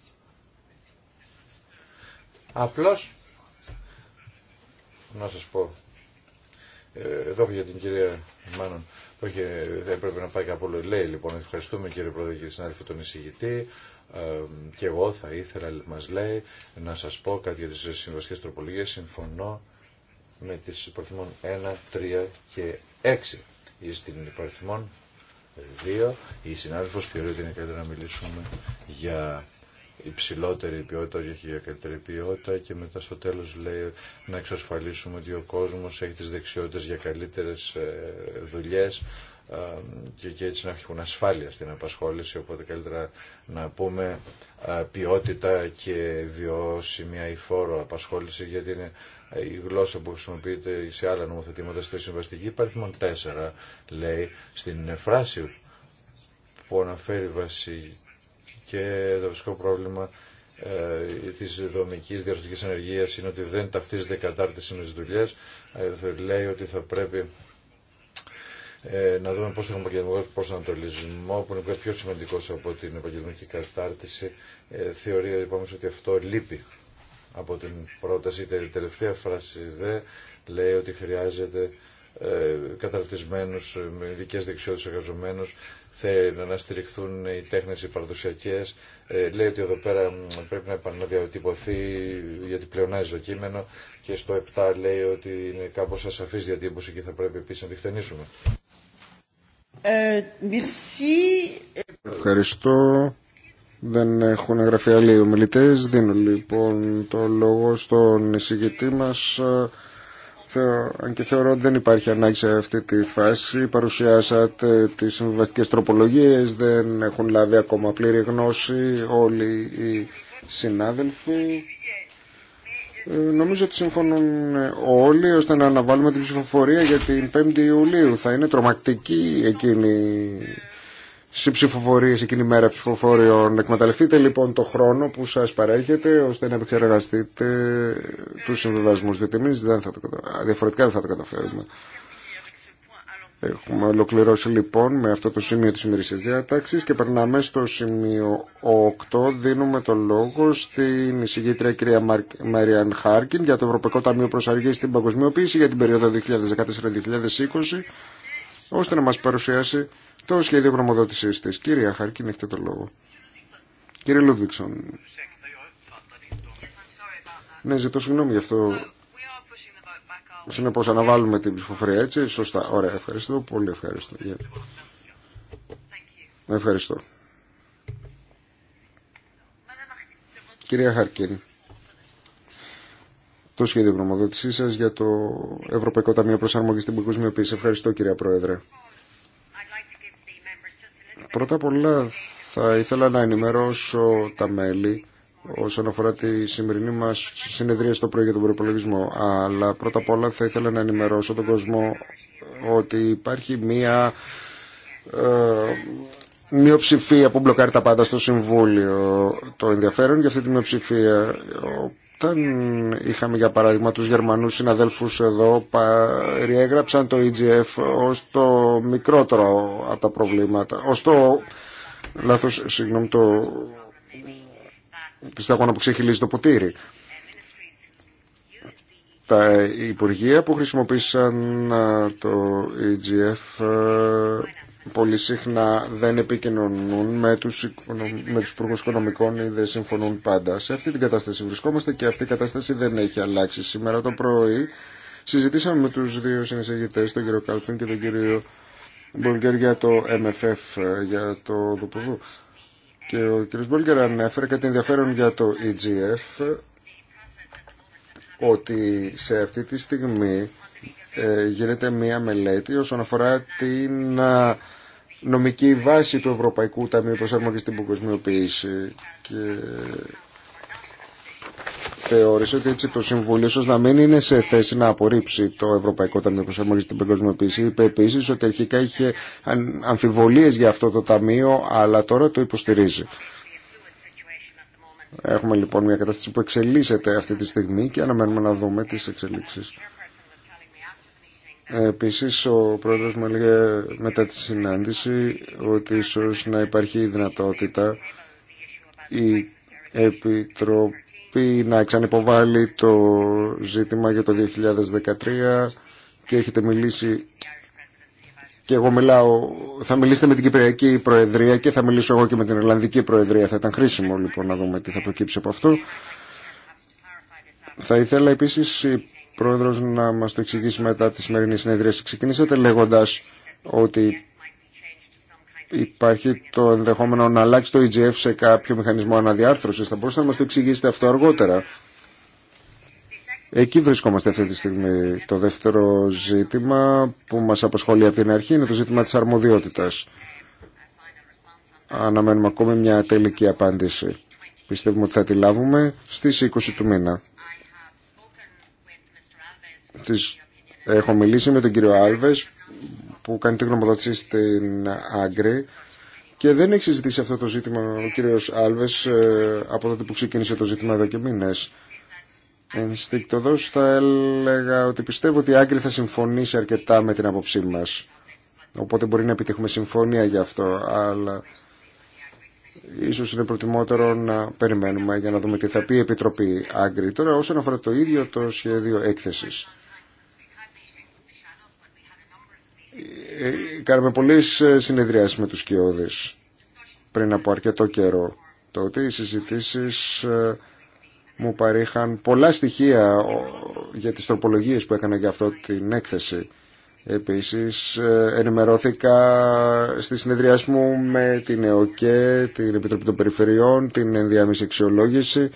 Απλώς να σας πω ε, εδώ για την κυρία Μάνων. δεν πρέπει να πάει κάπου Λέει λοιπόν, ευχαριστούμε κύριε Πρόεδρε και συνάδελφοι τον εισηγητή. Ε, και εγώ θα ήθελα, μας λέει, να σας πω κάτι για τις συμβασικές τροπολογίες. Συμφωνώ με τις υπαριθμών 1, 3 και 6. Ή στην υπαριθμών 2, η συνάδελφος θεωρεί ότι είναι καλύτερα να μιλήσουμε για υψηλότερη ποιότητα, όχι για καλύτερη ποιότητα και μετά στο τέλος λέει να εξασφαλίσουμε ότι ο κόσμος έχει τις δεξιότητες για καλύτερες ε, δουλειές ε, και έτσι να έχουν ασφάλεια στην απασχόληση, οπότε καλύτερα να πούμε ε, ποιότητα και βιώσιμη φόρο απασχόληση, γιατί είναι η γλώσσα που χρησιμοποιείται σε άλλα νομοθετήματα στη συμβαστική υπάρχει τέσσερα λέει, στην φράση που αναφέρει βασική και το βασικό πρόβλημα ε, της δομικής διαρθρωτική ενεργείας είναι ότι δεν ταυτίζεται η κατάρτιση με τι δουλειέ. Ε, λέει ότι θα πρέπει ε, να δούμε πώς τον επαγγελματικό προσανατολισμό που είναι πιο σημαντικό από την επαγγελματική κατάρτιση ε, θεωρεί είπαμε, ότι αυτό λείπει από την πρόταση. Η τελευταία φράση δε λέει ότι χρειάζεται ε, καταρτισμένους, με ειδικέ δεξιότητες εργαζομένους, θέλουν να στηριχθούν οι τέχνες οι παραδοσιακές. Ε, λέει ότι εδώ πέρα πρέπει να επαναδιατυπωθεί γιατί πλεονάζει το κείμενο και στο 7 λέει ότι είναι κάπως ασαφής διατύπωση και θα πρέπει επίσης να τη χτενίσουμε. Ε, Ευχαριστώ. Δεν έχουν εγγραφεί άλλοι ομιλητέ. Δίνω λοιπόν το λόγο στον εισηγητή μας αν και θεωρώ ότι δεν υπάρχει ανάγκη σε αυτή τη φάση. Παρουσιάσατε τις συμβαστικές τροπολογίες, δεν έχουν λάβει ακόμα πλήρη γνώση όλοι οι συνάδελφοι. Ε, νομίζω ότι συμφωνούν όλοι ώστε να αναβάλουμε την ψηφοφορία για την 5η Ιουλίου. Θα είναι τρομακτική εκείνη σε ψηφοφορίε εκείνη η μέρα ψηφοφοριών. Εκμεταλλευτείτε λοιπόν το χρόνο που σα παρέχετε ώστε να επεξεργαστείτε του συμβιβασμού. Διότι εμεί διαφορετικά δεν θα τα καταφέρουμε. Έχουμε ολοκληρώσει λοιπόν με αυτό το σημείο τη ημερήσια διάταξη και περνάμε στο σημείο 8. Δίνουμε το λόγο στην εισηγήτρια κυρία Μαριαν Χάρκιν για το Ευρωπαϊκό Ταμείο Προσαργής στην Παγκοσμιοποίηση για την περίοδο 2014-2020 ώστε να μα παρουσιάσει το σχέδιο γνωμοδότησής τη. Κυρία Χαρκίν, έχετε το λόγο. Κύριε Λούδιξον. Ναι, ζητώ συγγνώμη γι' αυτό. Συνεπώ αναβάλουμε την ψηφοφορία έτσι. Σωστά. Ωραία. Ευχαριστώ. Πολύ ευχαριστώ. Ευχαριστώ. Κυρία Χαρκίν, το σχέδιο γνωμοδότησή σα για το Ευρωπαϊκό Ταμείο Προσαρμογή στην Παγκοσμιοποίηση. Ευχαριστώ, κυρία Πρόεδρε. Πρώτα απ' όλα θα ήθελα να ενημερώσω τα μέλη όσον αφορά τη σημερινή μας συνεδρία στο πρωί για τον προπολογισμό. Αλλά πρώτα απ' όλα θα ήθελα να ενημερώσω τον κόσμο ότι υπάρχει μία ε, μειοψηφία που μπλοκάρει τα πάντα στο Συμβούλιο. Το ενδιαφέρον για αυτή τη μειοψηφία όταν είχαμε για παράδειγμα τους Γερμανούς συναδέλφους εδώ περιέγραψαν το EGF ως το μικρότερο από τα προβλήματα, ως το, λάθος, συγγνώμη, το, τη σταγόνα που ξεχυλίζει το ποτήρι. Τα υπουργεία που χρησιμοποίησαν το EGF πολύ συχνά δεν επικοινωνούν με τους, με τους υπουργούς οικονομικών ή δεν συμφωνούν πάντα. Σε αυτή την κατάσταση βρισκόμαστε και αυτή η κατάσταση δεν έχει αλλάξει. Σήμερα το πρωί συζητήσαμε με τους δύο συνεισηγητές, τον κύριο Κάλφιν και τον κύριο Μπολγκέρ για το MFF, για το ΔΟΠΟΔΟ. Και ο κύριος Μπολγκέρ ανέφερε κάτι ενδιαφέρον για το EGF, ότι σε αυτή τη στιγμή ε, γίνεται μια μελέτη όσον αφορά την νομική βάση του Ευρωπαϊκού Ταμείου Προσαρμογή στην Παγκοσμιοποίηση και θεώρησε ότι έτσι το Συμβούλιο ίσως να μην είναι σε θέση να απορρίψει το Ευρωπαϊκό Ταμείο Προσαρμογή στην Παγκοσμιοποίηση. Είπε επίσης ότι αρχικά είχε αμφιβολίες για αυτό το ταμείο, αλλά τώρα το υποστηρίζει. Έχουμε λοιπόν μια κατάσταση που εξελίσσεται αυτή τη στιγμή και αναμένουμε να δούμε τις εξελίξεις. Ε, Επίση, ο πρόεδρο μου έλεγε μετά τη συνάντηση ότι ίσω να υπάρχει η δυνατότητα η Επιτροπή να ξανεποβάλει το ζήτημα για το 2013 και έχετε μιλήσει και εγώ μιλάω, θα μιλήσετε με την Κυπριακή Προεδρία και θα μιλήσω εγώ και με την Ιρλανδική Προεδρία. Θα ήταν χρήσιμο λοιπόν να δούμε τι θα προκύψει από αυτό. Θα ήθελα επίσης Πρόεδρος να μας το εξηγήσει μετά τη σημερινή συνεδρία. Ξεκινήσατε λέγοντας ότι υπάρχει το ενδεχόμενο να αλλάξει το EGF σε κάποιο μηχανισμό αναδιάρθρωσης. Θα μπορούσατε να μας το εξηγήσετε αυτό αργότερα. Εκεί βρισκόμαστε αυτή τη στιγμή. Το δεύτερο ζήτημα που μας απασχολεί από την αρχή είναι το ζήτημα της αρμοδιότητας. Αναμένουμε ακόμη μια τελική απάντηση. Πιστεύουμε ότι θα τη λάβουμε στις 20 του μήνα της, έχω μιλήσει με τον κύριο Άλβες που κάνει την γνωμοδότηση στην Άγκρη και δεν έχει συζητήσει αυτό το ζήτημα ο κύριος Άλβες ε, από τότε που ξεκίνησε το ζήτημα εδώ και μήνες. Ενστικτοδός θα έλεγα ότι πιστεύω ότι η Άγκρη θα συμφωνήσει αρκετά με την άποψή μας. Οπότε μπορεί να επιτύχουμε συμφωνία γι' αυτό, αλλά ίσως είναι προτιμότερο να περιμένουμε για να δούμε τι θα πει η Επιτροπή Άγκρη. Τώρα όσον αφορά το ίδιο το σχέδιο έκθεσης. Ε, κάναμε πολλέ ε, συνεδριάσει με τους Κιώδε πριν από αρκετό καιρό. Τότε οι συζητήσεις ε, μου παρήχαν πολλά στοιχεία για τις τροπολογίες που έκανα για αυτό την έκθεση. Επίσης ενημερώθηκα στη συνεδριάση μου με την ΕΟΚΕ, την Επιτροπή των Περιφερειών, την ενδιάμεση αξιολόγηση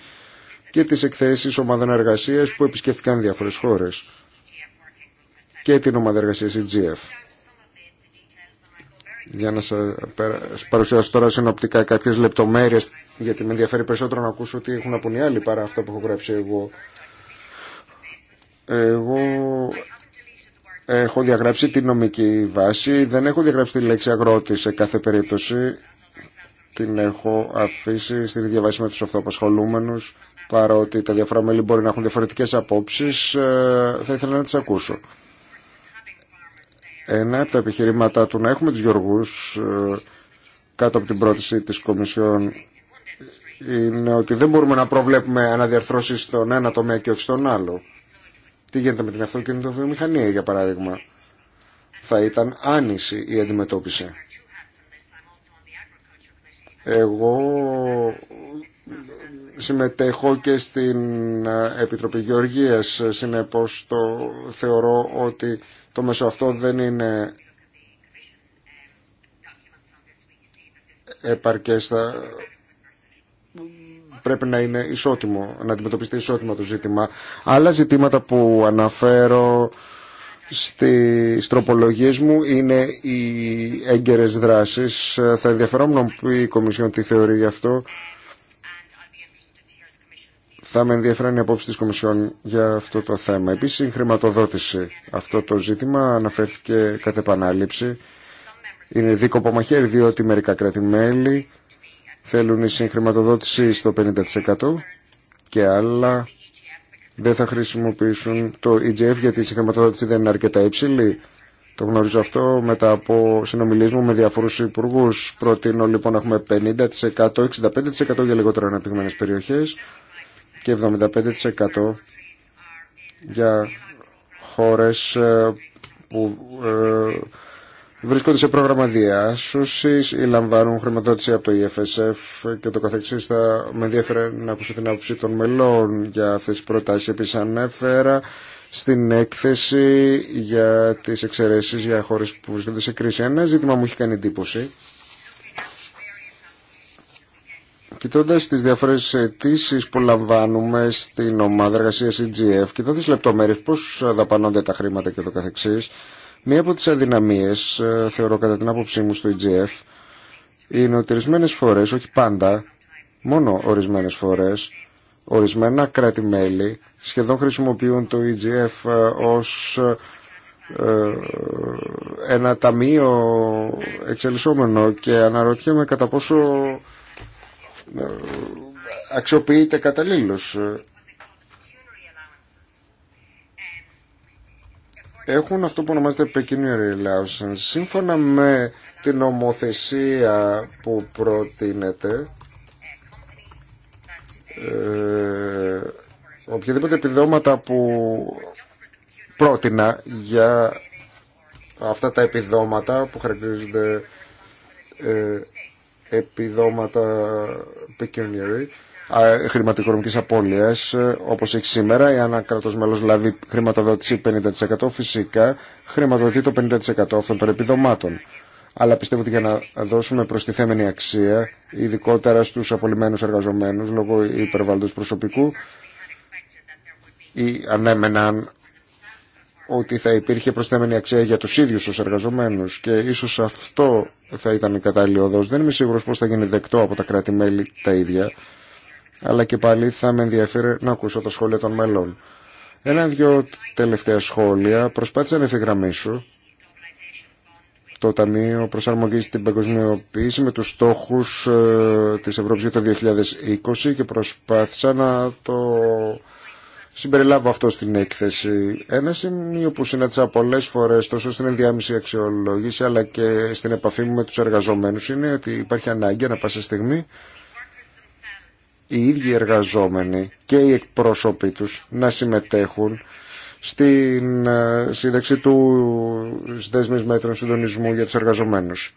και τις εκθέσεις ομάδων εργασίας που επισκέφθηκαν διάφορες χώρες και την ομάδα εργασίας EGF για να σας παρουσιάσω τώρα συνοπτικά κάποιες λεπτομέρειες γιατί με ενδιαφέρει περισσότερο να ακούσω τι έχουν από οι άλλοι παρά αυτά που έχω γράψει εγώ. Εγώ έχω διαγράψει τη νομική βάση, δεν έχω διαγράψει τη λέξη αγρότη σε κάθε περίπτωση. Την έχω αφήσει στην ίδια βάση με τους αυτοαπασχολούμενους, παρότι τα διαφορά μέλη μπορεί να έχουν διαφορετικές απόψεις, ε, θα ήθελα να τις ακούσω. Ένα από τα επιχειρήματά του να έχουμε τους γεωργούς ε, κάτω από την πρόταση της Κομισιόν είναι ότι δεν μπορούμε να προβλέπουμε αναδιαρθρώσεις στον ένα τομέα και όχι στον άλλο. Τι γίνεται με την βιομηχανία; για παράδειγμα. Θα ήταν άνηση η αντιμετώπιση. Εγώ συμμετέχω και στην Επιτροπή Γεωργίας, συνεπώς το θεωρώ ότι το μέσο αυτό δεν είναι επαρκές. Θα... Πρέπει να είναι ισότιμο, να αντιμετωπιστεί ισότιμο το ζήτημα. Άλλα ζητήματα που αναφέρω στις τροπολογίες μου είναι οι έγκαιρες δράσεις. Θα ενδιαφερόμουν να μου πει η Κομισιόν τι θεωρεί γι' αυτό. Θα με ενδιαφέραν οι απόψει τη Κομισιόν για αυτό το θέμα. Επίση, η χρηματοδότηση. Αυτό το ζήτημα κατ' κατά επανάληψη. Είναι δίκοπο μαχαίρι, διότι μερικά κράτη-μέλη θέλουν η συγχρηματοδότηση στο 50% και άλλα δεν θα χρησιμοποιήσουν το EGF γιατί η συγχρηματοδότηση δεν είναι αρκετά υψηλή. Το γνωρίζω αυτό μετά από συνομιλίες μου με διαφορούς υπουργού. Προτείνω λοιπόν να έχουμε 50%, 65% για λιγότερο αναπτυγμένες περιοχές και 75% για χώρες ε, που ε, βρίσκονται σε πρόγραμμα διάσωσης ή λαμβάνουν χρηματοδότηση από το EFSF και το καθεξής. Θα με ενδιαφέρε να ακούσω την άποψη των μελών για αυτές τις προτάσεις. Επίσης ανέφερα στην έκθεση για τις εξαιρέσεις για χώρες που βρίσκονται σε κρίση. Ένα ζήτημα μου έχει κάνει εντύπωση Κοιτώντα τι διαφορέ αιτήσει που λαμβάνουμε στην ομάδα εργασία EGF, κοιτώντα τις λεπτομέρειε πώς δαπανώνται τα χρήματα και το καθεξής, μία από τις αδυναμίες, ε, θεωρώ κατά την άποψή μου στο EGF, είναι ότι ορισμένες φορές, όχι πάντα, μόνο ορισμένες φορές, ορισμένα κράτη-μέλη σχεδόν χρησιμοποιούν το EGF ε, ως ε, ένα ταμείο εξελισσόμενο και αναρωτιέμαι κατά πόσο αξιοποιείται καταλήλως. Έχουν αυτό που ονομάζεται pecuniary allowance. Σύμφωνα με την νομοθεσία που προτείνεται, ε, οποιαδήποτε επιδόματα που πρότεινα για αυτά τα επιδόματα που χαρακτηρίζονται ε, επιδόματα pecuniary, χρηματοοικονομικές απώλειες ε, όπως έχει σήμερα η ένα μέλος δηλαδή χρηματοδότηση 50% φυσικά χρηματοδοτεί το 50% αυτών των επιδομάτων αλλά πιστεύω ότι για να δώσουμε προστιθέμενη αξία ειδικότερα στους απολυμμένους εργαζομένους λόγω υπερβαλλοντος προσωπικού ή ανέμεναν ότι θα υπήρχε προσθέμενη αξία για τους ίδιους τους εργαζομένους και ίσως αυτό θα ήταν η κατάλληλη οδός. Δεν είμαι σίγουρος πώς θα γίνει δεκτό από τα κράτη-μέλη τα ίδια, αλλά και πάλι θα με ενδιαφέρει να ακούσω τα σχόλια των μελών. Ένα-δυο τελευταία σχόλια προσπάθησα να ευθυγραμμίσω το Ταμείο Προσαρμογής στην Παγκοσμιοποίηση με τους στόχους ε, της Ευρώπης για το 2020 και προσπάθησα να το συμπεριλάβω αυτό στην έκθεση. Ένα σημείο που συνάντησα πολλέ φορέ τόσο στην ενδιάμεση αξιολόγηση αλλά και στην επαφή μου με του εργαζομένου είναι ότι υπάρχει ανάγκη να πάσα στιγμή οι ίδιοι εργαζόμενοι και οι εκπρόσωποι τους να συμμετέχουν στην ε, σύνταξη του δέσμης μέτρων συντονισμού για τους εργαζομένους.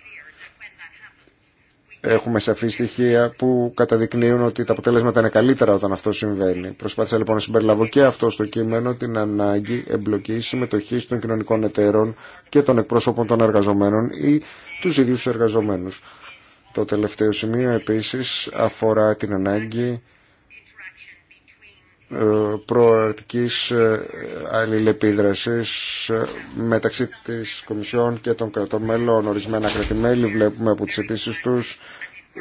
Έχουμε σαφή στοιχεία που καταδεικνύουν ότι τα αποτελέσματα είναι καλύτερα όταν αυτό συμβαίνει. Προσπάθησα λοιπόν να συμπεριλαβώ και αυτό στο κείμενο την ανάγκη εμπλοκή συμμετοχή των κοινωνικών εταίρων και των εκπρόσωπων των εργαζομένων ή του ίδιου του εργαζομένου. Το τελευταίο σημείο επίση αφορά την ανάγκη προορατικής ε, αλληλεπίδρασης ε, μεταξύ της Κομισιόν και των κρατών μελών. Ορισμένα κρατημέλη βλέπουμε από τις αιτήσει τους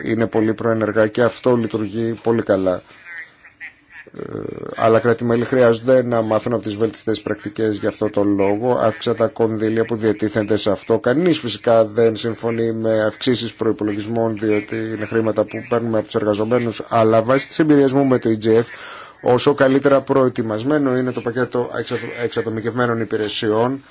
είναι πολύ προενεργά και αυτό λειτουργεί πολύ καλά. Ε, άλλα κρατημέλη χρειάζονται να μάθουν από τις βελτιστές πρακτικές για αυτό το λόγο. Αύξα τα κονδύλια που διατίθενται σε αυτό. Κανείς φυσικά δεν συμφωνεί με αυξήσεις προϋπολογισμών διότι είναι χρήματα που παίρνουμε από τους εργαζομένους. Αλλά βάσει της εμπειρίας μου με το EGF όσο καλύτερα προετοιμασμένο είναι το πακέτο εξατομικευμένων υπηρεσιών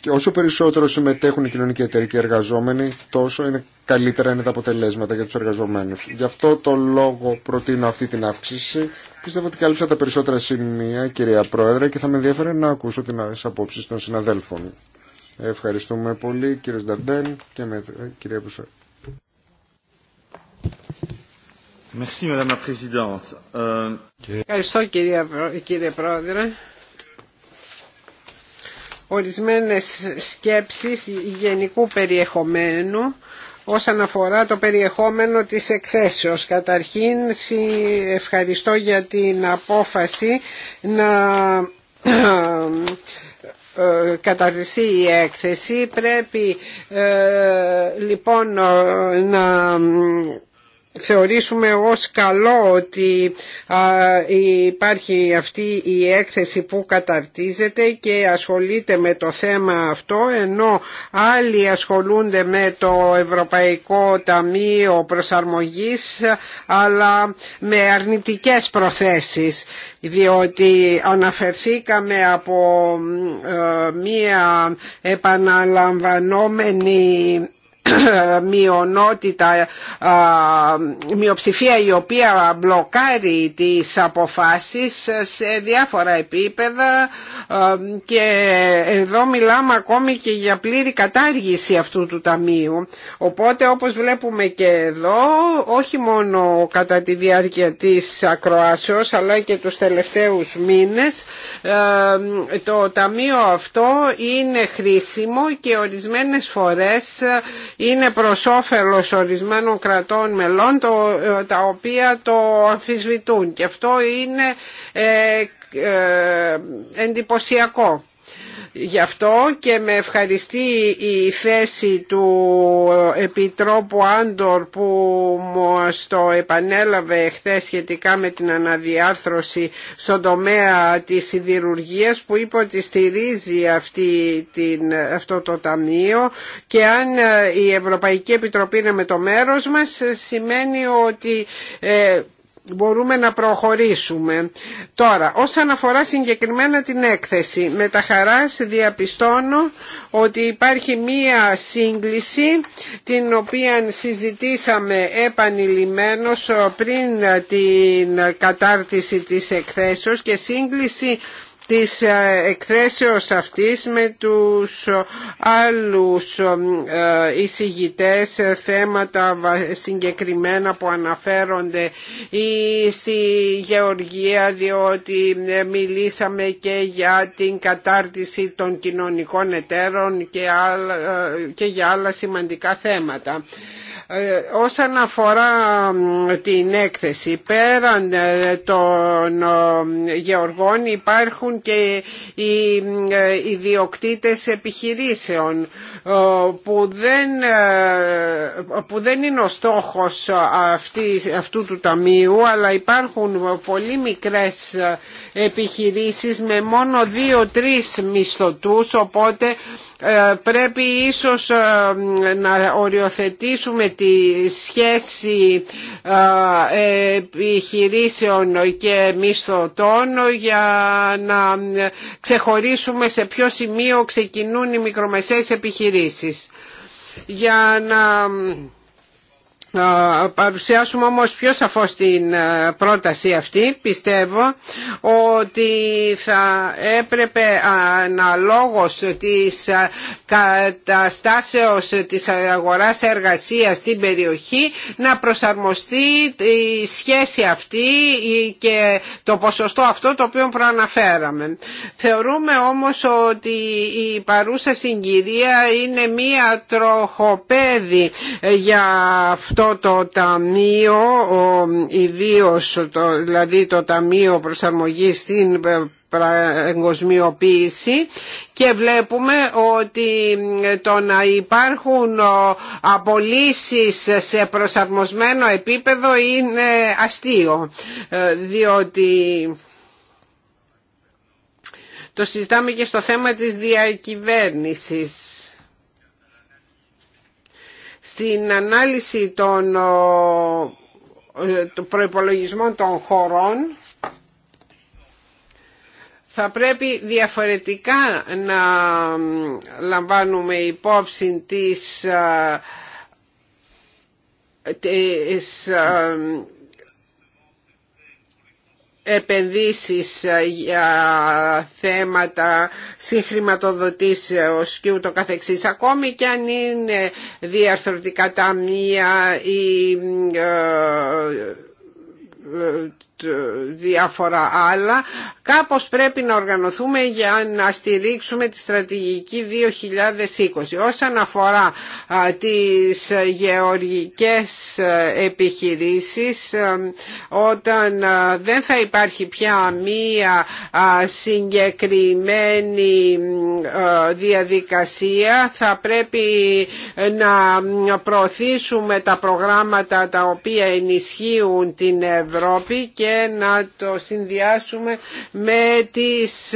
και όσο περισσότερο συμμετέχουν οι κοινωνικοί εταιροί και οι εργαζόμενοι, τόσο είναι καλύτερα είναι τα αποτελέσματα για τους εργαζομένους. Γι' αυτό το λόγο προτείνω αυτή την αύξηση. Πιστεύω ότι κάλυψα τα περισσότερα σημεία, κυρία Πρόεδρε, και θα με ενδιαφέρει να ακούσω τι απόψει των συναδέλφων. Ευχαριστούμε πολύ, κύριε Νταρντέν και με, ε, κυρία Πουσέ. Euh, ευχαριστώ κύριε Πρόεδρε. Ορισμένες σκέψεις γενικού περιεχομένου όσον αφορά το περιεχόμενο της εκθέσεως. Καταρχήν ευχαριστώ για την απόφαση να ε, καταρτιστεί η έκθεση. Πρέπει ε, λοιπόν να θεωρήσουμε ως καλό ότι υπάρχει αυτή η έκθεση που καταρτίζεται και ασχολείται με το θέμα αυτό ενώ άλλοι ασχολούνται με το Ευρωπαϊκό Ταμείο Προσαρμογής αλλά με αρνητικές προθέσεις διότι αναφερθήκαμε από ε, μία επαναλαμβανόμενη μειονότητα, μειοψηφία η οποία μπλοκάρει τις αποφάσεις σε διάφορα επίπεδα και εδώ μιλάμε ακόμη και για πλήρη κατάργηση αυτού του ταμείου. Οπότε όπως βλέπουμε και εδώ, όχι μόνο κατά τη διάρκεια της ακροάσεως αλλά και τους τελευταίους μήνες, το ταμείο αυτό είναι χρήσιμο και ορισμένες φορές είναι προς όφελος ορισμένων κρατών μελών το, ε, τα οποία το αμφισβητούν και αυτό είναι ε, ε εντυπωσιακό γι' αυτό και με ευχαριστεί η θέση του Επιτρόπου Άντορ που μας το επανέλαβε χθε σχετικά με την αναδιάρθρωση στον τομέα της σιδηρουργίας που είπε ότι στηρίζει αυτή την, αυτό το ταμείο και αν η Ευρωπαϊκή Επιτροπή είναι με το μέρος μας σημαίνει ότι... Ε, μπορούμε να προχωρήσουμε. Τώρα, όσον αφορά συγκεκριμένα την έκθεση, με τα χαράς διαπιστώνω ότι υπάρχει μία σύγκληση την οποία συζητήσαμε επανειλημμένως ε, πριν την κατάρτιση της εκθέσεως και σύγκληση της ε, εκθέσεως αυτής με τους ε, άλλους ε, εισηγητές θέματα συγκεκριμένα που αναφέρονται ή στη γεωργία διότι μιλήσαμε και για την κατάρτιση των κοινωνικών εταίρων και για άλλα σημαντικά θέματα. Ε, όσον αφορά την έκθεση πέραν ε, των ε, γεωργών υπάρχουν και οι ιδιοκτήτες επιχειρήσεων που δεν, που δεν είναι ο στόχος αυτού του ταμείου αλλά υπάρχουν πολύ μικρές επιχειρήσεις με μόνο δύο-τρεις μισθωτούς οπότε ε, πρέπει ίσως ε, να οριοθετήσουμε τη σχέση ε, επιχειρήσεων και μισθωτών για να ξεχωρίσουμε σε ποιο σημείο ξεκινούν οι μικρομεσαίες επιχειρήσεις για να παρουσιάσουμε όμως πιο σαφώς την ε, πρόταση αυτή πιστεύω ότι θα έπρεπε αναλόγως της ε, καταστάσεως της αγοράς εργασίας στην περιοχή να προσαρμοστεί η σχέση αυτή και το ποσοστό αυτό το οποίο προαναφέραμε. Θεωρούμε όμως ότι η παρούσα συγκυρία είναι μία τροχοπέδη για αυτό το ταμείο, ιδίω το, δηλαδή το Ταμείο Προσαρμογής στην ε, εγκοσμιοποίηση και βλέπουμε ότι ε, το να υπάρχουν απολύσεις σε προσαρμοσμένο επίπεδο είναι αστείο ε, διότι το συζητάμε και στο θέμα της διακυβέρνησης την ανάλυση των προϋπολογισμών των χωρών θα πρέπει διαφορετικά να λαμβάνουμε υπόψη τις, ε, τις ε, επενδύσεις ε, για θέματα συγχρηματοδοτήσεως και ούτω καθεξής. Ακόμη και αν είναι διαρθρωτικά ταμεία ή ε, ε, ε, διάφορα άλλα. Κάπως πρέπει να οργανωθούμε για να στηρίξουμε τη στρατηγική 2020. Όσον αφορά τις γεωργικές ε, επιχειρήσεις, ε, όταν δεν θα υπάρχει πια μία συγκεκριμένη διαδικασία, θα πρέπει να προωθήσουμε τα προγράμματα τα οποία ενισχύουν την Ευρώπη και να το συνδυάσουμε με τις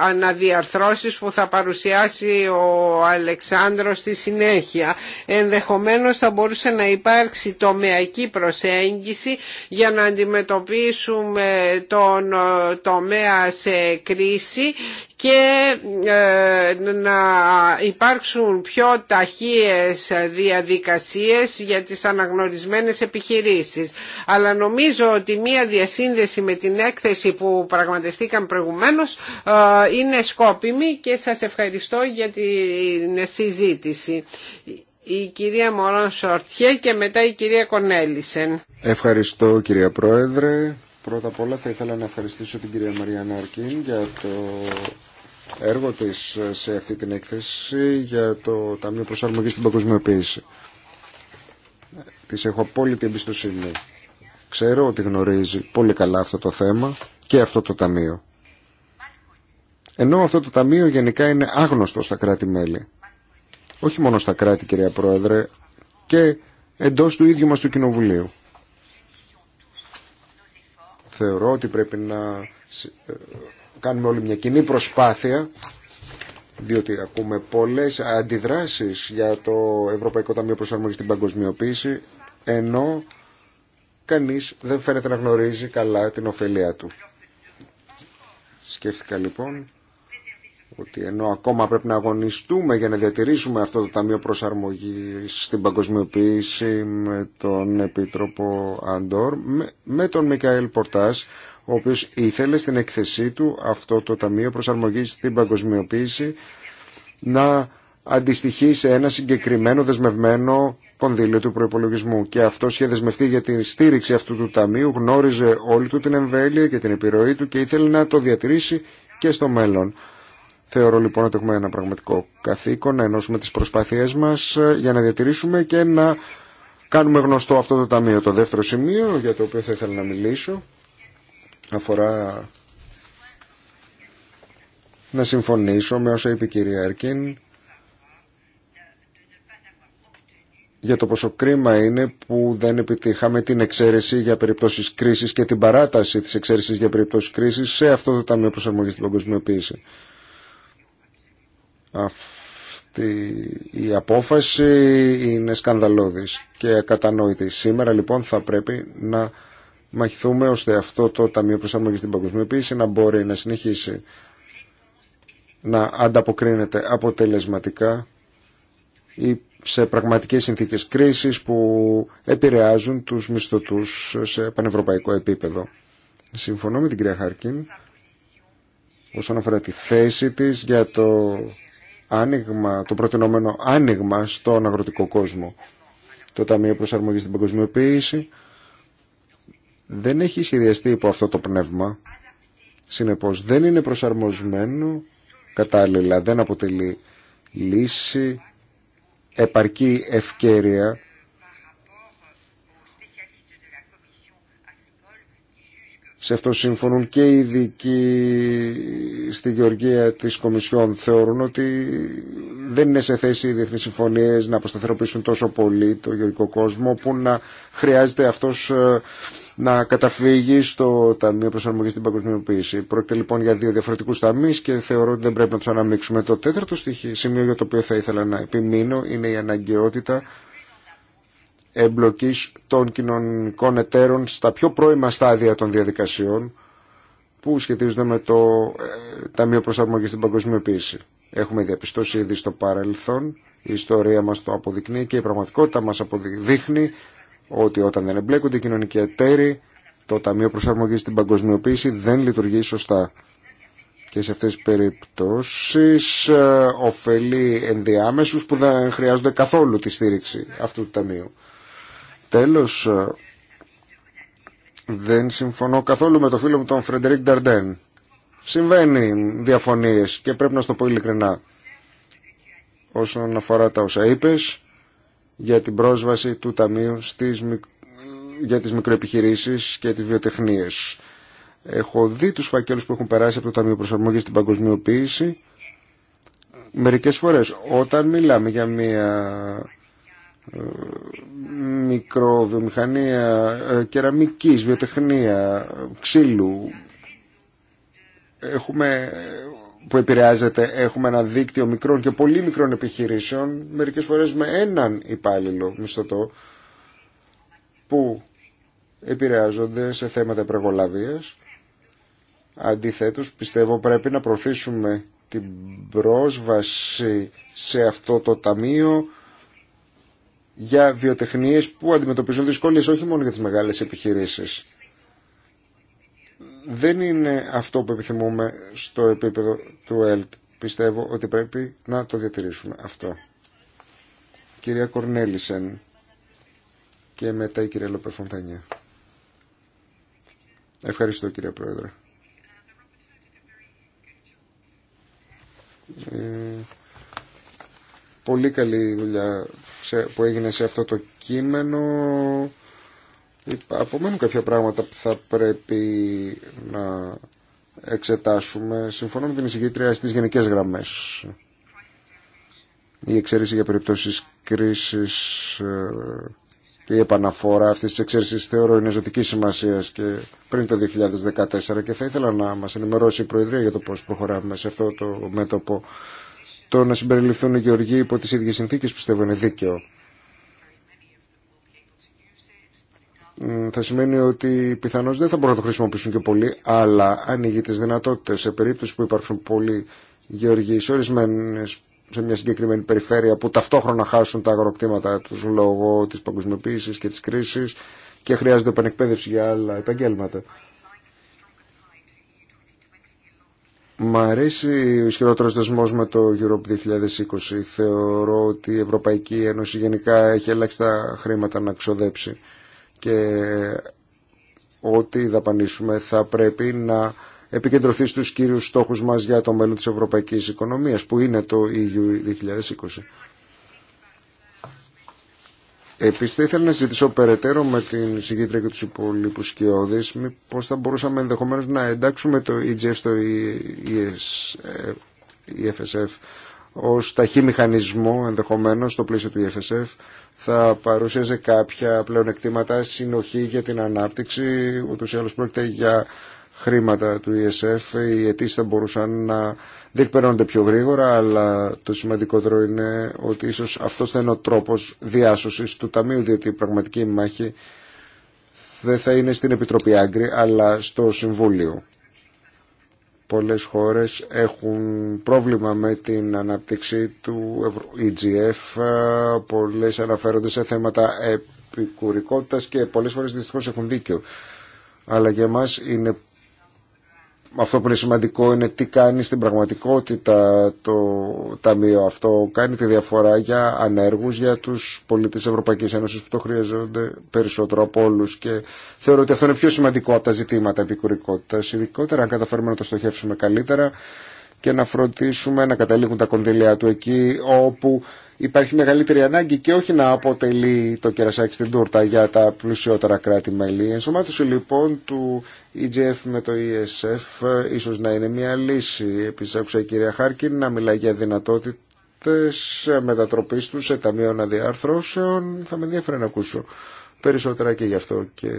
αναδιαρθρώσεις που θα παρουσιάσει ο Αλεξάνδρος στη συνέχεια. Ενδεχομένως θα μπορούσε να υπάρξει τομεακή προσέγγιση για να αντιμετωπίσουμε τον τομέα σε κρίση και ε, να υπάρξουν πιο ταχύες διαδικασίες για τις αναγνωρισμένες επιχειρήσεις. Αλλά νομίζω ότι μία διασύνδεση με την έκθεση που πραγματευτήκαν προηγουμένως ε, είναι σκόπιμη και σας ευχαριστώ για την συζήτηση. Η κυρία Μωρόν Σορτιέ και μετά η κυρία Κονέλησεν. Ευχαριστώ κυρία Πρόεδρε. Πρώτα απ' όλα θα ήθελα να ευχαριστήσω την κυρία Μαρία Νάρκιν για το έργο της ε, σε αυτή την έκθεση για το Ταμείο Προσαρμογής στην Παγκοσμιοποίηση. Της έχω απόλυτη εμπιστοσύνη. Ξέρω ότι γνωρίζει πολύ καλά αυτό το θέμα και αυτό το Ταμείο. Ενώ αυτό το Ταμείο γενικά είναι άγνωστο στα κράτη-μέλη. Όχι μόνο στα κράτη, κυρία Πρόεδρε, και εντός του ίδιου μας του Κοινοβουλίου. Θεωρώ ότι πρέπει να ε, κάνουμε όλοι μια κοινή προσπάθεια διότι ακούμε πολλές αντιδράσεις για το Ευρωπαϊκό Ταμείο Προσαρμογής στην Παγκοσμιοποίηση ενώ κανείς δεν φαίνεται να γνωρίζει καλά την ωφελία του. Σκέφτηκα λοιπόν ότι ενώ ακόμα πρέπει να αγωνιστούμε για να διατηρήσουμε αυτό το Ταμείο Προσαρμογής στην παγκοσμιοποίηση με τον Επίτροπο Αντόρ, με, τον Μικαέλ Πορτάς, ο οποίο ήθελε στην εκθεσή του αυτό το Ταμείο προσαρμογή στην Παγκοσμιοποίηση να αντιστοιχεί σε ένα συγκεκριμένο δεσμευμένο κονδύλιο του προπολογισμού. Και αυτό είχε δεσμευτεί για την στήριξη αυτού του ταμείου, γνώριζε όλη του την εμβέλεια και την επιρροή του και ήθελε να το διατηρήσει και στο μέλλον. Θεωρώ λοιπόν ότι έχουμε ένα πραγματικό καθήκον να ενώσουμε τι προσπάθειές μα ε, για να διατηρήσουμε και να κάνουμε γνωστό αυτό το ταμείο. Το δεύτερο σημείο για το οποίο θα ήθελα να μιλήσω αφορά να συμφωνήσω με όσα είπε η κυρία Έρκιν για το πόσο κρίμα είναι που δεν επιτύχαμε την εξαίρεση για περιπτώσεις κρίσης και την παράταση της εξαίρεσης για περιπτώσεις κρίσης σε αυτό το Ταμείο Προσαρμογής στην Παγκοσμιοποίηση. Αυτή η απόφαση είναι σκανδαλώδης και ακατανόητη. Σήμερα λοιπόν θα πρέπει να μαχηθούμε ώστε αυτό το Ταμείο Προσαρμογή στην Παγκοσμιοποίηση να μπορεί να συνεχίσει να ανταποκρίνεται αποτελεσματικά ή σε πραγματικές συνθήκες κρίσης που επηρεάζουν τους μισθωτούς σε πανευρωπαϊκό επίπεδο. Συμφωνώ με την κυρία Χάρκιν όσον αφορά τη θέση της για το άνοιγμα, το προτινόμενο άνοιγμα στον αγροτικό κόσμο. Το Ταμείο Προσαρμογής στην Παγκοσμιοποίηση δεν έχει σχεδιαστεί υπό αυτό το πνεύμα. Συνεπώς δεν είναι προσαρμοσμένο κατάλληλα, δεν αποτελεί λύση, επαρκή ευκαιρία Σε αυτό συμφωνούν και οι ειδικοί στη Γεωργία της Κομισιόν θεωρούν ότι δεν είναι σε θέση οι διεθνείς συμφωνίες να αποσταθεροποιήσουν τόσο πολύ το γεωργικό κόσμο που να χρειάζεται αυτός ε, να καταφύγει στο Ταμείο προσαρμογή στην Παγκοσμιοποίηση. Πρόκειται λοιπόν για δύο διαφορετικού ταμεί και θεωρώ ότι δεν πρέπει να του αναμίξουμε. Το τέταρτο στοιχείο, σημείο για το οποίο θα ήθελα να επιμείνω είναι η αναγκαιότητα εμπλοκή των κοινωνικών εταίρων στα πιο πρώιμα στάδια των διαδικασιών που σχετίζονται με το ε, Ταμείο προσαρμογή στην Παγκοσμιοποίηση. Έχουμε διαπιστώσει ήδη στο παρελθόν, η ιστορία μα το αποδεικνύει και η πραγματικότητα μα αποδείχνει ότι όταν δεν εμπλέκονται οι κοινωνικοί εταίροι, το Ταμείο προσαρμογή στην Παγκοσμιοποίηση δεν λειτουργεί σωστά. Και σε αυτές τις περιπτώσεις ε, ωφελεί ενδιάμεσου που δεν χρειάζονται καθόλου τη στήριξη αυτού του Ταμείου. Τέλος, ε, δεν συμφωνώ καθόλου με το φίλο μου τον Φρεντερίκ Νταρντέν. Συμβαίνει διαφωνίες και πρέπει να στο πω ειλικρινά. Όσον αφορά τα όσα είπες, για την πρόσβαση του Ταμείου στις, για τις μικροεπιχειρήσεις και τις βιοτεχνίες. Έχω δει τους φακέλους που έχουν περάσει από το Ταμείο Προσαρμογής στην Παγκοσμιοποίηση. Μερικές φορές όταν μιλάμε για μια ε, μικροβιομηχανία, ε, κεραμικής, βιοτεχνία, ε, ξύλου. Έχουμε που επηρεάζεται. Έχουμε ένα δίκτυο μικρών και πολύ μικρών επιχειρήσεων, μερικές φορές με έναν υπάλληλο μισθωτό, που επηρεάζονται σε θέματα υπεργολαβίας. Αντιθέτως, πιστεύω πρέπει να προωθήσουμε την πρόσβαση σε αυτό το ταμείο για βιοτεχνίες που αντιμετωπίζουν δυσκολίες όχι μόνο για τις μεγάλες επιχειρήσεις δεν είναι αυτό που επιθυμούμε στο επίπεδο του ΕΛΚ. Πιστεύω ότι πρέπει να το διατηρήσουμε αυτό. Κυρία Κορνέλισεν και μετά η κυρία Λοπεφοντανιά. Ευχαριστώ κυρία Πρόεδρε. Ε, πολύ καλή δουλειά που έγινε σε αυτό το κείμενο απομένουν κάποια πράγματα που θα πρέπει να εξετάσουμε. Συμφωνώ με την εισηγήτρια στις γενικές γραμμές. Η εξαίρεση για περιπτώσεις κρίσης και ε, η επαναφορά αυτής της εξαίρεση θεωρώ είναι ζωτική σημασία και πριν το 2014 και θα ήθελα να μας ενημερώσει η Προεδρία για το πώ προχωράμε σε αυτό το μέτωπο. Το να συμπεριληφθούν οι Γεωργοί υπό τις ίδιες συνθήκες πιστεύω είναι δίκαιο. θα σημαίνει ότι πιθανώς δεν θα μπορούν να το χρησιμοποιήσουν και πολύ, αλλά ανοίγει τις δυνατότητες σε περίπτωση που υπάρχουν πολλοί γεωργοί σε σε μια συγκεκριμένη περιφέρεια που ταυτόχρονα χάσουν τα αγροκτήματα του λόγω της παγκοσμιοποίησης και της κρίσης και χρειάζεται επανεκπαίδευση για άλλα επαγγέλματα. Μ' αρέσει ο ισχυρότερο δεσμό με το Europe 2020. Θεωρώ ότι η Ευρωπαϊκή Ένωση γενικά έχει ελάχιστα χρήματα να ξοδέψει και ό,τι δαπανίσουμε θα πρέπει να επικεντρωθεί στους κύριους στόχους μας για το μέλλον της ευρωπαϊκής οικονομίας που είναι το EU 2020. Επίσης θα ήθελα να ζητήσω περαιτέρω με την συγκήτρια και τους υπολείπους σκιώδης πώς θα μπορούσαμε ενδεχομένως να εντάξουμε το EGF στο EFSF e e ως ταχύ μηχανισμό ενδεχομένως στο πλαίσιο του EFSF θα παρουσίαζε κάποια πλεονεκτήματα συνοχή για την ανάπτυξη ούτως ή άλλως πρόκειται για χρήματα του ESF οι αιτήσει θα μπορούσαν να διεκπαιρώνονται πιο γρήγορα αλλά το σημαντικότερο είναι ότι ίσως αυτός θα είναι ο τρόπος διάσωσης του Ταμείου διότι η πραγματική μάχη δεν θα είναι στην Επιτροπή Άγκρη αλλά στο Συμβούλιο Πολλές χώρες έχουν πρόβλημα με την ανάπτυξη του EGF, ε, πολλές αναφέρονται σε θέματα επικουρικότητας και πολλές φορές δυστυχώς έχουν δίκιο. Αλλά για μας είναι αυτό που είναι σημαντικό είναι τι κάνει στην πραγματικότητα το Ταμείο αυτό. Κάνει τη διαφορά για ανέργους, για τους πολίτες Ευρωπαϊκής Ένωσης που το χρειαζόνται περισσότερο από όλου. και θεωρώ ότι αυτό είναι πιο σημαντικό από τα ζητήματα επικουρικότητας, ειδικότερα αν καταφέρουμε να το στοχεύσουμε καλύτερα και να φροντίσουμε να καταλήγουν τα κονδυλιά του εκεί όπου υπάρχει μεγαλύτερη ανάγκη και όχι να αποτελεί το κερασάκι στην τούρτα για τα πλουσιότερα κράτη-μέλη. Η ενσωμάτωση λοιπόν του EGF με το ESF ίσως να είναι μια λύση. Επίσης η κυρία Χάρκιν να μιλάει για δυνατότητες μετατροπής του σε ταμείων αδιάρθρωσεων. Θα με ενδιαφέρει να ακούσω περισσότερα και γι' αυτό και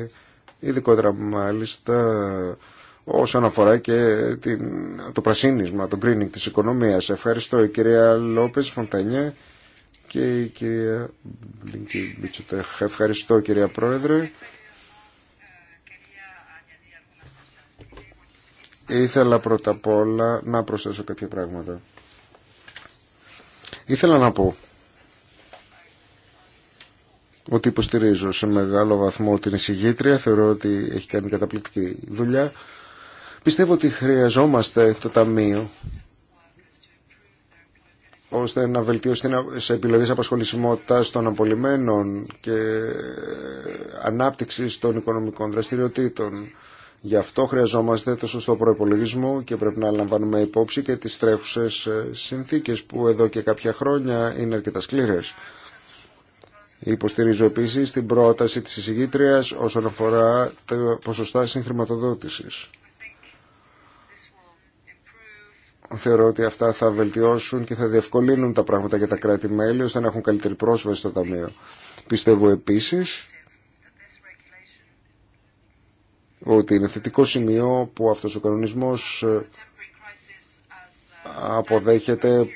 ειδικότερα μάλιστα όσον αφορά και το πρασίνισμα, το greening της οικονομίας. Ευχαριστώ η κυρία Λόπες Φοντανιέ και η κυρία Μπλίνκη Μπιτσοτέχ. Ευχαριστώ κυρία Πρόεδρε. Ήθελα πρώτα απ' όλα να προσθέσω κάποια πράγματα. Ήθελα να πω ότι υποστηρίζω σε μεγάλο βαθμό την εισηγήτρια. Θεωρώ ότι έχει κάνει καταπληκτική δουλειά. Πιστεύω ότι χρειαζόμαστε το Ταμείο ώστε να βελτιώσει σε επιλογές απασχολησιμότητας των απολυμένων και ε, ανάπτυξης των οικονομικών δραστηριοτήτων. Γι' αυτό χρειαζόμαστε το σωστό προπολογισμό και πρέπει να λαμβάνουμε υπόψη και τις τρέχουσες ε, συνθήκες που εδώ και κάποια χρόνια είναι αρκετά σκληρές. Υποστηρίζω επίσης την πρόταση της εισηγήτριας όσον αφορά τα ποσοστά συγχρηματοδότησης. Θεωρώ ότι αυτά θα βελτιώσουν και θα διευκολύνουν τα πράγματα για τα κράτη-μέλη ώστε να έχουν καλύτερη πρόσβαση στο Ταμείο. Πιστεύω επίσης ότι είναι θετικό σημείο που αυτός ο κανονισμός ε, αποδέχεται ε,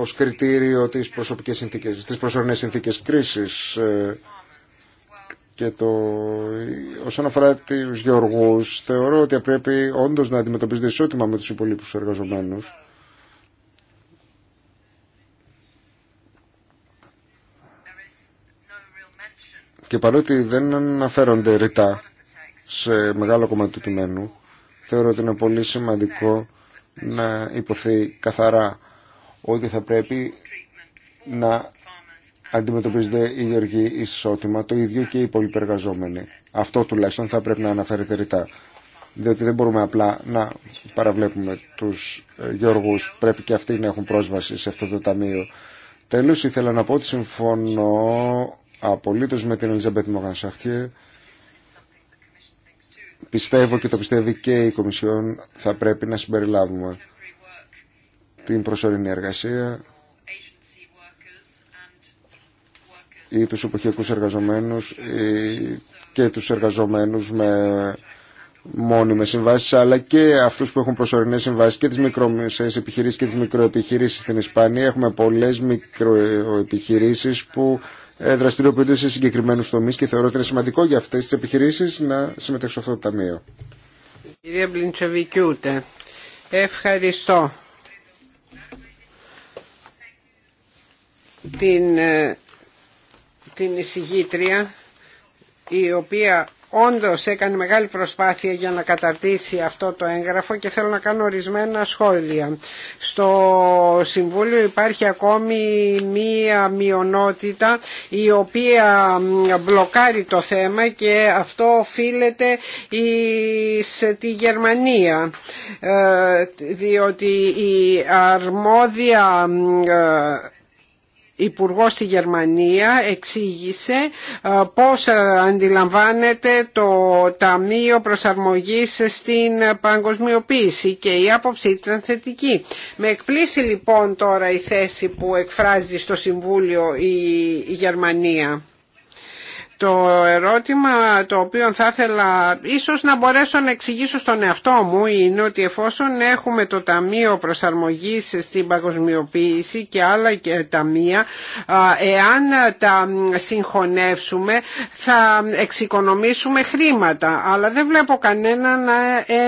ως κριτήριο τις προσωπικές συνθήκες, τις προσωρινές συνθήκες κρίσης ε, και το... όσον αφορά του γεωργού, θεωρώ ότι πρέπει όντω να αντιμετωπίζονται ισότιμα με του υπολείπου εργαζομένου. Και παρότι δεν αναφέρονται ρητά σε μεγάλο κομμάτι του κειμένου, θεωρώ ότι είναι πολύ σημαντικό να υποθεί καθαρά ότι θα πρέπει να αντιμετωπίζονται οι γεωργοί ισότιμα, το ίδιο και οι πολυπεργαζόμενοι. Αυτό τουλάχιστον θα πρέπει να αναφέρεται ρητά. Διότι δεν μπορούμε απλά να παραβλέπουμε τους ε, γεωργού. Πρέπει και αυτοί να έχουν πρόσβαση σε αυτό το ταμείο. Τέλο, ήθελα να πω ότι συμφωνώ απολύτω με την Ελιζαμπέτ Μογανσάχτιε. Πιστεύω και το πιστεύει και η Κομισιόν θα πρέπει να συμπεριλάβουμε την προσωρινή εργασία ή τους εποχιακούς εργαζομένους ή και τους εργαζομένους με μόνιμες συμβάσεις αλλά και αυτούς που έχουν προσωρινές συμβάσεις και τις μικρομεσαίες επιχειρήσεις και τις μικροεπιχειρήσεις στην Ισπανία. Έχουμε πολλές μικροεπιχειρήσεις που ε, δραστηριοποιούνται σε συγκεκριμένους τομείς και θεωρώ ότι είναι σημαντικό για αυτές τις επιχειρήσεις να συμμετέχουν σε αυτό το ταμείο. Κυρία ευχαριστώ. Την, ε, την εισηγήτρια η οποία όντως έκανε μεγάλη προσπάθεια για να καταρτήσει αυτό το έγγραφο και θέλω να κάνω ορισμένα σχόλια. Στο Συμβούλιο υπάρχει ακόμη μία μειονότητα η οποία μπλοκάρει το θέμα και αυτό οφείλεται σε τη Γερμανία ε, διότι η αρμόδια ε, υπουργό στη Γερμανία εξήγησε ε, πώς ε, αντιλαμβάνεται το Ταμείο Προσαρμογής στην παγκοσμιοποίηση και η άποψη ήταν θετική. Με εκπλήσει λοιπόν τώρα η θέση που εκφράζει στο Συμβούλιο η Γερμανία. Το ερώτημα το οποίο θα ήθελα ίσως να μπορέσω να εξηγήσω στον εαυτό μου είναι ότι εφόσον έχουμε το Ταμείο Προσαρμογής στην Παγκοσμιοποίηση και άλλα και ταμεία, εάν τα συγχωνεύσουμε θα εξοικονομήσουμε χρήματα. Αλλά δεν βλέπω κανένα να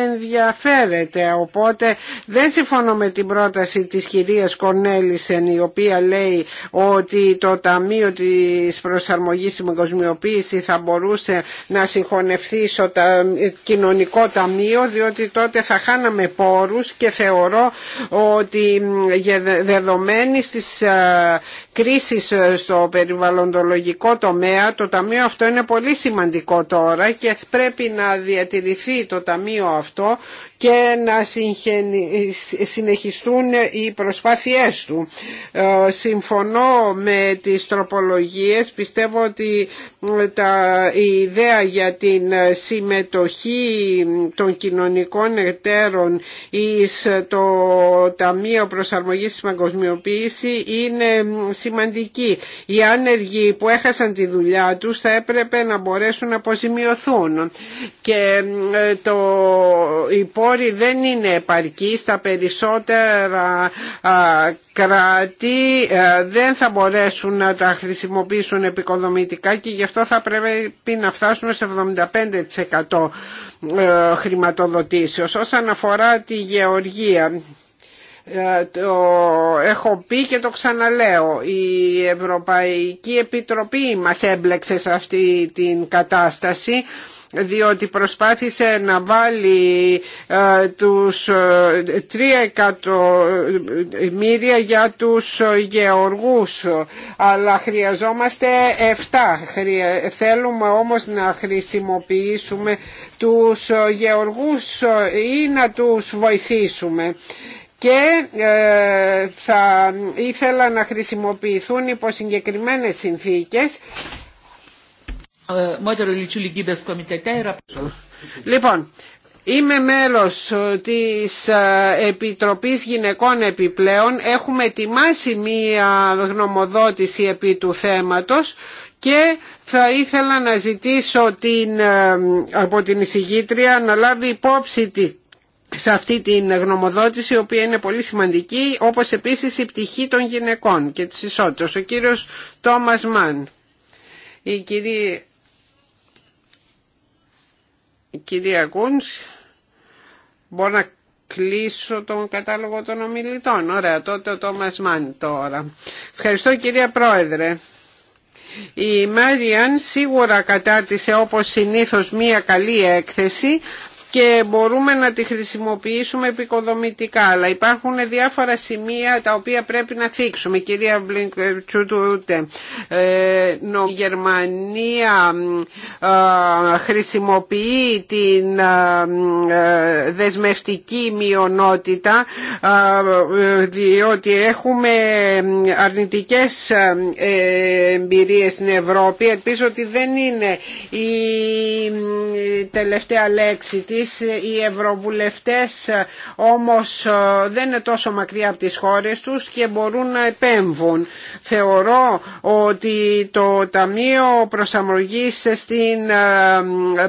ενδιαφέρεται. Οπότε δεν συμφωνώ με την πρόταση της κυρίας Κορνέλησεν η οποία λέει ότι το Ταμείο της Προσαρμογής στην Παγκοσμιοποίηση θα μπορούσε να συγχωνευτεί στο ε, κοινωνικό ταμείο διότι τότε θα χάναμε πόρους και θεωρώ ότι δεδομένη της κρίσης ε, στο περιβαλλοντολογικό τομέα. Το ταμείο αυτό είναι πολύ σημαντικό τώρα και πρέπει να διατηρηθεί το ταμείο αυτό και να συνεχιστούν οι προσπάθειές του. Ε, συμφωνώ με τις τροπολογίες. Πιστεύω ότι ε, η ιδέα για την συμμετοχή των κοινωνικών εταίρων εις το Ταμείο Προσαρμογής της Παγκοσμιοποίηση είναι σημαντική. Οι άνεργοι που έχασαν τη δουλειά τους θα έπρεπε να μπορέσουν να αποζημιωθούν και ε, το, οι πόροι δεν είναι επαρκή στα περισσότερα κράτη ε, δεν θα μπορέσουν να τα χρησιμοποιήσουν επικοδομητικά και γι' αυτό θα πρέπει να φτάσουν σε 75% ε, χρηματοδοτήσεως. Όσον αφορά τη γεωργία, ε, το έχω πει και το ξαναλέω η Ευρωπαϊκή Επιτροπή μας έμπλεξε σε αυτή την κατάσταση διότι προσπάθησε να βάλει ε, τους 3 ε, εκατομμύρια για τους γεωργούς αλλά χρειαζόμαστε 7 θέλουμε όμως να χρησιμοποιήσουμε τους γεωργούς ή να τους βοηθήσουμε και ε, θα ήθελα να χρησιμοποιηθούν υπό συγκεκριμένε συνθήκες. Λοιπόν, Είμαι μέλος της ε, Επιτροπής Γυναικών Επιπλέον. Έχουμε ετοιμάσει μία γνωμοδότηση επί του θέματος και θα ήθελα να ζητήσω την, ε, από την εισηγήτρια να λάβει υπόψη σε αυτή την γνωμοδότηση η οποία είναι πολύ σημαντική όπως επίσης η πτυχή των γυναικών και της ισότητας. Ο κύριος Τόμας Μαν, η κυρία, η κυρία μπορώ να κλείσω τον κατάλογο των ομιλητών. Ωραία, τότε ο Τόμας Μαν τώρα. Ευχαριστώ κυρία Πρόεδρε. Η Μάριαν σίγουρα κατάρτισε όπως συνήθως μία καλή έκθεση και μπορούμε να τη χρησιμοποιήσουμε επικοδομητικά. Αλλά υπάρχουν διάφορα σημεία τα οποία πρέπει να θίξουμε. Κυρία Μπλίνκτσουτούτε, ε, η Γερμανία ε, χρησιμοποιεί την ε, δεσμευτική μειονότητα διότι έχουμε αρνητικές εμπειρίες στην Ευρώπη. Ελπίζω ότι δεν είναι η τελευταία λέξη της εμείς ε, οι ευρωβουλευτές ε, όμως ε, δεν είναι τόσο μακριά από τις χώρες τους και μπορούν να επέμβουν. Θεωρώ ότι το Ταμείο Προσαρμογής στην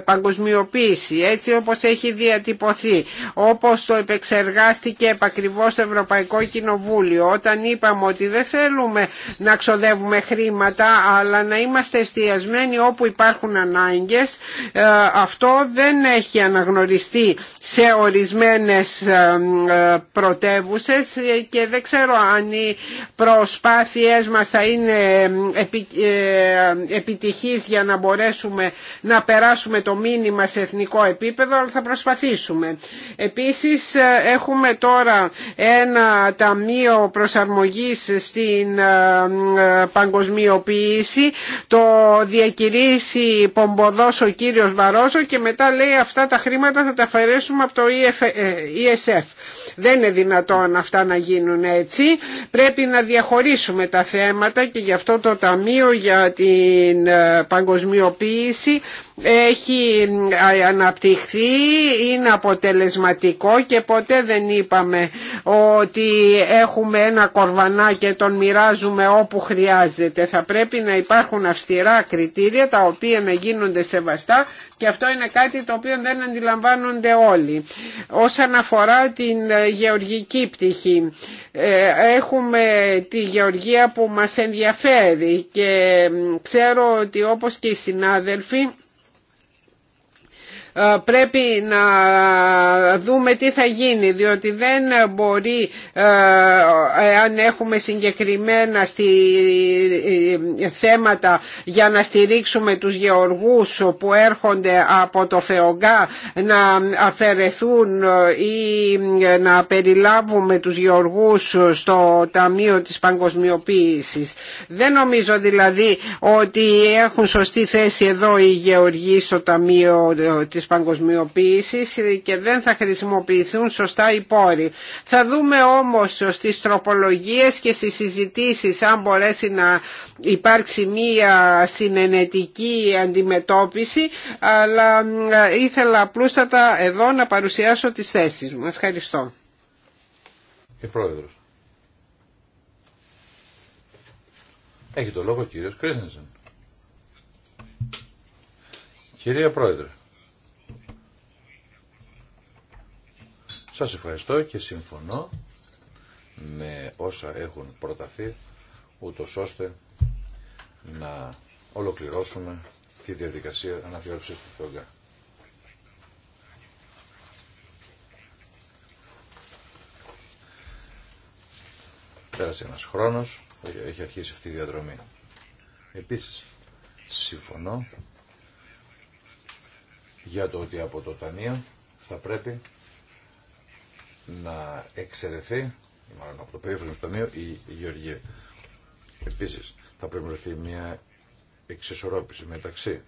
παγκοσμιοποίηση έτσι όπως έχει διατυπωθεί, όπως το επεξεργάστηκε επακριβώς το Ευρωπαϊκό Κοινοβούλιο όταν είπαμε ότι δεν θέλουμε να ξοδεύουμε χρήματα αλλά να είμαστε εστιασμένοι όπου υπάρχουν ανάγκες αυτό δεν έχει αναγνωριστεί περιοριστεί σε ορισμένες ε, πρωτεύουσες ε, και δεν ξέρω αν οι προσπάθειές μας θα είναι ε, επιτυχής για να μπορέσουμε να περάσουμε το μήνυμα σε εθνικό επίπεδο, αλλά θα προσπαθήσουμε. Επίσης έχουμε τώρα ένα ταμείο προσαρμογής στην παγκοσμιοποίηση, το διακηρύσει πομποδός ο κύριος Βαρόσο και μετά λέει αυτά τα χρήματα θα τα αφαιρέσουμε από το ESF. Ε, e Δεν είναι δυνατόν αυτά να γίνουν έτσι. Πρέπει να διαχωρίσουμε τα θέματα και γι' αυτό το Ταμείο για την ε, Παγκοσμιοποίηση έχει αναπτυχθεί, είναι αποτελεσματικό και ποτέ δεν είπαμε ότι έχουμε ένα κορβανά και τον μοιράζουμε όπου χρειάζεται. Θα πρέπει να υπάρχουν αυστηρά κριτήρια τα οποία να γίνονται σεβαστά και αυτό είναι κάτι το οποίο δεν αντιλαμβάνονται όλοι. Όσον αφορά την γεωργική πτυχή, ε, έχουμε τη γεωργία που μας ενδιαφέρει και ξέρω ότι όπως και οι συνάδελφοι ε, πρέπει να δούμε τι θα γίνει διότι δεν μπορεί αν ε, έχουμε συγκεκριμένα στη, ε, θέματα για να στηρίξουμε τους γεωργούς που έρχονται από το ΦΕΟΓΑ να αφαιρεθούν ή να περιλάβουμε τους γεωργούς στο Ταμείο της Παγκοσμιοποίησης. Δεν νομίζω δηλαδή ότι έχουν σωστή θέση εδώ οι γεωργοί στο Ταμείο της της παγκοσμιοποίησης και δεν θα χρησιμοποιηθούν σωστά οι πόροι. Θα δούμε όμως στις τροπολογίες και στις συζητήσεις αν μπορέσει να υπάρξει μία συνενετική αντιμετώπιση αλλά ε, ήθελα απλούστατα εδώ να παρουσιάσω τις θέσεις μου. Ευχαριστώ. Πρόεδρος. Έχει το λόγο ο κύριος Κυρία Πρόεδρε, Σας ευχαριστώ και συμφωνώ με όσα έχουν προταθεί, ούτω ώστε να ολοκληρώσουμε τη διαδικασία αναθεώρησης του ΦΟΓΑ. Πέρασε ένας χρόνος, έχει αρχίσει αυτή η διαδρομή. Επίσης, συμφωνώ για το ότι από το Ταμείο θα πρέπει να εξαιρεθεί, μάλλον από το περίφημο ταμείο, η Γεωργία. Επίσης, θα πρέπει να βρεθεί μια εξισορρόπηση μεταξύ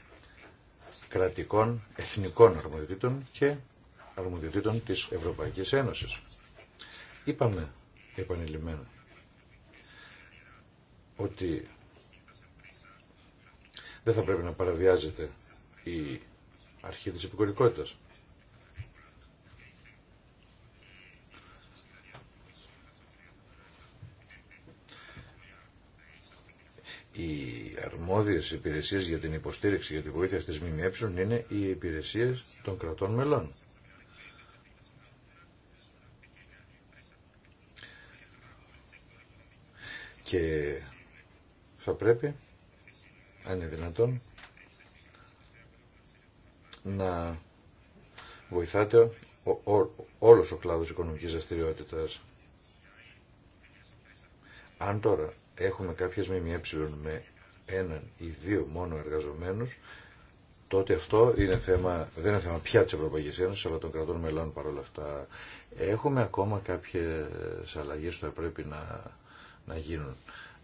κρατικών, εθνικών αρμοδιοτήτων και αρμοδιοτήτων της Ευρωπαϊκής Ένωσης. Είπαμε επανειλημμένα ότι δεν θα πρέπει να παραβιάζεται η αρχή της επικορικότητας. οι αρμόδιες υπηρεσίες για την υποστήριξη, για τη βοήθεια στις ΜΜΕ είναι οι υπηρεσίες των κρατών μελών. Και θα πρέπει, αν είναι δυνατόν, να βοηθάτε ο, ο, όλος ο κλάδος οικονομικής δραστηριότητα. Αν τώρα έχουμε κάποιες ΜΜΕ με έναν ή δύο μόνο εργαζομένους, τότε αυτό είναι θέμα, δεν είναι θέμα πια της Ευρωπαϊκής Ένωσης, αλλά των κρατών μελών παρόλα αυτά. Έχουμε ακόμα κάποιες αλλαγές που θα πρέπει να, να γίνουν.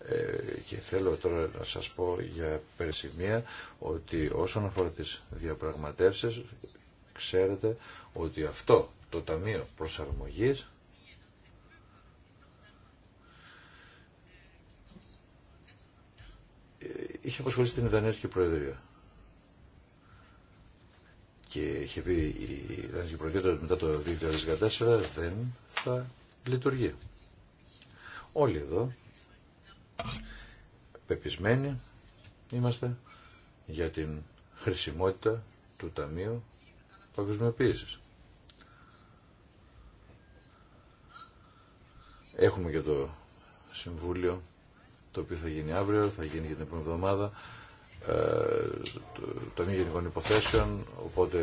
Ε, και θέλω τώρα να σας πω για περσιμία ότι όσον αφορά τις διαπραγματεύσεις, ξέρετε ότι αυτό το Ταμείο Προσαρμογής είχε απασχολήσει την Ιδανέζικη Προεδρία. Και είχε πει η Ιδανέζικη Προεδρία ότι μετά το 2014 δεν θα λειτουργεί. Όλοι εδώ, πεπισμένοι, είμαστε για την χρησιμότητα του Ταμείου Παγκοσμιοποίησης. Έχουμε και το Συμβούλιο το οποίο θα γίνει αύριο, θα γίνει για την επόμενη εβδομάδα, ε, το Ταμείο Γενικών Υποθέσεων, οπότε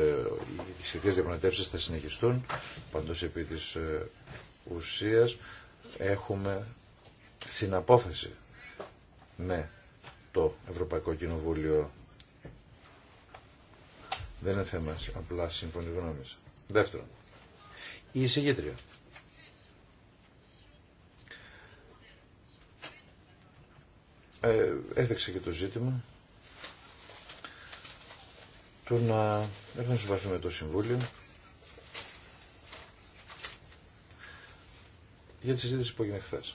οι σχετικές διαπραγματεύσεις θα συνεχιστούν. παντός επί της ε, ουσίας έχουμε συναπόφαση με το Ευρωπαϊκό Κοινοβούλιο. Δεν είναι θέμα απλά σύμφωνη γνώμη. Δεύτερον, η εισηγήτρια ε, έδειξε και το ζήτημα του να έρθουν συμβαθεί με το Συμβούλιο για τη συζήτηση που έγινε χθες.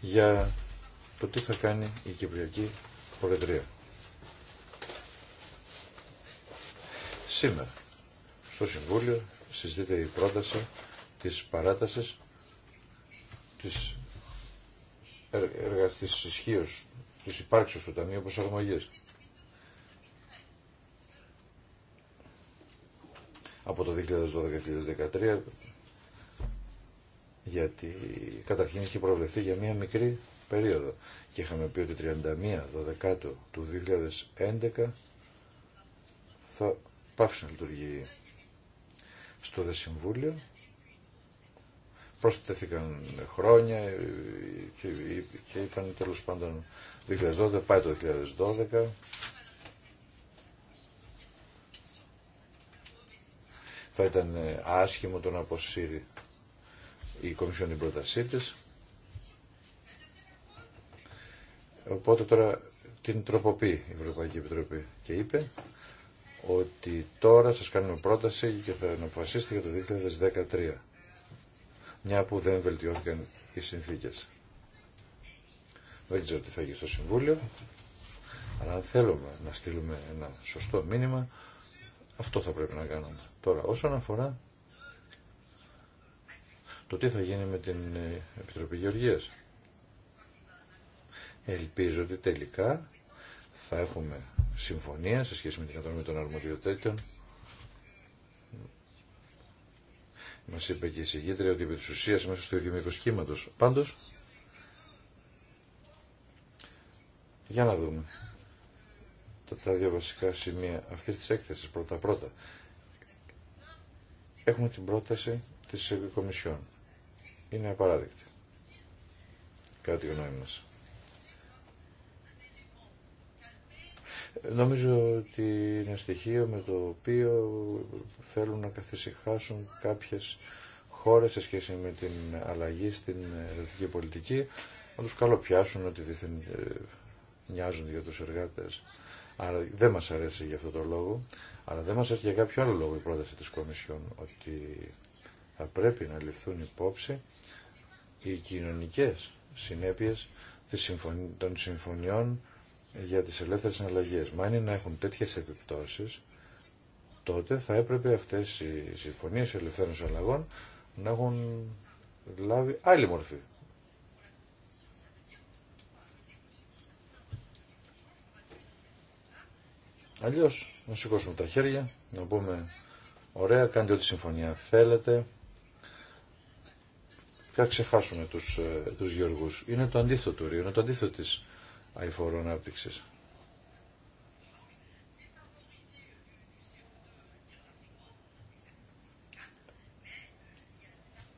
Για το τι θα κάνει η Κυπριακή Προεδρία. Σήμερα στο Συμβούλιο συζητείται η πρόταση της παράτασης της εργαστή της ισχύω της υπάρξεως του Ταμείου Προσαρμογής. Από το 2012-2013 γιατί καταρχήν είχε προβλεφθεί για μία μικρή περίοδο και είχαμε πει ότι 31 12 του 2011 θα πάψει να λειτουργεί στο Δεσυμβούλιο προσθέθηκαν χρόνια και, και ήταν τέλο πάντων 2012, πάει το 2012. Θα ήταν ε, άσχημο το να αποσύρει η Κομισιόν την πρότασή τη. Οπότε τώρα την τροποποιεί η Ευρωπαϊκή Επιτροπή και είπε ότι τώρα σας κάνουμε πρόταση και θα αποφασίσετε το 2013 μια που δεν βελτιώθηκαν οι συνθήκες. Δεν ξέρω τι θα γίνει στο Συμβούλιο, αλλά αν θέλουμε να στείλουμε ένα σωστό μήνυμα, αυτό θα πρέπει να κάνουμε. Τώρα, όσον αφορά το τι θα γίνει με την ε, Επιτροπή Γεωργίας. Ελπίζω ότι τελικά θα έχουμε συμφωνία σε σχέση με την κατανομή των αρμοδιοτήτων Μας είπε και η συγκήτρια ότι επί της ουσίας μέσα στο ίδιο μήκος κύματος. Πάντως, για να δούμε τα, τα δύο βασικά σημεία αυτής της έκθεσης πρώτα-πρώτα. Έχουμε την πρόταση της Κομισιόν. Είναι απαράδεκτη. Κάτι γνώμη μας. Νομίζω ότι είναι στοιχείο με το οποίο θέλουν να καθησυχάσουν κάποιες χώρες σε σχέση με την αλλαγή στην ερωτική πολιτική, να τους καλοπιάσουν ότι δίθεν ε, νοιάζουν για τους εργάτες. Άρα δεν μας αρέσει για αυτό το λόγο, αλλά δεν μας αρέσει για κάποιο άλλο λόγο η πρόταση της Κομισιόν, ότι θα πρέπει να ληφθούν υπόψη οι κοινωνικές συνέπειες των συμφωνιών για τις ελεύθερες συναλλαγές. Μα είναι να έχουν τέτοιες επιπτώσεις, τότε θα έπρεπε αυτές οι συμφωνίες ελευθέρων συναλλαγών να έχουν λάβει άλλη μορφή. Αλλιώς να σηκώσουμε τα χέρια, να πούμε ωραία, κάντε ό,τι συμφωνία θέλετε και να ξεχάσουμε τους, ε, τους γεωργούς. Είναι το αντίθετο του είναι το αντίθετο της αηφόρου ανάπτυξη.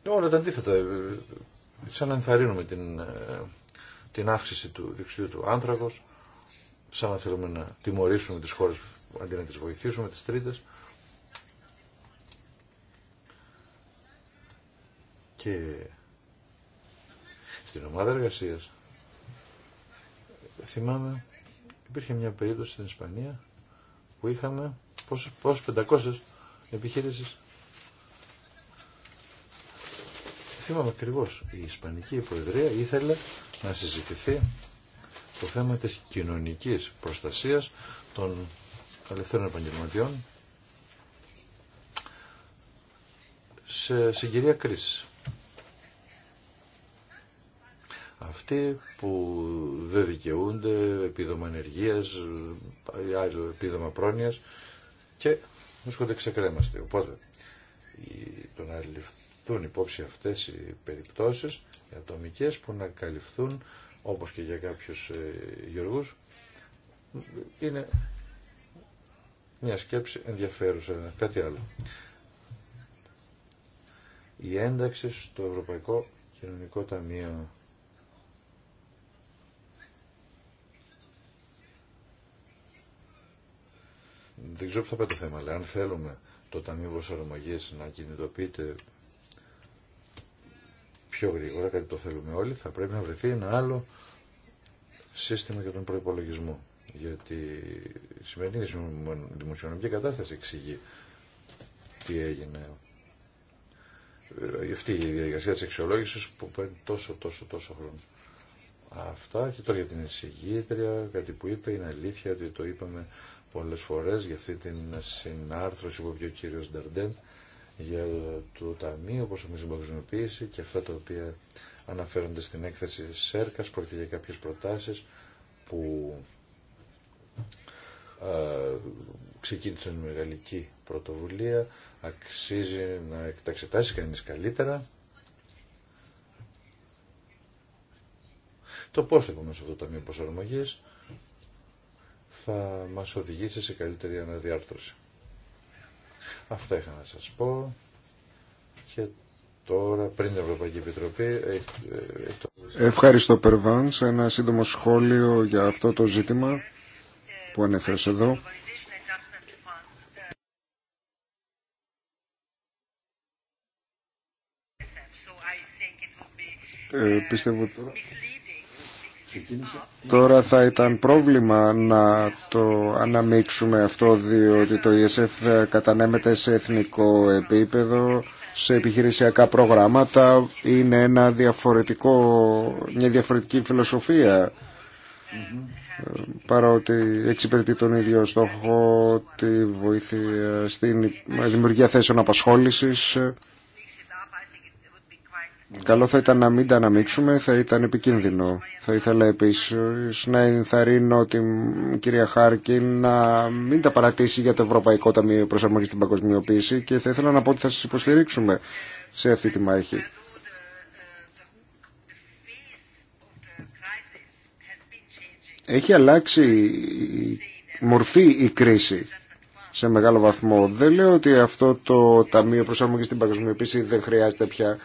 Όλα τα αντίθετα. Ε, σαν να ενθαρρύνουμε την, ε, την αύξηση του διοξιδίου του άνθρακος, σαν να θέλουμε να τιμωρήσουμε τις χώρες αντί να τις βοηθήσουμε, τις τρίτες. Και στην ομάδα εργασίας Θυμάμαι, υπήρχε μια περίπτωση στην Ισπανία που είχαμε πόσες, πόσους 500 επιχείρησεις. Θυμάμαι ακριβώ. η Ισπανική Προεδρία ήθελε να συζητηθεί το θέμα της κοινωνικής προστασίας των ελευθέρων επαγγελματιών σε συγκυρία κρίσης. αυτοί που δεν δικαιούνται επίδομα ενεργείας, άλλο επίδομα πρόνοιας και βρίσκονται ξεκρέμαστοι. Οπότε το να ληφθούν υπόψη αυτές οι περιπτώσεις οι ατομικές που να καλυφθούν όπως και για κάποιους ε, γεωργούς είναι μια σκέψη ενδιαφέρουσα, κάτι άλλο. Η ένταξη στο Ευρωπαϊκό Κοινωνικό Ταμείο δεν ξέρω που θα πάει το θέμα, αλλά αν θέλουμε το Ταμείο Προσαρμογής να κινητοποιείται πιο γρήγορα, κάτι το θέλουμε όλοι, θα πρέπει να βρεθεί ένα άλλο σύστημα για τον προπολογισμό. Γιατί η σημερινή δημοσιονομική κατάσταση εξηγεί τι έγινε. Ε, αυτή η διαδικασία της αξιολόγησης που παίρνει τόσο, τόσο, τόσο χρόνο αυτά και τώρα για την εισηγήτρια, κάτι που είπε είναι αλήθεια ότι το είπαμε πολλές φορές για αυτή την συνάρθρωση που είπε ο κύριος Νταρντέν για το Ταμείο Προσωπικής Παγκοσμιοποίηση και αυτά τα οποία αναφέρονται στην έκθεση ΣΕΡΚΑΣ, πρόκειται για κάποιες προτάσεις που ε, ξεκίνησαν με γαλλική πρωτοβουλία, αξίζει να τα εξετάσει κανείς καλύτερα Το πώς σε αυτό το Ταμείο Προσαρμογής θα μας οδηγήσει σε καλύτερη αναδιάρθρωση. Αυτά είχα να σας πω και τώρα πριν την Ευρωπαϊκή Επιτροπή. Ευχαριστώ Περβάν σε ένα σύντομο σχόλιο για αυτό το ζήτημα που ανέφερες εδώ. Ε, πιστεύω Τώρα θα ήταν πρόβλημα να το αναμίξουμε αυτό διότι το ESF κατανέμεται σε εθνικό επίπεδο, σε επιχειρησιακά προγράμματα, είναι ένα διαφορετικό, μια διαφορετική φιλοσοφία παρότι εξυπηρετεί τον ίδιο στόχο τη βοήθεια στην δημιουργία θέσεων απασχόλησης Καλό θα ήταν να μην τα αναμίξουμε, θα ήταν επικίνδυνο. Θα ήθελα επίσης να ενθαρρύνω την κυρία Χάρκη να μην τα παρατήσει για το Ευρωπαϊκό Ταμείο Προσαρμογής στην Παγκοσμιοποίηση και θα ήθελα να πω ότι θα σας υποστηρίξουμε σε αυτή τη μάχη. Έχει αλλάξει η μορφή η κρίση σε μεγάλο βαθμό. Δεν λέω ότι αυτό το Ταμείο Προσαρμογής στην Παγκοσμιοποίηση δεν χρειάζεται πια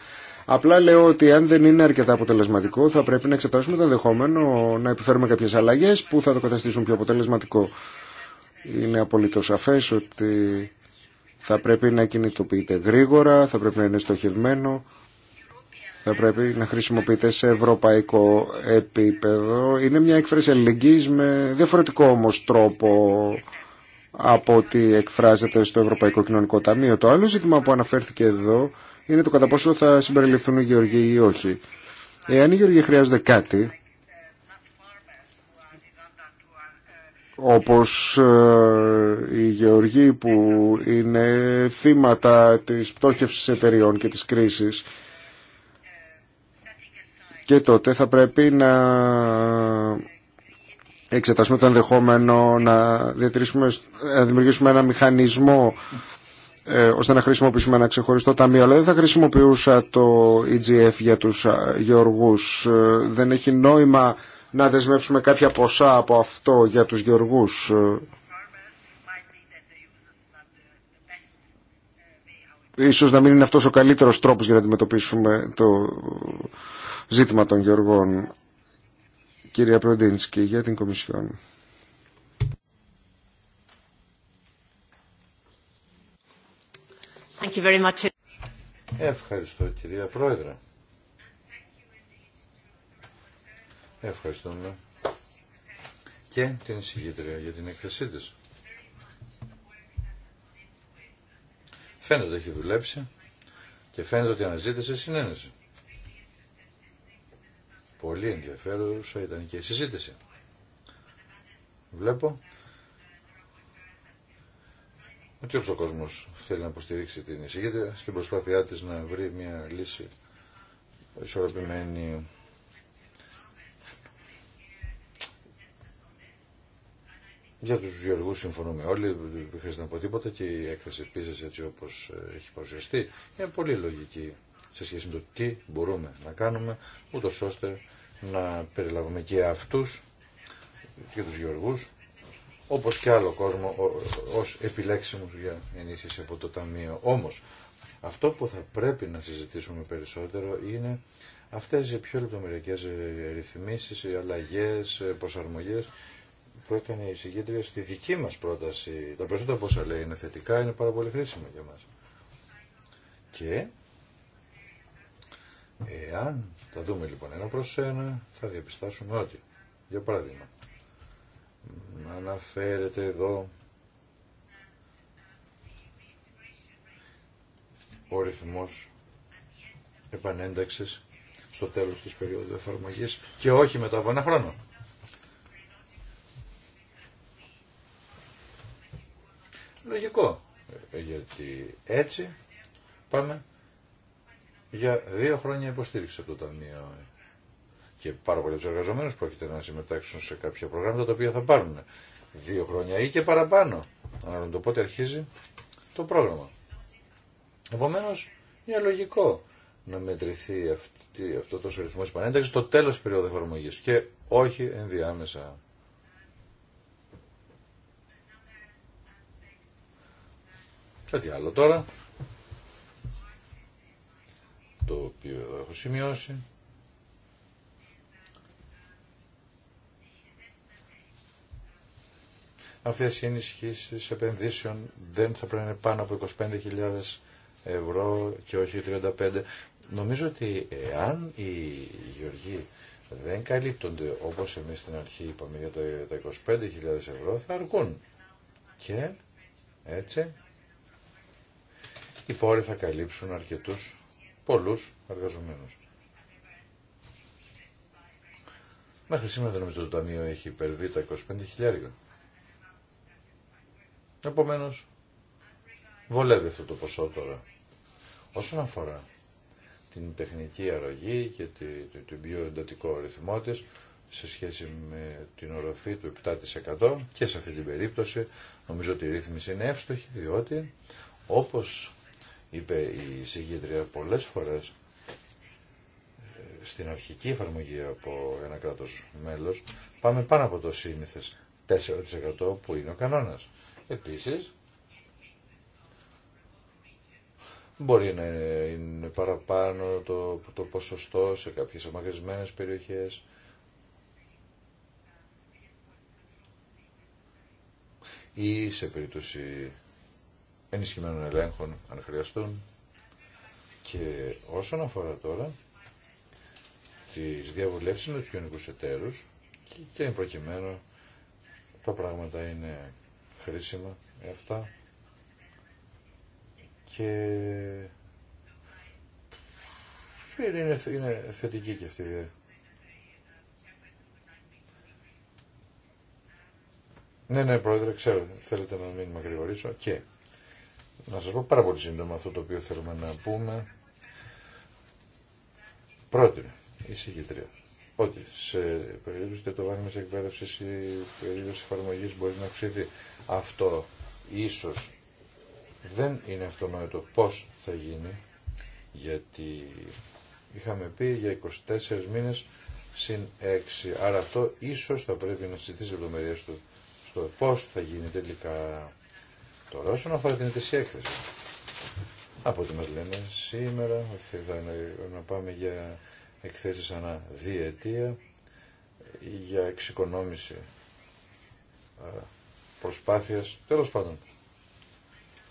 Απλά λέω ότι αν δεν είναι αρκετά αποτελεσματικό θα πρέπει να εξετάσουμε το ενδεχόμενο να επιφέρουμε κάποιες αλλαγές που θα το καταστήσουν πιο αποτελεσματικό. Είναι απολύτως σαφές ότι θα πρέπει να κινητοποιείται γρήγορα, θα πρέπει να είναι στοχευμένο, θα πρέπει να χρησιμοποιείται σε ευρωπαϊκό επίπεδο. Είναι μια έκφραση ελληνικής με διαφορετικό όμως τρόπο από ό,τι εκφράζεται στο Ευρωπαϊκό Κοινωνικό Ταμείο. Το άλλο ζήτημα που αναφέρθηκε εδώ είναι το κατά πόσο θα συμπεριληφθούν οι γεωργοί ή όχι. Εάν οι γεωργοί χρειάζονται κάτι, όπως ε, οι γεωργοί που είναι θύματα της πτώχευσης εταιριών και της κρίσης, και τότε θα πρέπει να εξετάσουμε το ενδεχόμενο να, να δημιουργήσουμε ένα μηχανισμό ε, ώστε να χρησιμοποιήσουμε ένα ξεχωριστό ταμείο. Αλλά δεν θα χρησιμοποιούσα το EGF για τους γεωργούς. Ε, δεν έχει νόημα να δεσμεύσουμε κάποια ποσά από αυτό για τους γεωργούς. Ε, ίσως να μην είναι αυτός ο καλύτερος τρόπος για να αντιμετωπίσουμε το ζήτημα των γεωργών. Κυρία Προντίνσκι, για την Κομισιόν. Ευχαριστώ κυρία Πρόεδρε. Ευχαριστούμε και την συγκεντρία για την έκθεσή τη. Φαίνεται ότι έχει δουλέψει και φαίνεται ότι αναζήτησε συνένεση. Πολύ ενδιαφέρουσα ήταν και η συζήτηση. Βλέπω ότι όλο ο κόσμος θέλει να υποστηρίξει την εισηγήτρια στην προσπάθειά της να βρει μια λύση ισορροπημένη Για του γεωργού, συμφωνούμε όλοι, δεν χρειάζεται να πω τίποτα και η έκθεση επίση έτσι όπως ε, έχει παρουσιαστεί είναι πολύ λογική σε σχέση με το τι μπορούμε να κάνουμε ούτω ώστε να περιλαβούμε και αυτού και του γεωργού όπως και άλλο κόσμο ως επιλέξιμους για ενίσχυση από το Ταμείο. Όμως, αυτό που θα πρέπει να συζητήσουμε περισσότερο είναι αυτές οι πιο λεπτομεριακές ρυθμίσεις, οι αλλαγές, προσαρμογές που έκανε η συγκέντρια στη δική μας πρόταση. Τα περισσότερα πόσα λέει είναι θετικά, είναι πάρα πολύ χρήσιμα για μας. Και εάν τα δούμε λοιπόν ένα προς ένα, θα διαπιστάσουμε ότι, για παράδειγμα, αναφέρεται εδώ ο ρυθμός επανένταξης στο τέλος της περίοδου εφαρμογής και όχι μετά από ένα χρόνο. Λογικό, ε, γιατί έτσι πάμε για δύο χρόνια υποστήριξη από το Ταμείο και πάρα πολλοί από του εργαζομένου πρόκειται να συμμετάξουν σε κάποια προγράμματα τα οποία θα πάρουν δύο χρόνια ή και παραπάνω. Ανάλογα το πότε αρχίζει το πρόγραμμα. Επομένω, είναι λογικό να μετρηθεί αυτή, αυτό το ρυθμό τη πανένταξη στο τέλο τη περίοδου εφαρμογή και όχι ενδιάμεσα. Κάτι άλλο τώρα, το οποίο έχω σημειώσει. Αυτέ οι ενισχύσει επενδύσεων δεν θα πρέπει να είναι πάνω από 25.000 ευρώ και όχι 35. Νομίζω ότι εάν οι γεωργοί δεν καλύπτονται όπως εμείς στην αρχή είπαμε για τα 25.000 ευρώ θα αρκούν. Και έτσι οι πόροι θα καλύψουν αρκετούς πολλούς εργαζομένους. Μέχρι σήμερα δεν νομίζω το Ταμείο έχει υπερβεί τα 25.000. Επομένω, βολεύει αυτό το ποσό τώρα. Όσον αφορά την τεχνική αρρωγή και το πιο εντατικό ρυθμό τη σε σχέση με την οροφή του 7% και σε αυτή την περίπτωση νομίζω ότι η ρύθμιση είναι εύστοχη διότι όπως είπε η συγκεντρία πολλές φορές στην αρχική εφαρμογή από ένα κράτος μέλος πάμε πάνω από το σύνηθες 4% που είναι ο κανόνας. Επίσης, μπορεί να είναι παραπάνω το, το ποσοστό σε κάποιες αμαγρισμένες περιοχές. ή σε περίπτωση ενισχυμένων ελέγχων αν χρειαστούν. Και όσον αφορά τώρα τις διαβουλεύσεις με τους κοινωνικούς εταίρους και εν προκειμένου τα πράγματα είναι χρήσιμα αυτά και είναι, είναι θετική και αυτή η ιδέα. Ναι, ναι, Πρόεδρε, ξέρω, θέλετε να μην γρηγορήσω και να σας πω πάρα πολύ σύντομα αυτό το οποίο θέλουμε να πούμε. Πρώτη, η συγκεντρία ότι σε περίπτωση και το εκπαίδευση η περίπτωση εφαρμογή μπορεί να αυξηθεί. Αυτό ίσως δεν είναι αυτονόητο πώς θα γίνει, γιατί είχαμε πει για 24 μήνε συν 6. Άρα αυτό ίσως θα πρέπει να συζητήσει λεπτομέρειες του στο πώς θα γίνει τελικά τώρα όσον αφορά την ετησία έκθεση. Από ό,τι μας λένε σήμερα, ότι θα να πάμε για εκθέσεις ανά διετία για εξοικονόμηση ε, προσπάθειας. Τέλος πάντων,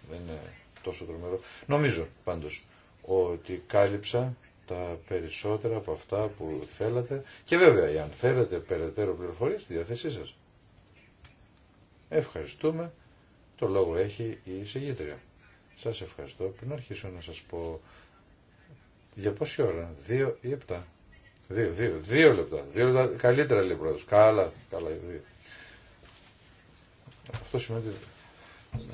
δεν είναι τόσο τρομερό. Νομίζω πάντως ότι κάλυψα τα περισσότερα από αυτά που θέλατε και βέβαια, αν θέλετε περαιτέρω πληροφορίες, στη διάθεσή σας. Ευχαριστούμε. Το λόγο έχει η εισηγήτρια. Σας ευχαριστώ. Πριν αρχίσω να σας πω για πόση ώρα, δύο ή επτά. Δύο, δύο, δύο λεπτά. Δύο λεπτά, καλύτερα λέει πρώτος. Καλά, καλά, Αυτό σημαίνει ότι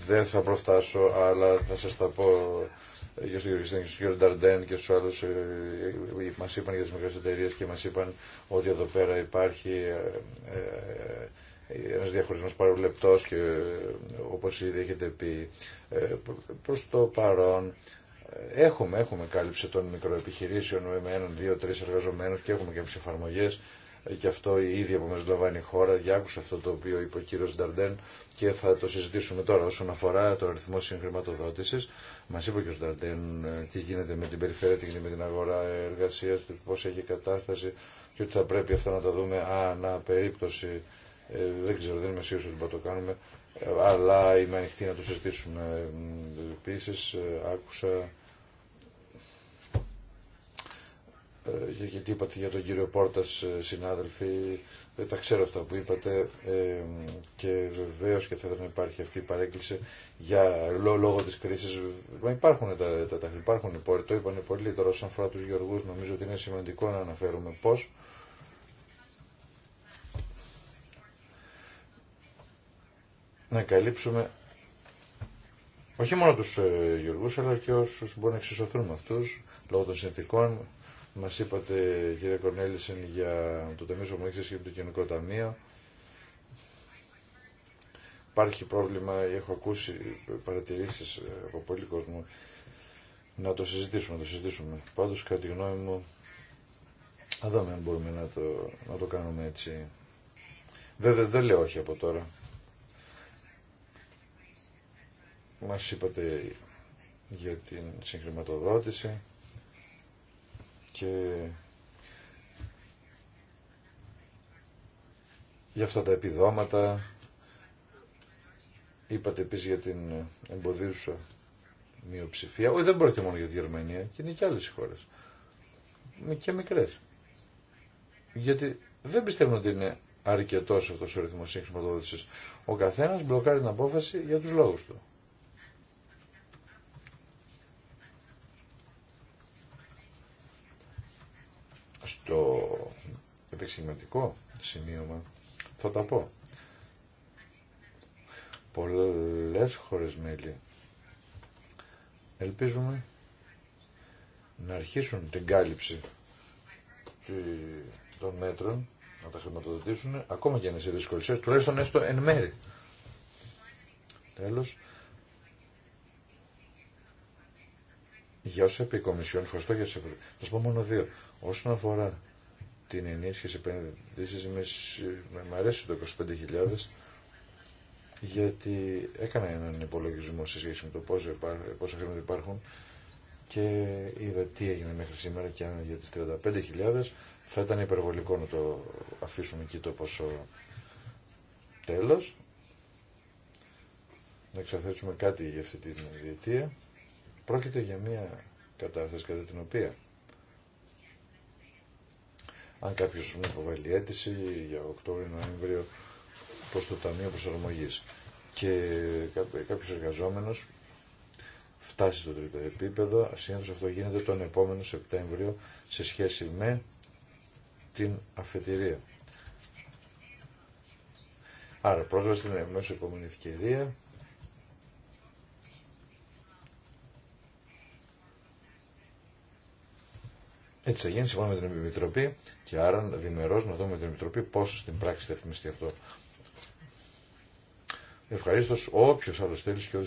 δεν θα προφτάσω, αλλά θα σας τα πω για στον κύριο Νταρντέν και στους άλλους ε, ε, μας είπαν για τις μικρές εταιρείε και μας είπαν ότι εδώ πέρα υπάρχει ε, ένα διαχωρισμό παρολεπτός και όπω ήδη έχετε πει Προ το παρόν έχουμε, έχουμε κάλυψη των μικροεπιχειρήσεων με έναν, δύο, δύο-τρει εργαζομένου και έχουμε και τι και αυτό η ίδια που μας λαμβάνει η χώρα Διάκουσα αυτό το οποίο είπε ο κύριο Νταρντέν και θα το συζητήσουμε τώρα όσον αφορά τον αριθμό συγχρηματοδότηση, Μα είπε ο κύριο Νταρντέν ε, τι γίνεται με την περιφέρεια, τι γίνεται με την αγορά εργασία, πώ έχει κατάσταση και ότι θα πρέπει αυτά να τα δούμε ανά περίπτωση. Ε, δεν ξέρω, δεν είμαι σίγουρο ότι το κάνουμε ε, αλλά είμαι ανοιχτή να το συζητήσουμε. Ε, Επίση, άκουσα Ε, γιατί είπατε για τον κύριο Πόρτας ε, συνάδελφοι, ε, τα ξέρω αυτά που είπατε ε, και βεβαίω και θα ήθελα να υπάρχει αυτή η παρέκκληση για λόγω της κρίσης. Μα υπάρχουν τα, τα, τα υπάρχουν πόροι, το είπανε πολλοί τώρα όσον αφορά τους Γεωργούς, νομίζω ότι είναι σημαντικό να αναφέρουμε πώς. Να καλύψουμε όχι μόνο τους ε, αλλά και όσους μπορούν να εξισωθούν με αυτούς λόγω των συνθήκων μας είπατε κύριε Κορνέλησεν για το Ταμείο Σομονίξης και το Κοινωνικό Ταμείο. Υπάρχει πρόβλημα, έχω ακούσει παρατηρήσεις ε, από πολλοί κόσμο να το συζητήσουμε, να το συζητήσουμε. Πάντως κατά τη γνώμη μου, θα δούμε αν μπορούμε να το, να το κάνουμε έτσι. Βέβαια δεν λέω όχι από τώρα. Μας είπατε για την συγχρηματοδότηση και για αυτά τα επιδόματα είπατε επίσης για την εμποδίουσα μειοψηφία. Όχι, δεν πρόκειται μόνο για τη Γερμανία και είναι και άλλες χώρες. Και μικρές. Γιατί δεν πιστεύουν ότι είναι αρκετός αυτός ο ρυθμός συγχρηματοδότηση. Ο καθένας μπλοκάρει την απόφαση για τους λόγους του. στο επεξηγηματικό σημείωμα θα τα πω. Πολλές χώρες μέλη ελπίζουμε να αρχίσουν την κάλυψη των μέτρων, να τα χρηματοδοτήσουν, ακόμα και αν είναι σε δυσκολίες, τουλάχιστον έστω εν μέρη. Τέλος, για όσο επί κομισιόν, ευχαριστώ για σε πω μόνο δύο. Όσον αφορά την ενίσχυση επενδύσεις, με, με αρέσει το 25.000 γιατί έκανα έναν υπολογισμό σε σχέση με το πόσο πόσα χρήματα υπάρχουν και είδα τι έγινε μέχρι σήμερα και αν για τις 35.000 θα ήταν υπερβολικό να το αφήσουμε εκεί το ποσό τέλος. Να εξαθέσουμε κάτι για αυτή την διετία. Πρόκειται για μια κατάσταση κατά την οποία αν κάποιος υποβάλει αίτηση για Οκτώβριο-Νοέμβριο προς το Ταμείο Προσαρμογής και κάποιος εργαζόμενος φτάσει στο τρίτο επίπεδο, συνήθως αυτό γίνεται τον επόμενο Σεπτέμβριο σε σχέση με την αφετηρία. Άρα πρόσβαση στην επόμενη ευκαιρία Έτσι θα γίνει σύμφωνα με την Επιτροπή και άρα διμερώ να δούμε την Επιτροπή πόσο στην πράξη θα ρυθμιστεί αυτό. Ευχαρίστω όποιο άλλο θέλει και ο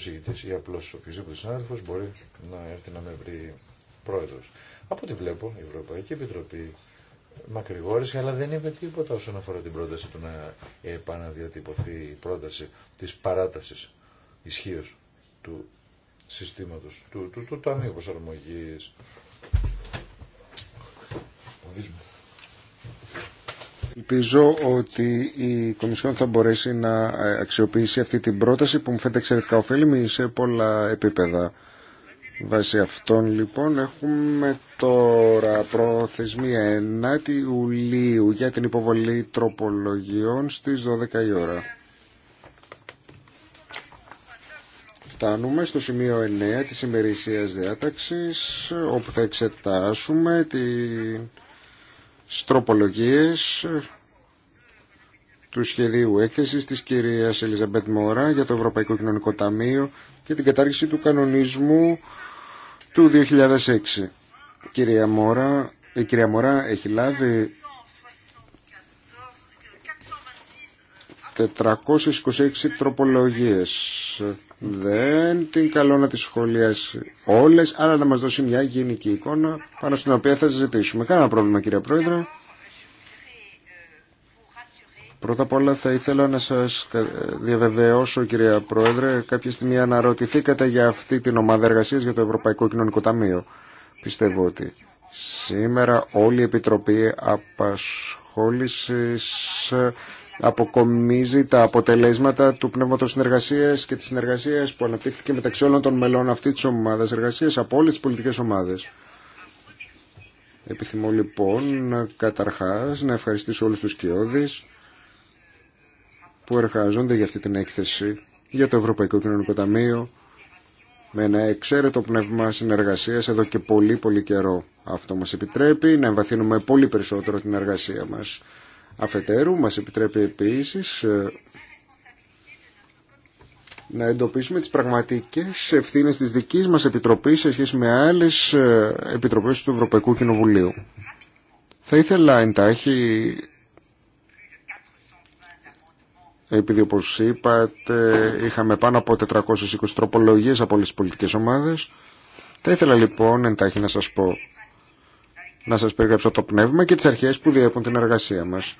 ή απλώ οποιοδήποτε συνάδελφο μπορεί να έρθει να με βρει πρόεδρο. Από ό,τι βλέπω, η Ευρωπαϊκή Επιτροπή μακρηγόρησε, αλλά δεν είπε τίποτα όσον αφορά την πρόταση του να επαναδιατυπωθεί η πρόταση τη παράταση ισχύω του συστήματο, του, του, του, του Ταμείου Προσαρμογή Ελπίζω ότι η Κομισιόν θα μπορέσει να ε, αξιοποιήσει αυτή την πρόταση που μου φαίνεται εξαιρετικά ωφέλιμη σε πολλά επίπεδα. Βάσει αυτών λοιπόν έχουμε τώρα προθεσμία 9 Ιουλίου για την υποβολή τροπολογιών στις 12 η ώρα. Φτάνουμε στο σημείο 9 της ημερησίας διάταξης όπου θα εξετάσουμε την στροπολογίες του σχεδίου έκθεσης της κυρίας Ελιζαμπέτ Μόρα για το Ευρωπαϊκό Κοινωνικό Ταμείο και την κατάργηση του κανονισμού του 2006. κυρία Μόρα, η κυρία Μόρα έχει λάβει 426 τροπολογίες δεν την καλώ να τη σχολιάσει όλες, αλλά να μας δώσει μια γενική εικόνα πάνω στην οποία θα συζητήσουμε. Κάνα πρόβλημα κύριε Πρόεδρε. Πρώτα απ' όλα θα ήθελα να σας διαβεβαιώσω κυρία Πρόεδρε, κάποια στιγμή αναρωτηθήκατε για αυτή την ομάδα εργασίας για το Ευρωπαϊκό Κοινωνικό Ταμείο. Πιστεύω ότι σήμερα όλη η Επιτροπή Απασχόλησης αποκομίζει τα αποτελέσματα του πνεύματος συνεργασίας και της συνεργασίας που αναπτύχθηκε μεταξύ όλων των μελών αυτή της ομάδας εργασίας από όλες τις πολιτικές ομάδες. Επιθυμώ λοιπόν καταρχάς να ευχαριστήσω όλους τους κοιόδης που εργάζονται για αυτή την έκθεση για το Ευρωπαϊκό Κοινωνικό Ταμείο με ένα εξαίρετο πνεύμα συνεργασίας εδώ και πολύ πολύ καιρό. Αυτό μας επιτρέπει να εμβαθύνουμε πολύ περισσότερο την εργασία μας Αφετέρου, μας επιτρέπει επίσης ε, να εντοπίσουμε τις πραγματικές ευθύνες της δικής μας Επιτροπής σε σχέση με άλλες ε, Επιτροπές του Ευρωπαϊκού Κοινοβουλίου. Θα ήθελα εντάχει, επειδή όπως είπατε είχαμε πάνω από 420 τροπολογίες από όλες τις πολιτικές ομάδες, θα ήθελα λοιπόν εντάχει να σας πω να σας περιγράψω το πνεύμα και τις αρχές που διέπουν την εργασία μας.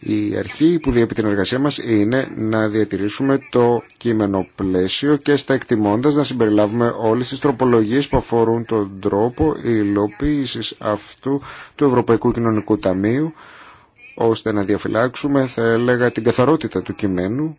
Η αρχή που διέπει την εργασία μας είναι να διατηρήσουμε το κείμενο πλαίσιο και στα εκτιμώντας να συμπεριλάβουμε όλες τις τροπολογίες που αφορούν τον τρόπο υλοποίηση αυτού του Ευρωπαϊκού Κοινωνικού Ταμείου ώστε να διαφυλάξουμε, θα έλεγα, την καθαρότητα του κειμένου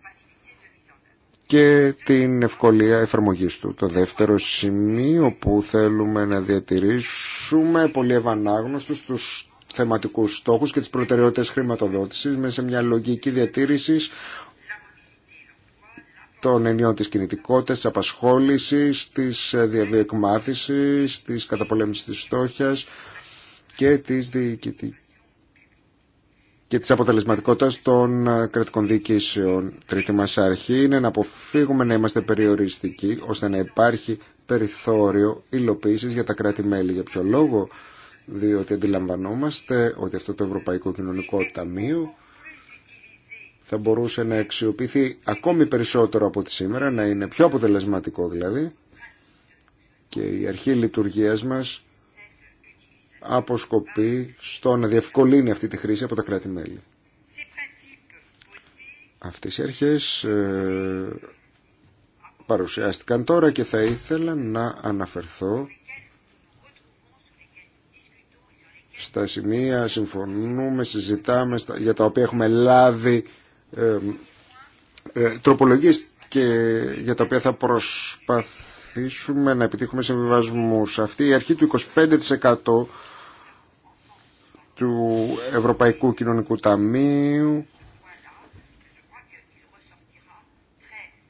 και την ευκολία εφαρμογής του. Το δεύτερο σημείο που θέλουμε να διατηρήσουμε πολύ ευανάγνωστος τους θεματικούς στόχους και τις προτεραιότητες χρηματοδότησης μέσα σε μια λογική διατήρησης των ενιών της κινητικότητας, της απασχόλησης, της ε, διαβίωκμάθησης, της καταπολέμησης της στόχιας και της διοικητικής και της αποτελεσματικότητας των ε, κρατικών διοικήσεων. Τρίτη μας αρχή είναι να αποφύγουμε να είμαστε περιοριστικοί ώστε να υπάρχει περιθώριο υλοποίησης για τα κράτη-μέλη. Για ποιο λόγο, διότι αντιλαμβανόμαστε ότι αυτό το Ευρωπαϊκό Κοινωνικό Ταμείο θα μπορούσε να αξιοποιηθεί ακόμη περισσότερο από τη σήμερα, να είναι πιο αποτελεσματικό δηλαδή και η αρχή λειτουργίας μας αποσκοπεί στο να διευκολύνει αυτή τη χρήση από τα κράτη-μέλη. Αυτές οι αρχές ε, παρουσιάστηκαν τώρα και θα ήθελα να αναφερθώ στα σημεία συμφωνούμε, συζητάμε για τα οποία έχουμε λάβει ε, ε, τροπολογίες και για τα οποία θα προσπαθήσουμε να επιτύχουμε συμβιβασμούς. Αυτή η αρχή του 25% του Ευρωπαϊκού Κοινωνικού Ταμείου.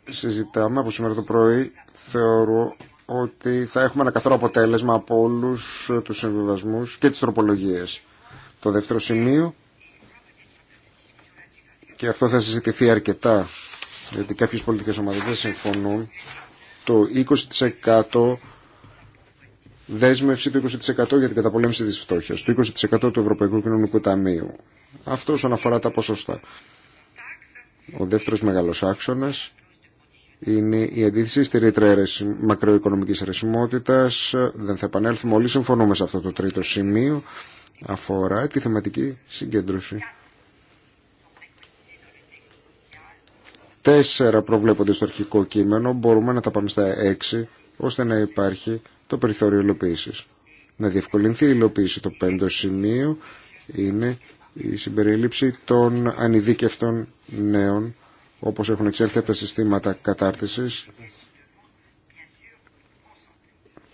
Συζητάμε από σήμερα το πρωί. Θεωρώ ότι θα έχουμε ένα καθαρό αποτέλεσμα από όλους τους συμβιβασμούς και τις τροπολογίες. Το δεύτερο σημείο, και αυτό θα συζητηθεί αρκετά, γιατί κάποιες πολιτικές ομάδες δεν συμφωνούν, το 20% δέσμευση του 20% για την καταπολέμηση της φτώχειας, του 20% του Ευρωπαϊκού Κοινωνικού Ταμείου. Αυτό όσον αφορά τα ποσοστά. Ο δεύτερος μεγάλος άξονας είναι η αντίθεση στη ρήτρα μακροοικονομικής αρεσιμότητας. Δεν θα επανέλθουμε, όλοι συμφωνούμε σε αυτό το τρίτο σημείο. Αφορά τη θεματική συγκέντρωση. Τέσσερα προβλέπονται στο αρχικό κείμενο, μπορούμε να τα πάμε στα έξι, ώστε να υπάρχει το περιθώριο υλοποίηση. Να διευκολυνθεί η υλοποίηση. Το πέμπτο σημείο είναι η συμπερίληψη των ανειδίκευτων νέων όπως έχουν εξέλθει από τα συστήματα κατάρτισης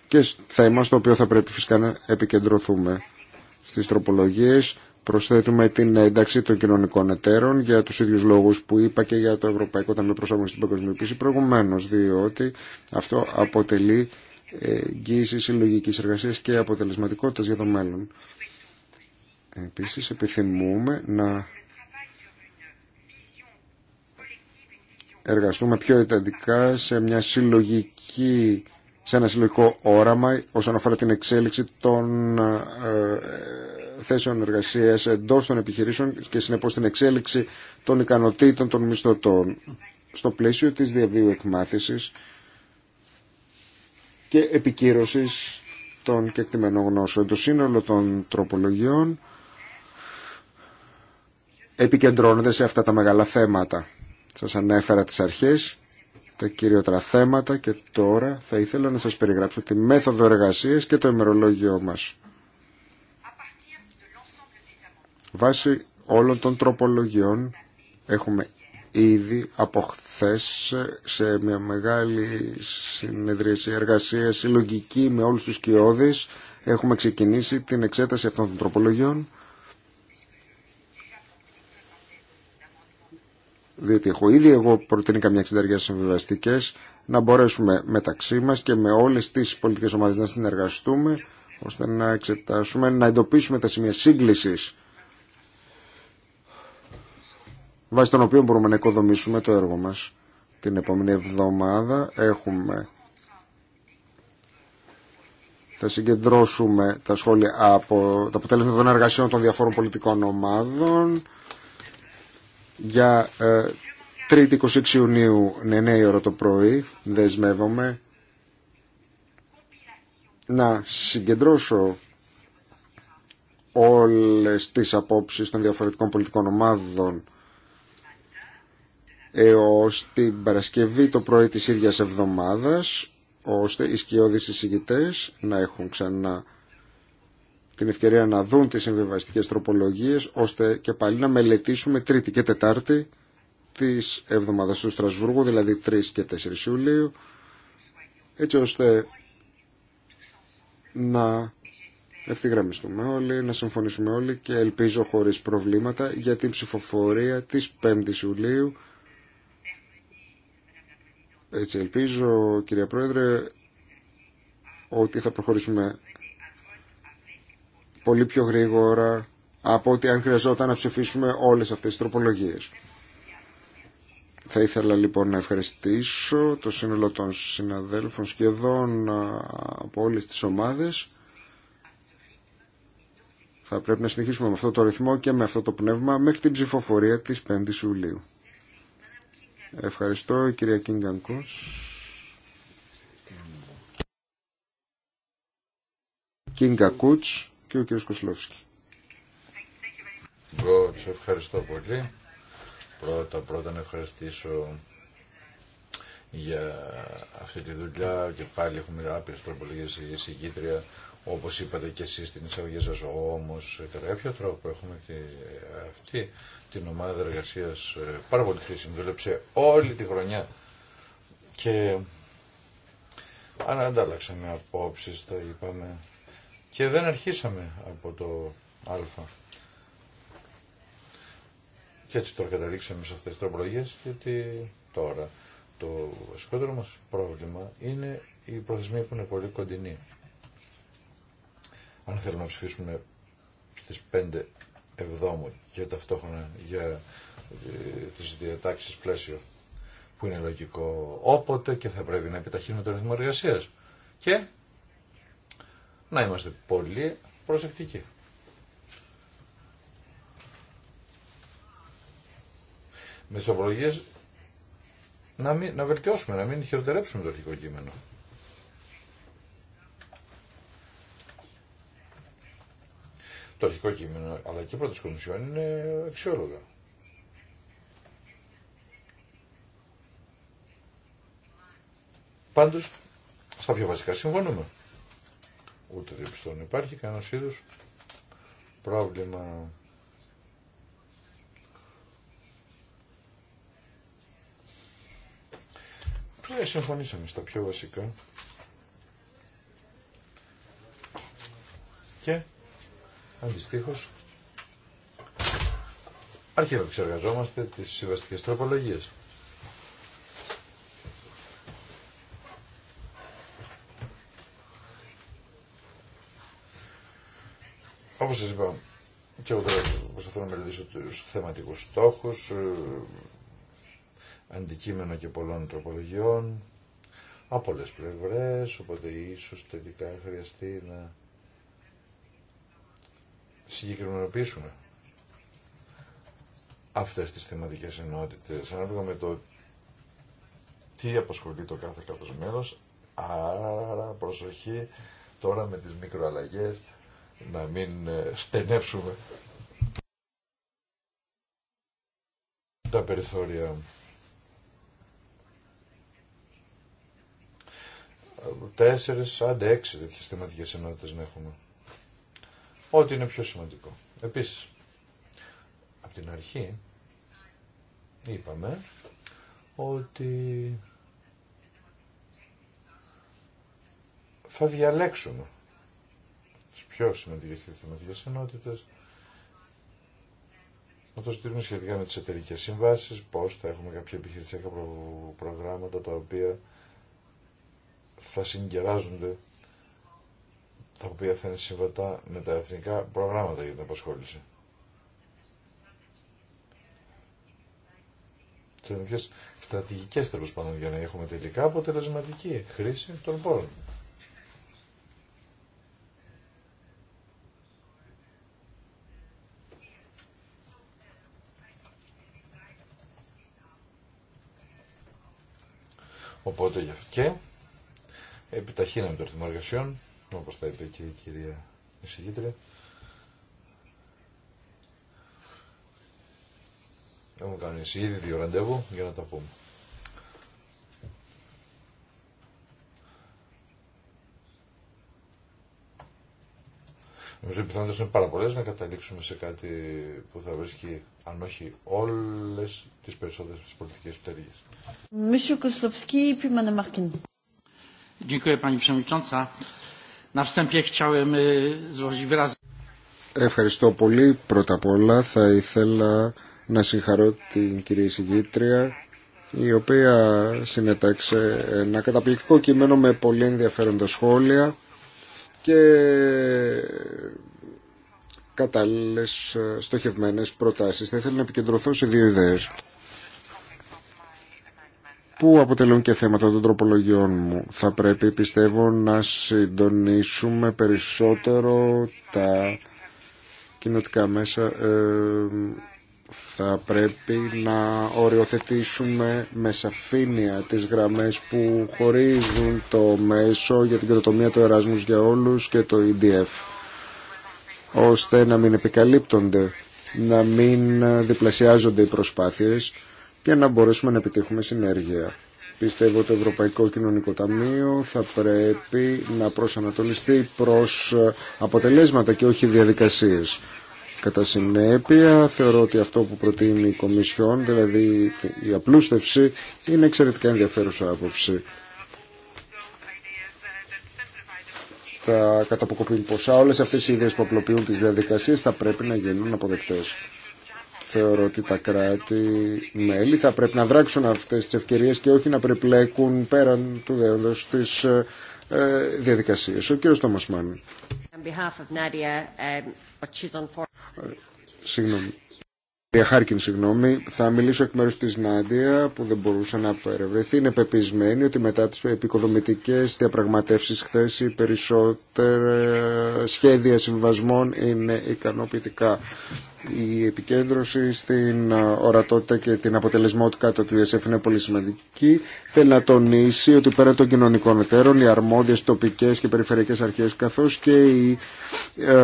και θέμα στο οποίο θα πρέπει φυσικά να επικεντρωθούμε. Στις τροπολογίες προσθέτουμε την ένταξη των κοινωνικών εταίρων για τους ίδιους λόγους που είπα και για το Ευρωπαϊκό Ταμείο Προσαρμογής στην Παγκοσμιοποίηση προηγουμένως, διότι αυτό αποτελεί εγγύηση συλλογική εργασία και αποτελεσματικότητα για το μέλλον. Επίσης επιθυμούμε να εργαστούμε πιο εντατικά σε, μια συλλογική, σε ένα συλλογικό όραμα όσον αφορά την εξέλιξη των ε, θέσεων εργασίας εντός των επιχειρήσεων και συνεπώς την εξέλιξη των ικανοτήτων των μισθωτών στο πλαίσιο της διαβίου εκμάθησης και επικύρωσης των κεκτημένων γνώσεων. Το σύνολο των τροπολογιών επικεντρώνονται σε αυτά τα μεγάλα θέματα. Σας ανέφερα τις αρχές, τα κυριότερα θέματα και τώρα θα ήθελα να σας περιγράψω τη μέθοδο εργασίας και το ημερολόγιο μας. Βάσει όλων των τροπολογιών έχουμε ήδη από χθε σε μια μεγάλη συνεδρίαση εργασία συλλογική με όλους τους κοιόδης έχουμε ξεκινήσει την εξέταση αυτών των τροπολογιών διότι έχω ήδη εγώ προτείνει καμιά εξενταριά συμβιβαστικέ να μπορέσουμε μεταξύ μας και με όλες τις πολιτικές ομάδες να συνεργαστούμε ώστε να εξετάσουμε, να εντοπίσουμε τα σημεία σύγκλησης βάσει των οποίων μπορούμε να οικοδομήσουμε το έργο μας. Την επόμενη εβδομάδα έχουμε θα συγκεντρώσουμε τα σχόλια από τα αποτέλεσμα των εργασιών των διαφόρων πολιτικών ομάδων για ε, 3η 26 Ιουνίου 9 ναι, η ώρα το πρωί δεσμεύομαι να συγκεντρώσω όλες τις απόψεις των διαφορετικών πολιτικών ομάδων έως την Παρασκευή το πρωί της ίδιας εβδομάδα, ώστε οι σκιώδεις εισηγητές να έχουν ξανά την ευκαιρία να δουν τις συμβιβαστικές τροπολογίες ώστε και πάλι να μελετήσουμε Τρίτη και Τετάρτη της εβδομάδας του Στρασβούργου, δηλαδή 3 και 4 Ιουλίου έτσι ώστε να ευθυγραμμιστούμε όλοι, να συμφωνήσουμε όλοι και ελπίζω χωρίς προβλήματα για την ψηφοφορία της 5 Ιουλίου έτσι ελπίζω, κυρία Πρόεδρε, ότι θα προχωρήσουμε πολύ πιο γρήγορα από ότι αν χρειαζόταν να ψηφίσουμε όλες αυτές τις τροπολογίες. Θα ήθελα λοιπόν να ευχαριστήσω το σύνολο των συναδέλφων σχεδόν από όλες τις ομάδες. Θα πρέπει να συνεχίσουμε με αυτό το ρυθμό και με αυτό το πνεύμα μέχρι την ψηφοφορία της 5ης Ιουλίου. Ευχαριστώ, κυρία Κίνγκαν Κίνγκα Κούτς και ο κύριος Κοσλόφσκι. Εγώ ευχαριστώ πολύ. Πρώτα πρώτα να ευχαριστήσω για αυτή τη δουλειά και πάλι έχουμε άπειρες τροπολογίες εισηγήτρια όπως είπατε και εσεί στην εισαγωγή σα όμω κατά κάποιο τρόπο έχουμε αυτή την ομάδα εργασία ε, πάρα πολύ χρήσιμη, δούλεψε όλη τη χρονιά και αν αντάλλαξαμε απόψεις, τα είπαμε και δεν αρχίσαμε από το α. Και έτσι τώρα καταλήξαμε σε αυτές τις τροπολογίε γιατί τώρα το βασικότερο μας πρόβλημα είναι οι προθεσμοί που είναι πολύ κοντινοί αν θέλουμε να ψηφίσουμε στις 5 εβδόμου και ταυτόχρονα για ε, τις διατάξεις πλαίσιο που είναι λογικό όποτε και θα πρέπει να επιταχύνουμε τον ρυθμό εργασία. Και να είμαστε πολύ προσεκτικοί. Με τις να, να βελτιώσουμε, να μην χειροτερέψουμε το αρχικό κείμενο. Το αρχικό κείμενο αλλά και πρώτη Κομισιόν είναι αξιόλογα. Πάντως, στα πιο βασικά συμφωνούμε. Ούτε διαπιστώνω υπάρχει κανένα είδου πρόβλημα. Ε, συμφωνήσαμε στα πιο βασικά. Και Αντιστοίχως, να εξεργαζόμαστε τις συμβαστικέ τροπολογίε. Όπως σα είπα, και εγώ τώρα προσπαθώ να μελετήσω του θεματικούς στόχους, ε, αντικείμενο και πολλών τροπολογιών, από πολλέ πλευρέ, οπότε ίσω τελικά χρειαστεί να συγκεκριμενοποιήσουμε αυτές τις θεματικές ενότητες ανάλογα με το τι απασχολεί το κάθε κάποιος μέλος άρα προσοχή τώρα με τις μικροαλλαγές να μην ε, στενέψουμε τα περιθώρια τέσσερις, άντε έξι τέτοιες θεματικές ενότητες να έχουμε ό,τι είναι πιο σημαντικό. Επίσης, από την αρχή είπαμε ότι θα διαλέξουμε τις πιο σημαντικές και θεματικές ενότητες να το στείλουμε σχετικά με τις εταιρικές συμβάσεις, πώς θα έχουμε κάποια επιχειρησιακά προγράμματα τα οποία θα συγκεράζονται τα οποία θα είναι συμβατά με τα εθνικά προγράμματα για την απασχόληση. Τι εθνικέ στρατηγικέ τέλο πάντων για να έχουμε τελικά αποτελεσματική χρήση των πόρων. Οπότε γι' αυτό και επιταχύναμε το ρυθμό εργασιών όπως τα είπε και η κυρία εισηγήτρια. Έχουμε κάνει ήδη δύο ραντεβού για να τα πούμε. Νομίζω οι πιθανότητε είναι πάρα πολλέ να καταλήξουμε σε κάτι που θα βρίσκει, αν όχι όλε τι περισσότερε τι πολιτικέ πτέρυγε. Monsieur Κοσλοφσκή πήμε να Markin. Dziękuję Pani Ευχαριστώ πολύ. Πρώτα απ' όλα θα ήθελα να συγχαρώ την κυρία Συγγήτρια η οποία συνέταξε ένα καταπληκτικό κείμενο με πολύ ενδιαφέροντα σχόλια και κατάλληλες στοχευμένες προτάσεις. Θα ήθελα να επικεντρωθώ σε δύο ιδέες που αποτελούν και θέματα των τροπολογιών μου. Θα πρέπει, πιστεύω, να συντονίσουμε περισσότερο τα κοινωτικά μέσα. Ε, θα πρέπει να οριοθετήσουμε με σαφήνεια τις γραμμές που χωρίζουν το μέσο για την καινοτομία του Εράσμους για όλους και το EDF, ώστε να μην επικαλύπτονται, να μην διπλασιάζονται οι προσπάθειες για να μπορέσουμε να επιτύχουμε συνέργεια. Πιστεύω ότι το Ευρωπαϊκό Κοινωνικό Ταμείο θα πρέπει να προσανατολιστεί προς αποτελέσματα και όχι διαδικασίες. Κατά συνέπεια, θεωρώ ότι αυτό που προτείνει η Κομισιόν, δηλαδή η απλούστευση, είναι εξαιρετικά ενδιαφέρουσα άποψη. Τα καταποκοπήν ποσά, όλες αυτές οι ιδέες που απλοποιούν τις διαδικασίες θα πρέπει να γίνουν αποδεκτές θεωρώ ότι τα κράτη-μέλη θα πρέπει να δράξουν αυτές τις ευκαιρίες και όχι να περιπλέκουν πέραν του δέοντος τις ε, ε διαδικασίες. Ο κύριος Τόμας um, ε, Συγγνώμη. Κυρία Χάρκιν, συγγνώμη, θα μιλήσω εκ μέρου τη Νάντια που δεν μπορούσε να παρευρεθεί. Είναι πεπισμένη ότι μετά τι επικοδομητικέ διαπραγματεύσει χθε οι περισσότερα σχέδια συμβασμών είναι ικανοποιητικά. Η επικέντρωση στην ορατότητα και την αποτελεσμότητα του ESF είναι πολύ σημαντική. Θέλει να τονίσει ότι πέρα των κοινωνικών εταίρων, οι αρμόδιε τοπικέ και περιφερειακέ αρχέ καθώ και οι. Ε,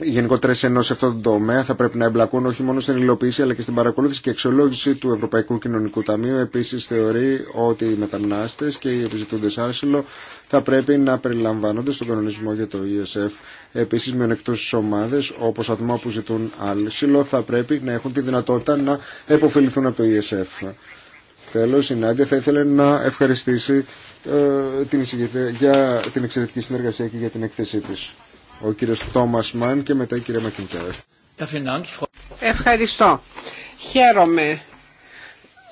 γενικότερε ενώσει σε αυτόν τον τομέα θα πρέπει να εμπλακούν όχι μόνο στην υλοποίηση αλλά και στην παρακολούθηση και εξολόγηση του Ευρωπαϊκού Κοινωνικού Ταμείου. Επίση, θεωρεί ότι οι μετανάστε και οι επιζητούντε άσυλο θα πρέπει να περιλαμβάνονται στον κανονισμό για το ESF. Επίση, μειονεκτώσει ομάδε όπω άτομα που ζητούν άσυλο θα πρέπει να έχουν τη δυνατότητα να επωφεληθούν από το ESF. Τέλο, η Νάντια θα ήθελε να ευχαριστήσει ε, την για την εξαιρετική συνεργασία και για την εκθέσή τη ο κύριος Τόμας Μαν και μετά η κυρία Μακιντέρ. Ευχαριστώ. Χαίρομαι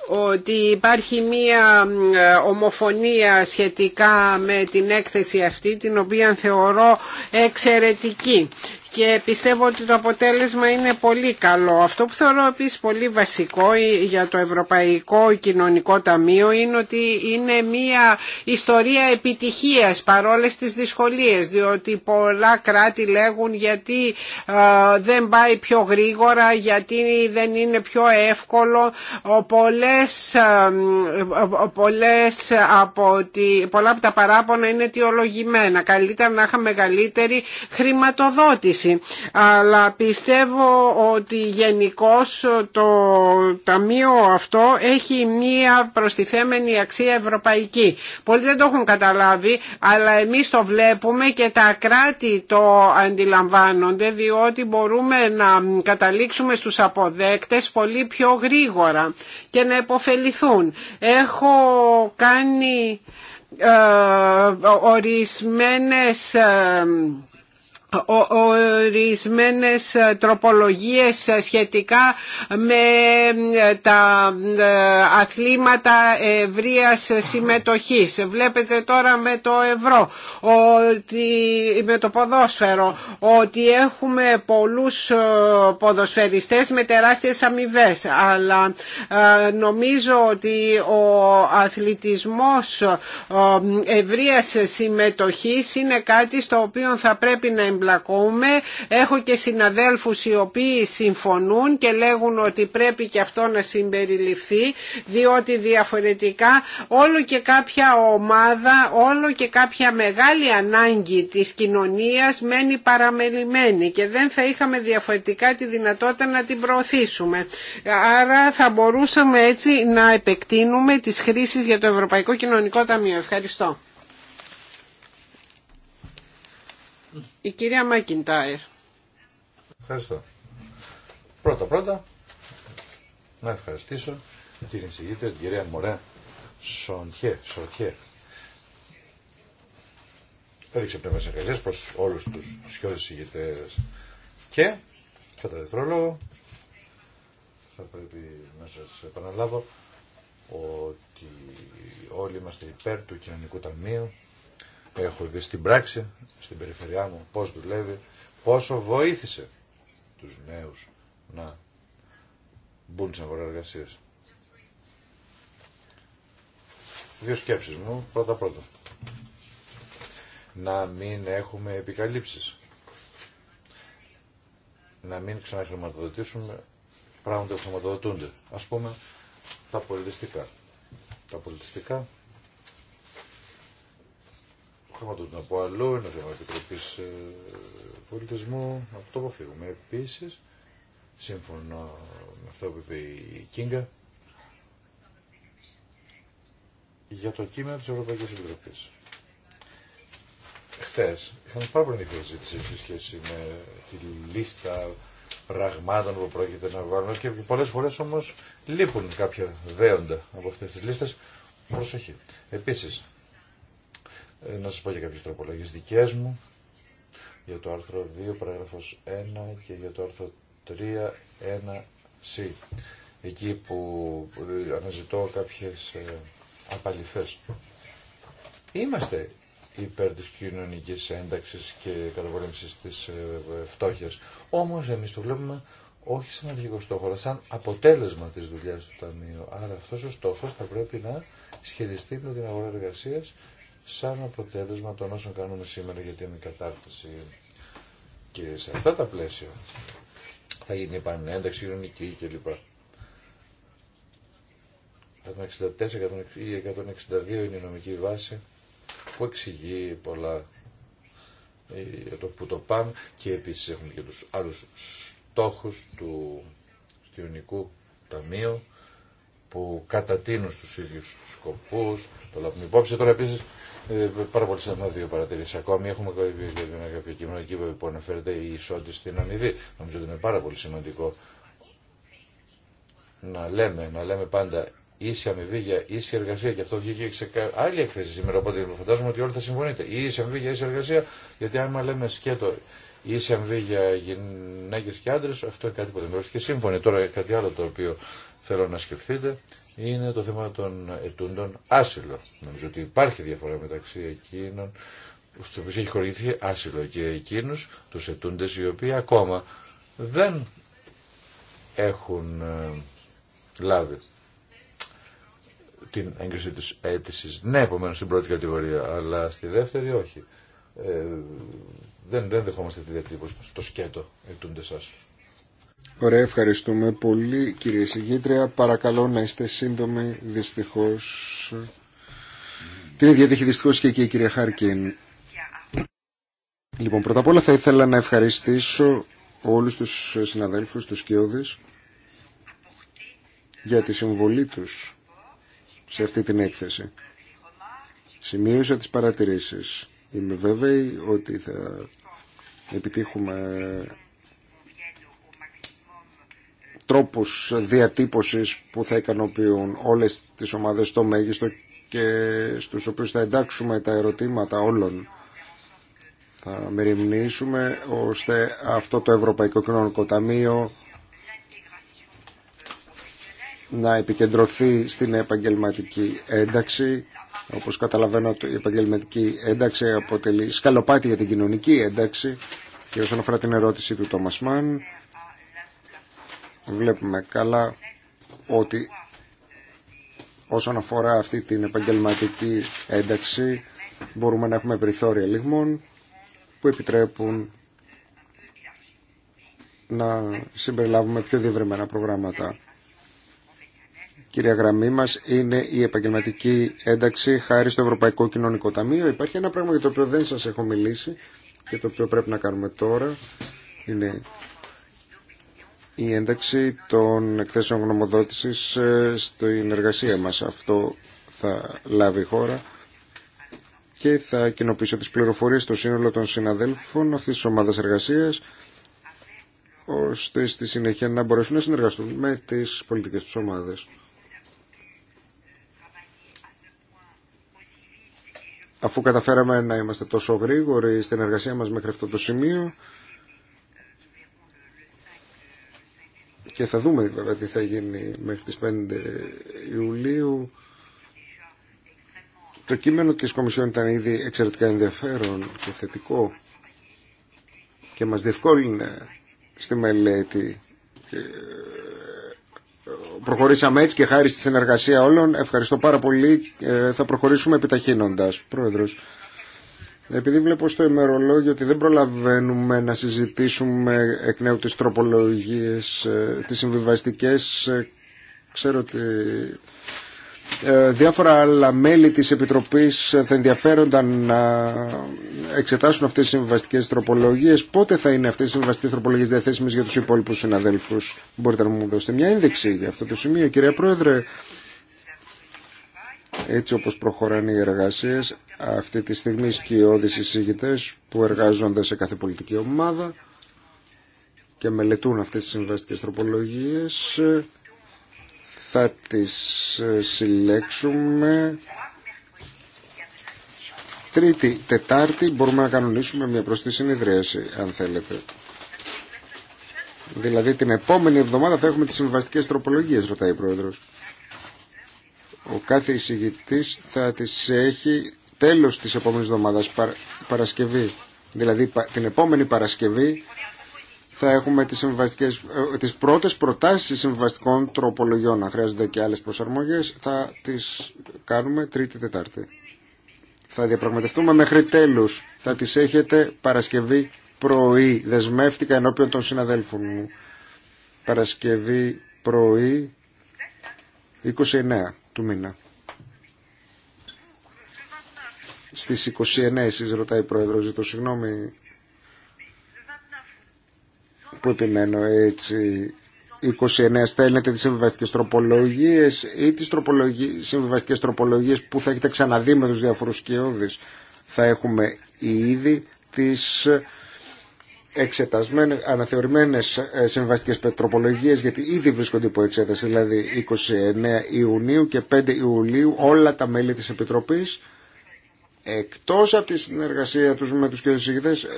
ότι υπάρχει μία ομοφωνία σχετικά με την έκθεση αυτή την οποία θεωρώ εξαιρετική και πιστεύω ότι το αποτέλεσμα είναι πολύ καλό. Αυτό που θεωρώ επίσης πολύ βασικό ε, για το Ευρωπαϊκό Κοινωνικό Ταμείο είναι ότι είναι μια ιστορία επιτυχίας παρόλες τις δυσκολίες διότι πολλά κράτη λέγουν γιατί ε, δεν πάει πιο γρήγορα, γιατί δεν είναι πιο εύκολο. Πολλές, ε, πολλές από τη, πολλά από τα παράπονα είναι αιτιολογημένα. Καλύτερα να είχαμε μεγαλύτερη χρηματοδότηση αλλά πιστεύω ότι γενικώ το ταμείο αυτό έχει μία προστιθέμενη αξία ευρωπαϊκή. Πολλοί δεν το έχουν καταλάβει, αλλά εμείς το βλέπουμε και τα κράτη το αντιλαμβάνονται, διότι μπορούμε να καταλήξουμε στους αποδέκτες πολύ πιο γρήγορα και να υποφεληθούν. Έχω κάνει ε, ορισμένες... Ε, ορισμένες ε, τροπολογίες ε, σχετικά με ε, τα αθλήματα ευρείας συμμετοχής. Βλέπετε τώρα με το ευρώ, ότι, με το ποδόσφαιρο, ότι έχουμε πολλούς ποδοσφαιριστές με τεράστιες αμοιβέ, αλλά νομίζω ότι ο αθλητισμός ευρείας συμμετοχής είναι κάτι στο οποίο θα πρέπει να εμπλακούμε. Έχω και συναδέλφους οι οποίοι συμφωνούν και λέγουν ότι πρέπει και αυτό να συμπεριληφθεί διότι διαφορετικά όλο και κάποια ομάδα, όλο και κάποια μεγάλη ανάγκη της κοινωνίας μένει παραμελημένη και δεν θα είχαμε διαφορετικά τη δυνατότητα να την προωθήσουμε. Άρα θα μπορούσαμε έτσι να επεκτείνουμε τις χρήσεις για το Ευρωπαϊκό Κοινωνικό Ταμείο. Ευχαριστώ. Η κυρία Μάκιντάιρ. Ευχαριστώ. Πρώτα πρώτα να ευχαριστήσω την εισηγήτρια, την κυρία Μωρέ Σοντιέ, Σοντιέ. Έδειξε πνεύμα σε εργασίες προς όλους τους σιώδες ηγητές. Και, κατά δεύτερο λόγο, θα πρέπει να σας επαναλάβω ότι όλοι είμαστε υπέρ του κοινωνικού ταμείου Έχω δει στην πράξη, στην περιφερειά μου, πώς δουλεύει, πόσο βοήθησε τους νέους να μπουν σε αγορά εργασία. Δύο σκέψεις μου, πρώτα πρώτα. Να μην έχουμε επικαλύψεις. Να μην ξαναχρηματοδοτήσουμε πράγματα που χρηματοδοτούνται. Ας πούμε, τα πολιτιστικά. Τα πολιτιστικά να από αλλού, είναι θέμα επιτροπή ε, πολιτισμού, από το αποφύγουμε. Επίση, σύμφωνα με αυτό που είπε η Κίνγκα, για το κείμενο τη Ευρωπαϊκή Επιτροπή. Χθε είχαμε πάρα πολύ μικρή συζήτηση σε σχέση με τη λίστα πραγμάτων που πρόκειται να βάλουμε και πολλέ φορέ όμω λείπουν κάποια δέοντα από αυτέ τι λίστες. Προσοχή. Επίσης, ε, να σας πω για κάποιες τροπολογίες δικές μου, για το άρθρο 2, παράγραφος 1 και για το άρθρο 3, 1C. Εκεί που ε, αναζητώ κάποιες ε, απαλληθές. Είμαστε υπέρ της κοινωνικής ένταξης και καταπολέμησης της φτώχειας. Όμως εμείς το βλέπουμε όχι σαν αρχικό στόχο, αλλά σαν αποτέλεσμα της δουλειάς του Ταμείου. Άρα αυτός ο στόχος θα πρέπει να σχεδιστεί με την αγορά εργασίας σαν αποτέλεσμα των όσων κάνουμε σήμερα για την κατάρτιση. Και σε αυτά τα πλαίσια θα γίνει επανένταξη, ηρωνική κλπ. 164 ή 162 είναι η νομική βάση που εξηγεί πολλά ε, για το που το πάμε και επίσης έχουμε και τους άλλους στόχους του κοινωνικού ταμείου που κατατείνουν στους ίδιους σκοπούς, το λαμβάνουμε υπόψη. Τώρα επίσης ε, πάρα πολύ σύντομα δύο παρατηρήσει ακόμη. Έχουμε ένα ε, ε, κάποιο κείμενο εκεί που αναφέρεται η ισότητα στην αμοιβή. Νομίζω ότι είναι πάρα πολύ σημαντικό να λέμε, να λέμε πάντα ίση αμοιβή για ίση εργασία. Και αυτό βγήκε σε άλλη εκθέση σήμερα. Οπότε φαντάζομαι ότι όλοι θα συμφωνείτε. Η ίση αμοιβή για ίση εργασία. Γιατί άμα λέμε σκέτο ίση αμοιβή για γυναίκε και άντρε, αυτό είναι κάτι που δεν και σύμφωνοι. Τώρα κάτι άλλο το οποίο θέλω να σκεφτείτε είναι το θέμα των ετούντων άσυλο. Νομίζω ότι υπάρχει διαφορά μεταξύ εκείνων στους οποίους έχει χορηγηθεί άσυλο και εκείνους τους ετούντες οι οποίοι ακόμα δεν έχουν ε, λάβει την έγκριση της αίτησης. Ναι, επομένως στην πρώτη κατηγορία, αλλά στη δεύτερη όχι. Ε, δεν, δεν δεχόμαστε τη διατύπωση, το σκέτο ετούντες άσυλο. Ωραία, ευχαριστούμε πολύ κύριε Συγγήτρια. Παρακαλώ να είστε σύντομοι, δυστυχώς. Την ίδια τύχη δυστυχώς και, και η κυρία Χάρκιν. Λοιπόν, πρώτα απ' όλα θα ήθελα να ευχαριστήσω όλους τους συναδέλφους, τους Κιώδης, για τη συμβολή τους σε αυτή την έκθεση. Σημείωσα τις παρατηρήσεις. Είμαι βέβαιη ότι θα επιτύχουμε τρόπους διατύπωσης που θα ικανοποιούν όλες τις ομάδες στο μέγιστο και στους οποίους θα εντάξουμε τα ερωτήματα όλων. Θα μεριμνήσουμε ώστε αυτό το Ευρωπαϊκό Κοινωνικό Ταμείο να επικεντρωθεί στην επαγγελματική ένταξη. Όπως καταλαβαίνω, η επαγγελματική ένταξη αποτελεί σκαλοπάτι για την κοινωνική ένταξη. Και όσον αφορά την ερώτηση του Τόμας Μαν, βλέπουμε καλά ότι όσον αφορά αυτή την επαγγελματική ένταξη μπορούμε να έχουμε περιθώρια λιγμών που επιτρέπουν να συμπεριλάβουμε πιο διευρυμένα προγράμματα. Κυρία γραμμή μας είναι η επαγγελματική ένταξη χάρη στο Ευρωπαϊκό Κοινωνικό Ταμείο. Υπάρχει ένα πράγμα για το οποίο δεν σας έχω μιλήσει και το οποίο πρέπει να κάνουμε τώρα. Είναι η ένταξη των εκθέσεων γνωμοδότησης ε, στην εργασία μας. Αυτό θα λάβει η χώρα και θα κοινοποιήσω τις πληροφορίες στο σύνολο των συναδέλφων αυτής της ομάδας εργασίας ώστε στη συνέχεια να μπορέσουν να συνεργαστούν με τις πολιτικές τους ομάδες. Αφού καταφέραμε να είμαστε τόσο γρήγοροι στην εργασία μας μέχρι αυτό το σημείο, και θα δούμε βέβαια τι θα γίνει μέχρι τις 5 Ιουλίου. Το κείμενο της Κομισιόν ήταν ήδη εξαιρετικά ενδιαφέρον και θετικό και μας διευκόλυνε στη μελέτη. Ε, προχωρήσαμε έτσι και χάρη στη συνεργασία όλων. Ευχαριστώ πάρα πολύ. Ε, θα προχωρήσουμε επιταχύνοντας, Πρόεδρος. Επειδή βλέπω στο ημερολόγιο ότι δεν προλαβαίνουμε να συζητήσουμε εκ νέου τις τροπολογίες, ε, τις συμβιβαστικές, ε, ξέρω ότι ε, διάφορα άλλα μέλη της Επιτροπής θα ενδιαφέρονταν να εξετάσουν αυτές τις συμβιβαστικές τροπολογίες. Πότε θα είναι αυτές οι συμβιβαστικές τροπολογίες διαθέσιμες για τους υπόλοιπους συναδέλφους. Μπορείτε να μου δώσετε μια ένδειξη για αυτό το σημείο. Κύριε Πρόεδρε, έτσι όπως προχωράνε οι εργασίες, αυτή τη στιγμή σκιώδεις εισηγητές που εργάζονται σε κάθε πολιτική ομάδα και μελετούν αυτές τις συμβαστικές τροπολογίες θα τις ε, συλλέξουμε Τρίτη, Τετάρτη μπορούμε να κανονίσουμε μια προστή συνειδρίαση, αν θέλετε Δηλαδή την επόμενη εβδομάδα θα έχουμε τις συμβαστικές τροπολογίες ρωτάει ο Πρόεδρος ο κάθε εισηγητής θα τις έχει τέλος της επόμενης εβδομάδας, Παρασκευή, δηλαδή την επόμενη Παρασκευή, θα έχουμε τις, συμβαστικές, ε, τις πρώτες προτάσεις συμβαστικών τροπολογιών. Αν χρειάζονται και άλλες προσαρμογές, θα τις κάνουμε τρίτη-τετάρτη. Θα διαπραγματευτούμε μέχρι τέλους. Θα τις έχετε Παρασκευή πρωί. Δεσμεύτηκα ενώπιον των συναδέλφων μου. Παρασκευή πρωί 29 του μήνα. στις 29 εσείς ρωτάει η Πρόεδρος, ζητώ συγγνώμη που επιμένω έτσι 29 στέλνετε τις συμβιβαστικές τροπολογίες ή τις τροπολογίες, συμβιβαστικές τροπολογίες που θα έχετε ξαναδεί με τους διαφορούς σκιώδεις. Θα έχουμε ήδη τις εξετασμένες, αναθεωρημένες ε, συμβαστικές τροπολογίες γιατί ήδη βρίσκονται υπό εξέταση, δηλαδή 29 Ιουνίου και 5 Ιουλίου όλα τα μέλη της Επιτροπής εκτός από τη συνεργασία τους με τους ηγητές, ε,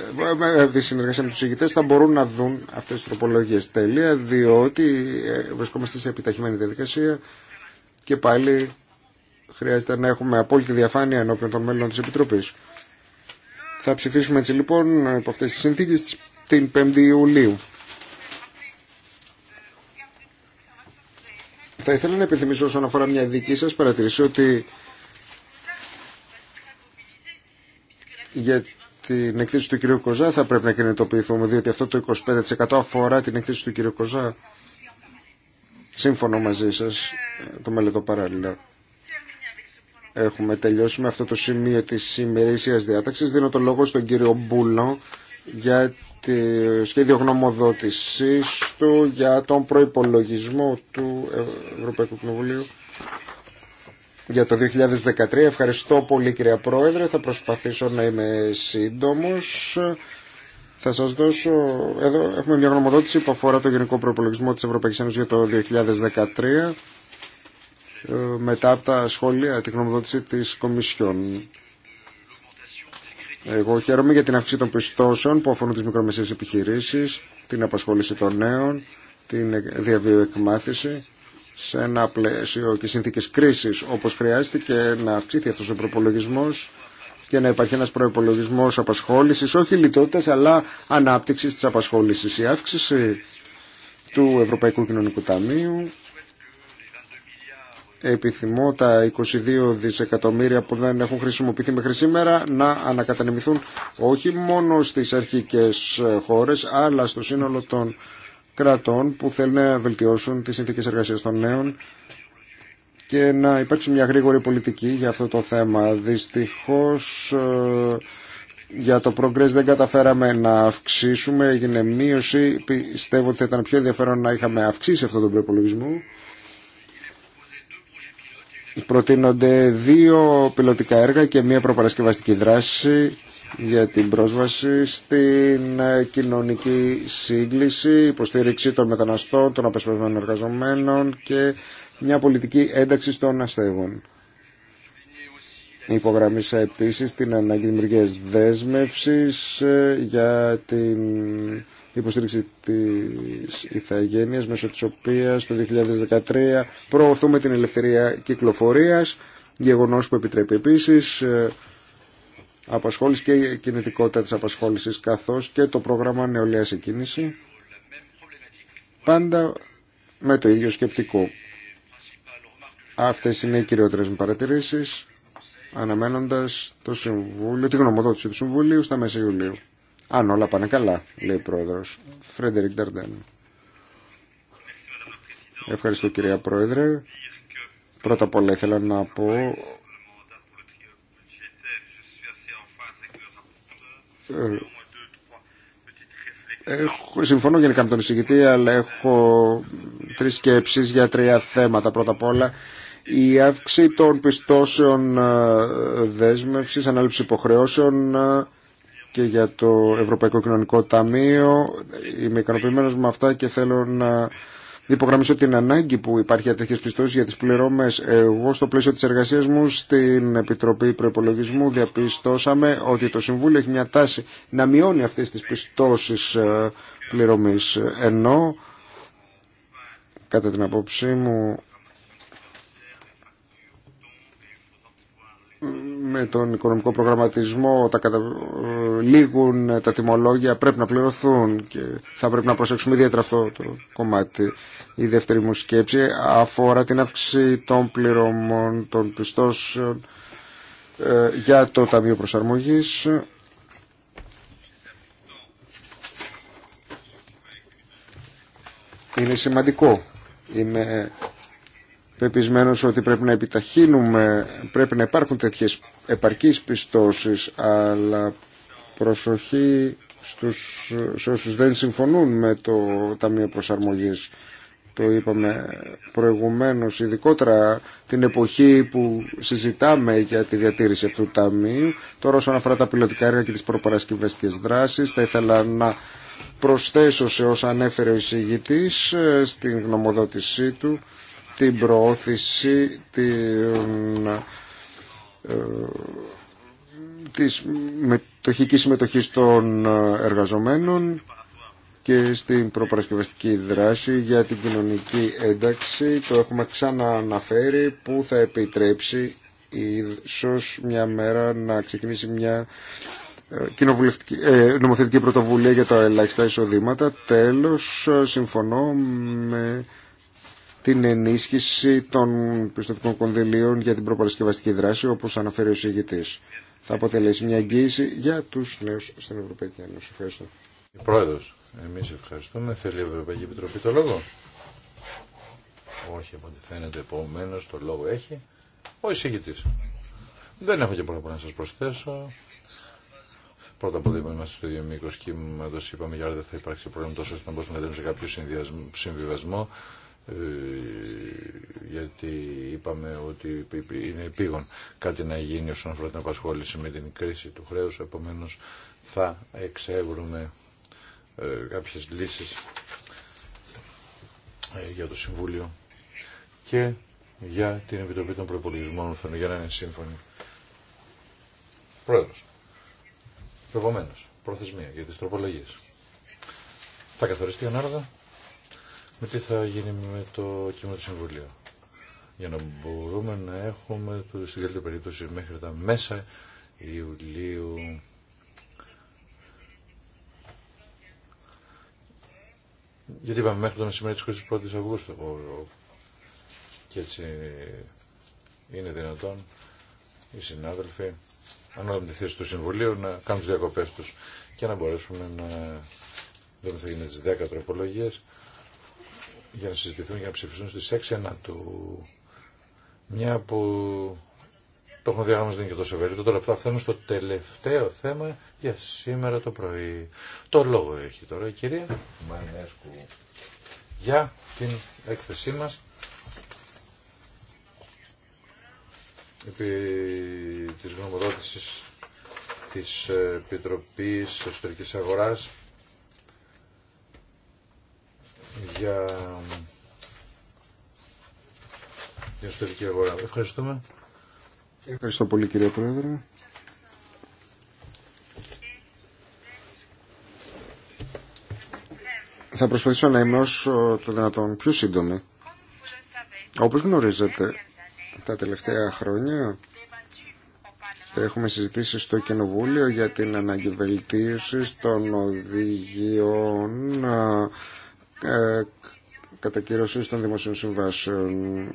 ε, τη συνεργασία με τους ηγητές θα μπορούν να δουν αυτές τις τροπολογίες τέλεια διότι ε, βρισκόμαστε σε επιταχυμένη διαδικασία και πάλι χρειάζεται να έχουμε απόλυτη διαφάνεια ενώπιον των μέλων της Επιτροπής. Θα ψηφίσουμε έτσι λοιπόν από αυτές τις συνθήκες την 5η Ιουλίου. Θα ήθελα να επιθυμίσω όσον αφορά μια δική σας παρατηρήση ότι για την εκθέση του κυρίου Κοζά θα πρέπει να κινητοποιηθούμε, διότι αυτό το 25% αφορά την εκθέση του κυρίου Κοζά. Σύμφωνο μαζί σας, το μελετώ παράλληλα. Έχουμε τελειώσει με αυτό το σημείο της ημερήσιας διάταξης. Δίνω το λόγο στον κύριο Μπούλο για το σχέδιο γνωμοδότησής του για τον προϋπολογισμό του Ευρωπαϊκού Κοινοβουλίου για το 2013. Ευχαριστώ πολύ κυρία Πρόεδρε. Θα προσπαθήσω να είμαι σύντομος. Θα σας δώσω... Εδώ έχουμε μια γνωμοδότηση που αφορά το Γενικό Προπολογισμό της Ευρωπαϊκής Ένωσης για το 2013 ε, μετά από τα σχόλια, τη γνωμοδότηση της Κομισιόν. Εγώ χαίρομαι για την αύξηση των πιστώσεων που αφορούν τις μικρομεσαίες επιχειρήσεις, την απασχόληση των νέων, την διαβίω εκμάθηση σε ένα πλαίσιο και συνθήκες κρίσης όπως χρειάστηκε να αυξήθει αυτός ο προπολογισμό και να υπάρχει ένας προπολογισμό απασχόλησης, όχι λιτότητας αλλά ανάπτυξης της απασχόλησης. Η αύξηση του Ευρωπαϊκού Κοινωνικού Ταμείου επιθυμώ τα 22 δισεκατομμύρια που δεν έχουν χρησιμοποιηθεί μέχρι σήμερα να ανακατανεμηθούν όχι μόνο στις αρχικές χώρες αλλά στο σύνολο των κρατών που θέλουν να βελτιώσουν τις συνθήκες εργασίας των νέων και να υπάρξει μια γρήγορη πολιτική για αυτό το θέμα. Δυστυχώς ε, για το Progress δεν καταφέραμε να αυξήσουμε, έγινε μείωση. Πιστεύω ότι θα ήταν πιο ενδιαφέρον να είχαμε αυξήσει αυτόν τον προπολογισμό. Προτείνονται δύο πιλωτικά έργα και μία προπαρασκευαστική δράση για την πρόσβαση στην ε, κοινωνική σύγκληση, υποστήριξη των μεταναστών, των απεσπασμένων εργαζομένων και μια πολιτική ένταξη των αστέγων. Υπογραμμίσα επίσης την ανάγκη δημιουργία δέσμευσης ε, για την υποστήριξη της ηθαγένειας μέσω της οποίας το 2013 προωθούμε την ελευθερία κυκλοφορίας, γεγονός που επιτρέπει επίσης ε, απασχόληση και κινητικότητα της απασχόλησης καθώς και το πρόγραμμα νεολαία σε πάντα με το ίδιο σκεπτικό. Αυτές είναι οι κυριότερες μου παρατηρήσεις αναμένοντας το συμβούλιο, τη γνωμοδότηση του Συμβουλίου στα μέσα Ιουλίου. Αν όλα πάνε καλά, λέει ο Πρόεδρος. Φρέντερικ Νταρντέν. Ευχαριστώ κυρία Πρόεδρε. Πρώτα απ' όλα ήθελα να πω Ε, συμφωνώ γενικά με τον εισηγητή, αλλά έχω τρεις σκέψεις για τρία θέματα. Πρώτα απ' όλα, η αύξηση των πιστώσεων ε, δέσμευσης, ανάληψη υποχρεώσεων ε, και για το Ευρωπαϊκό Κοινωνικό Ταμείο. Είμαι ικανοποιημένο με αυτά και θέλω να υπογραμμίσω την ανάγκη που υπάρχει για τέτοιε πιστώσει για τι πληρώμε. Εγώ, στο πλαίσιο τη εργασία μου στην Επιτροπή Προπολογισμού, διαπιστώσαμε ότι το Συμβούλιο έχει μια τάση να μειώνει αυτέ τι πιστώσει ε, πληρωμή. Ενώ, κατά την απόψη μου, με τον οικονομικό προγραμματισμό τα κατα... λίγουν ε, τα τιμολόγια πρέπει να πληρωθούν και θα πρέπει να προσέξουμε ιδιαίτερα αυτό το κομμάτι. Η δεύτερη μου σκέψη αφορά την αύξηση των πληρωμών των πιστώσεων ε, για το Ταμείο Προσαρμογής. Είναι σημαντικό. Είναι πεπισμένος ότι πρέπει να επιταχύνουμε, πρέπει να υπάρχουν τέτοιες επαρκείς πιστώσεις, αλλά προσοχή στους, σε όσους δεν συμφωνούν με το Ταμείο Προσαρμογής. Το είπαμε προηγουμένως, ειδικότερα την εποχή που συζητάμε για τη διατήρηση αυτού του Ταμείου. Τώρα όσον αφορά τα πιλωτικά έργα και τις προπαρασκευαστικές δράσεις, θα ήθελα να προσθέσω σε όσα ανέφερε ο εισηγητής ε, στην γνωμοδότησή του την προώθηση την, ε, της μετοχικής συμμετοχής των εργαζομένων και στην προπαρασκευαστική δράση για την κοινωνική ένταξη. Το έχουμε ξανααναφέρει που θα επιτρέψει ίσως μια μέρα να ξεκινήσει μια ε, ε, νομοθετική πρωτοβουλία για τα ελάχιστα εισοδήματα. Τέλος, ε, συμφωνώ με την ενίσχυση των πιστοτικών κονδυλίων για την προπαρασκευαστική δράση, όπως αναφέρει ο συγγητής. Θα αποτελέσει μια εγγύηση για τους νέους στην Ευρωπαϊκή Ένωση. Ευχαριστώ. Πρόεδρος, εμείς ευχαριστούμε. Θέλει η Ευρωπαϊκή Επιτροπή το λόγο. Όχι, από ό,τι φαίνεται, επομένως, το λόγο έχει ο εισηγητής. Δεν έχω και πολλά να σας προσθέσω. Πρώτα απ' όλα είπαμε είμαστε στο ίδιο μήκο κύματο. Είπαμε για δεν θα υπάρξει πρόβλημα τόσο ώστε να μπορούμε να δούμε σε κάποιο συμβιβασμό. Ε, γιατί είπαμε ότι είναι επίγον κάτι να γίνει όσον αφορά την απασχόληση με την κρίση του χρέους, επομένως θα εξεύρουμε ε, κάποιες λύσεις ε, για το Συμβούλιο και για την Επιτροπή των Προπολογισμών για να είναι σύμφωνοι. Πρόεδρος. Επομένως, προθεσμία για τις τροπολογίες. Θα καθοριστεί ανάλογα με τι θα γίνει με το κύμα του Συμβουλίου. Για να μπορούμε να έχουμε στην καλύτερη περίπτωση μέχρι τα μέσα Ιουλίου Γιατί είπαμε μέχρι το μεσημέρι της 21ης Αυγούστου και έτσι είναι δυνατόν οι συνάδελφοι ανάλογα με τη θέση του Συμβουλίου να κάνουν τις διακοπές τους και να μπορέσουμε να δούμε θα είναι τις 10 τροπολογίες για να συζητηθούν για να ψηφιστούν στις 6 του μια που το έχουν διάγραμμα δεν και τόσο ευαίσθητο. Τώρα θα φτάνουμε στο τελευταίο θέμα για σήμερα το πρωί. Το λόγο έχει τώρα η κυρία Μανέσκου για την έκθεσή μας επί της γνωμοδότησης της Επιτροπής Εσωτερικής Αγοράς για την ιστορική αγορά. Ευχαριστούμε. Ευχαριστώ πολύ κύριε Πρόεδρε. Θα προσπαθήσω να είμαι όσο το δυνατόν πιο σύντομη. Όπως γνωρίζετε, τα τελευταία χρόνια έχουμε συζητήσει στο Κοινοβούλιο για την αναγκη των οδηγιών ε, κατακύρωσης των δημοσίων συμβάσεων.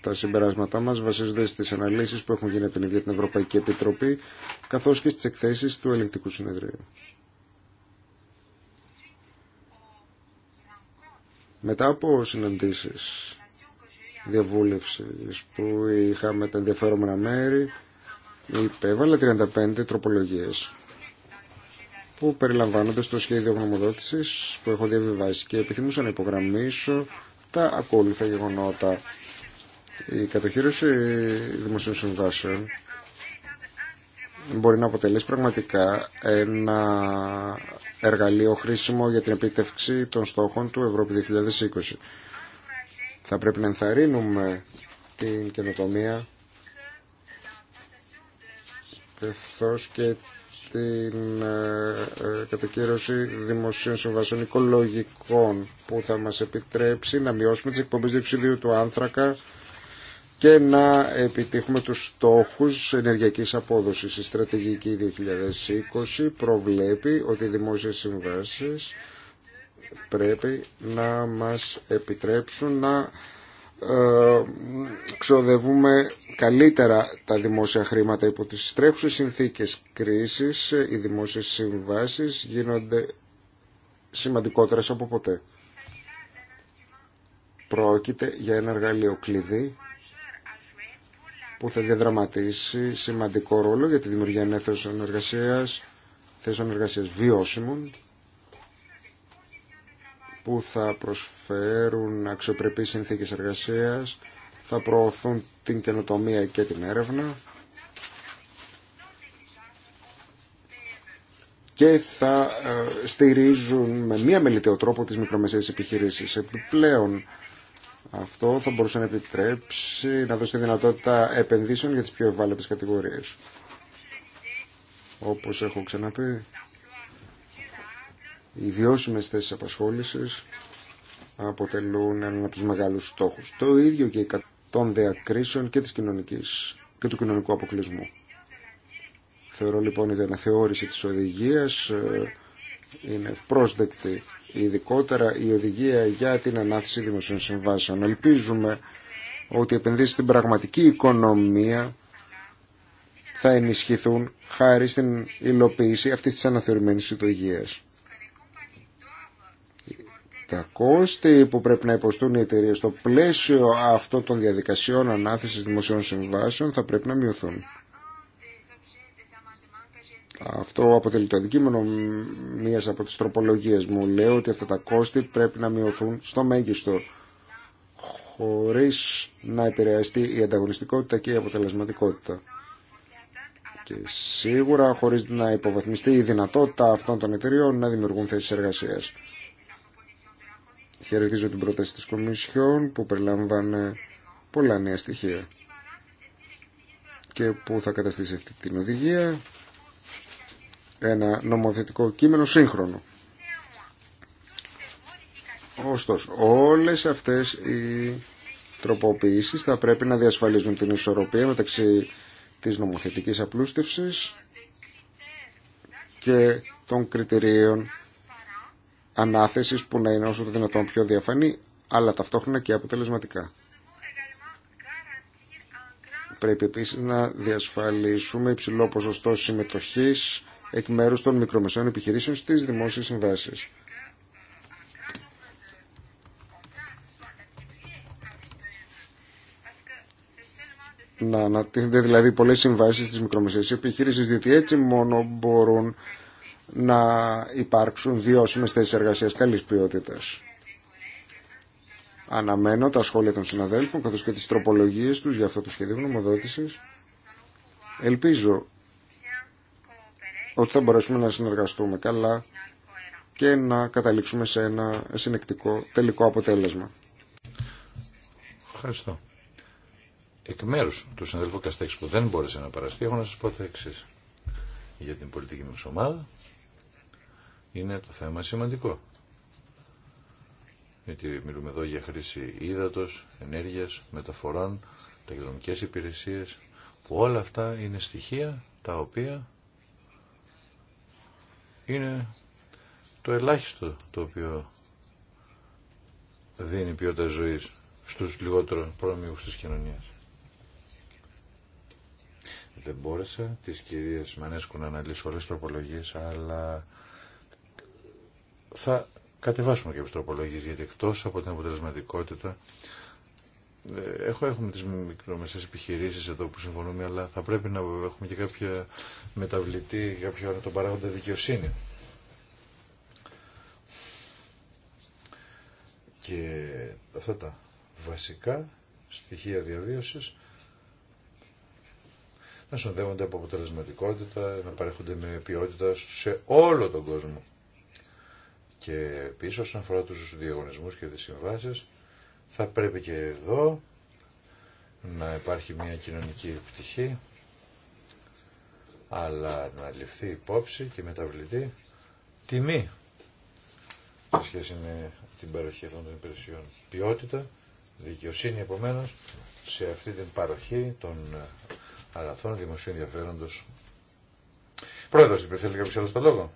Τα συμπεράσματά μας βασίζονται στις αναλύσεις που έχουν γίνει από την ίδια την Ευρωπαϊκή Επιτροπή, καθώς και στις εκθέσεις του Ελεγκτικού Συνεδρίου. Μετά από συναντήσεις διαβούλευσης που είχαμε τα ενδιαφέρομενα μέρη, υπέβαλα 35 τροπολογίες που περιλαμβάνονται στο σχέδιο γνωμοδότησης που έχω διαβιβάσει και επιθυμούσα να υπογραμμίσω τα ακόλουθα γεγονότα. Η κατοχήρωση δημοσίων συμβάσεων μπορεί να αποτελέσει πραγματικά ένα εργαλείο χρήσιμο για την επίτευξη των στόχων του Ευρώπη 2020. Θα πρέπει να ενθαρρύνουμε την καινοτομία καθώς και την ε, ε, κατοκύρωση δημοσίων συμβασών οικολογικών που θα μας επιτρέψει να μειώσουμε τις εκπομπές του άνθρακα και να επιτύχουμε τους στόχους ενεργειακής απόδοσης. Η στρατηγική 2020 προβλέπει ότι οι δημόσιες συμβάσεις πρέπει να μας επιτρέψουν να ε, ξοδεύουμε καλύτερα τα δημόσια χρήματα υπό τις στρέψεις συνθήκες κρίσης, οι δημόσιες συμβάσεις γίνονται σημαντικότερες από ποτέ. Πρόκειται για ένα εργαλείο κλειδί που θα διαδραματίσει σημαντικό ρόλο για τη δημιουργία νέων θέσεων εργασίας, θέσεων εργασίας βιώσιμων που θα προσφέρουν αξιοπρεπείς συνθήκες εργασίας, θα προωθούν την καινοτομία και την έρευνα και θα ε, στηρίζουν με μία μελιτέο τρόπο τις μικρομεσαίες επιχειρήσεις. Επιπλέον, αυτό θα μπορούσε να επιτρέψει να δώσει τη δυνατότητα επενδύσεων για τις πιο ευάλωτες κατηγορίες. Όπως έχω ξαναπεί, οι βιώσιμες θέσεις απασχόλησης αποτελούν έναν από τους μεγάλους στόχους. Το ίδιο και των διακρίσεων και, της κοινωνικής, και του κοινωνικού αποκλεισμού. Θεωρώ λοιπόν η αναθεώρηση της οδηγίας ε, είναι ευπρόσδεκτη, ειδικότερα η οδηγία για την ανάθεση δημοσίων συμβάσεων. Ελπίζουμε ότι οι επενδύσεις στην πραγματική οικονομία θα ενισχυθούν χάρη στην υλοποίηση αυτής της αναθεωρημένης οδηγίας. Τα κόστη που πρέπει να υποστούν οι εταιρείε στο πλαίσιο αυτών των διαδικασιών ανάθεση δημοσίων συμβάσεων θα πρέπει να μειωθούν. Αυτό αποτελεί το αντικείμενο μια από τι τροπολογίε. μου. Λέω ότι αυτά τα κόστη πρέπει να μειωθούν στο μέγιστο χωρί να επηρεαστεί η ανταγωνιστικότητα και η αποτελεσματικότητα. Και σίγουρα χωρί να υποβαθμιστεί η δυνατότητα αυτών των εταιριών να δημιουργούν θέσει εργασία. Χαιρετίζω την πρόταση της Κομισιόν που περιλάμβανε πολλά νέα στοιχεία και που θα καταστήσει αυτή την οδηγία ένα νομοθετικό κείμενο σύγχρονο. Ωστόσο, όλες αυτές οι τροποποιήσεις θα πρέπει να διασφαλίζουν την ισορροπία μεταξύ της νομοθετικής απλούστευσης και των κριτηρίων που να είναι όσο το δυνατόν πιο διαφανή, αλλά ταυτόχρονα και αποτελεσματικά. Πρέπει επίση να διασφαλίσουμε υψηλό ποσοστό συμμετοχής εκ μέρου των μικρομεσαίων επιχειρήσεων στις δημόσιες συμβάσει. να ανατίθενται δηλαδή πολλές συμβάσεις στις μικρομεσαίες επιχειρήσεις, διότι έτσι μόνο μπορούν να υπάρξουν βιώσιμες θέσεις εργασίας καλής ποιότητας. Αναμένω τα σχόλια των συναδέλφων καθώς και τις τροπολογίες τους για αυτό το σχεδίο γνωμοδότησης. Ελπίζω ότι θα μπορέσουμε να συνεργαστούμε καλά και να καταλήξουμε σε ένα συνεκτικό τελικό αποτέλεσμα. Ευχαριστώ. Εκ μέρους του συναδελφού Καστέξη που δεν μπόρεσε να παραστεί, έχω να σας πω το εξή για την πολιτική μας ομάδα είναι το θέμα σημαντικό. Γιατί μιλούμε εδώ για χρήση ύδατος, ενέργειας, μεταφορών, ταχυδρομικές υπηρεσίες, που όλα αυτά είναι στοιχεία τα οποία είναι το ελάχιστο το οποίο δίνει ποιότητα ζωής στους λιγότερο πρόμοιους της κοινωνίας. Δεν μπόρεσα τις κυρίες Μανέσκου να αναλύσω όλες τις τροπολογίες, αλλά θα κατεβάσουμε κάποιε τροπολογίες, γιατί εκτό από την αποτελεσματικότητα ε, Έχω, έχουμε τις μικρομεσαίες επιχειρήσεις εδώ που συμφωνούμε, αλλά θα πρέπει να έχουμε και κάποια μεταβλητή, κάποιο τον παράγοντα δικαιοσύνη. Και αυτά τα βασικά στοιχεία διαβίωσης να συνδέονται από αποτελεσματικότητα, να παρέχονται με ποιότητα σε όλο τον κόσμο. Και πίσω όσον αφορά τους διαγωνισμούς και τις συμβάσεις, θα πρέπει και εδώ να υπάρχει μια κοινωνική πτυχή, αλλά να ληφθεί υπόψη και μεταβλητή τιμή σε σχέση με την παροχή αυτών των υπηρεσιών. Ποιότητα, δικαιοσύνη επομένω σε αυτή την παροχή των ε, αγαθών δημοσίου ενδιαφέροντος. Πρόεδρος, θέλει κάποιος άλλος το λόγο.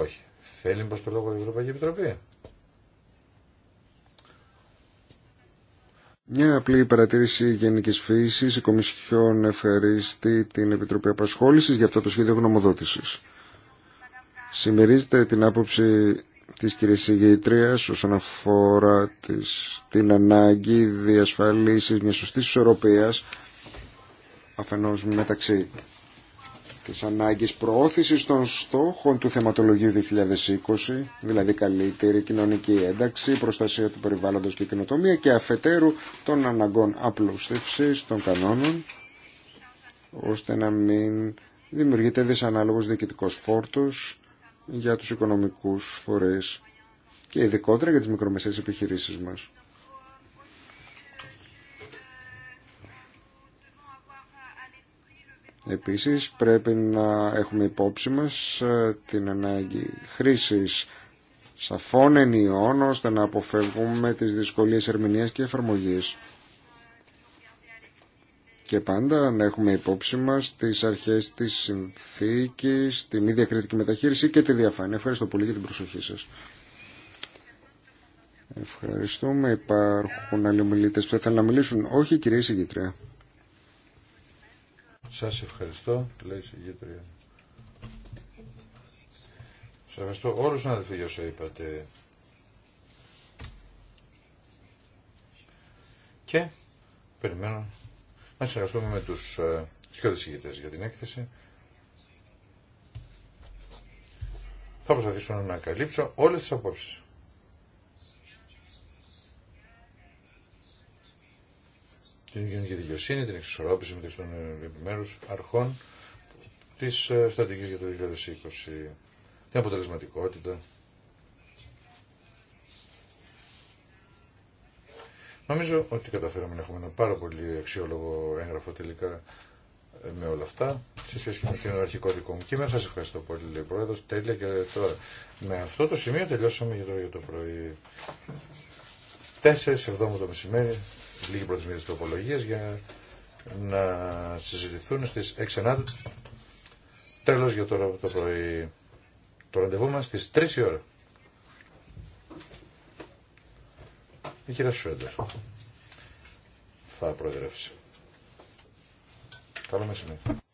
Όχι. Θέλει μήπως το λόγο η Ευρωπαϊκή Επιτροπή. Μια απλή παρατήρηση γενική φύση. Η Κομισιόν ευχαριστεί την Επιτροπή Απασχόληση για αυτό το σχέδιο γνωμοδότηση. Συμμερίζεται την άποψη της κυρίας Υγεητρίας όσον αφορά της, την ανάγκη διασφαλίσης μια σωστή ισορροπίας αφενός μεταξύ της ανάγκης προώθησης των στόχων του θεματολογίου 2020, δηλαδή καλύτερη κοινωνική ένταξη, προστασία του περιβάλλοντος και κοινοτομία και αφετέρου των αναγκών απλούστευσης των κανόνων, ώστε να μην δημιουργείται δυσανάλογος διοικητικός φόρτος για τους οικονομικούς φορείς και ειδικότερα για τις μικρομεσαίες επιχειρήσεις μας. Επίσης πρέπει να έχουμε υπόψη μας ε, την ανάγκη χρήσης σαφών ενιών ώστε να αποφεύγουμε τις δυσκολίες ερμηνείας και εφαρμογής. Και πάντα να έχουμε υπόψη μας τις αρχές της συνθήκης, τη μη διακριτική μεταχείριση και τη διαφάνεια. Ευχαριστώ πολύ για την προσοχή σας. Ευχαριστούμε. Υπάρχουν άλλοι ομιλητές που θα θέλουν να μιλήσουν. Όχι κυρία Συγκήτρια. Σας ευχαριστώ, λέει η Γήτρια. Σας ευχαριστώ όλους να αδελφοί όσα είπατε. Και περιμένω να συνεργαστούμε με τους ε, σκιώδες ηγητές για την έκθεση. Θα προσπαθήσω να καλύψω όλες τις απόψεις. την κοινωνική δικαιοσύνη, την εξισορρόπηση μεταξύ των ε, επιμέρους αρχών της ε, στρατηγικής για το 2020, την αποτελεσματικότητα. Νομίζω ότι καταφέραμε να έχουμε ένα πάρα πολύ αξιόλογο έγγραφο τελικά ε, με όλα αυτά σε σχέση με το αρχικό δικό μου κείμενο. Σας ευχαριστώ πολύ, λέει Πρόεδρος. Τέλεια και τώρα. Με αυτό το σημείο τελειώσαμε για το, για το πρωί. Τέσσερις εβδόμου το μεσημέρι πρώτες μήνες τροπολογίας για να συζητηθούν στις 6 Ενάτου. Τέλος για τώρα το πρωί. Το ραντεβού μας στις 3 η ώρα. Η κυρία Σουέντερ θα προεδρεύσει. Καλό μεσημέρι.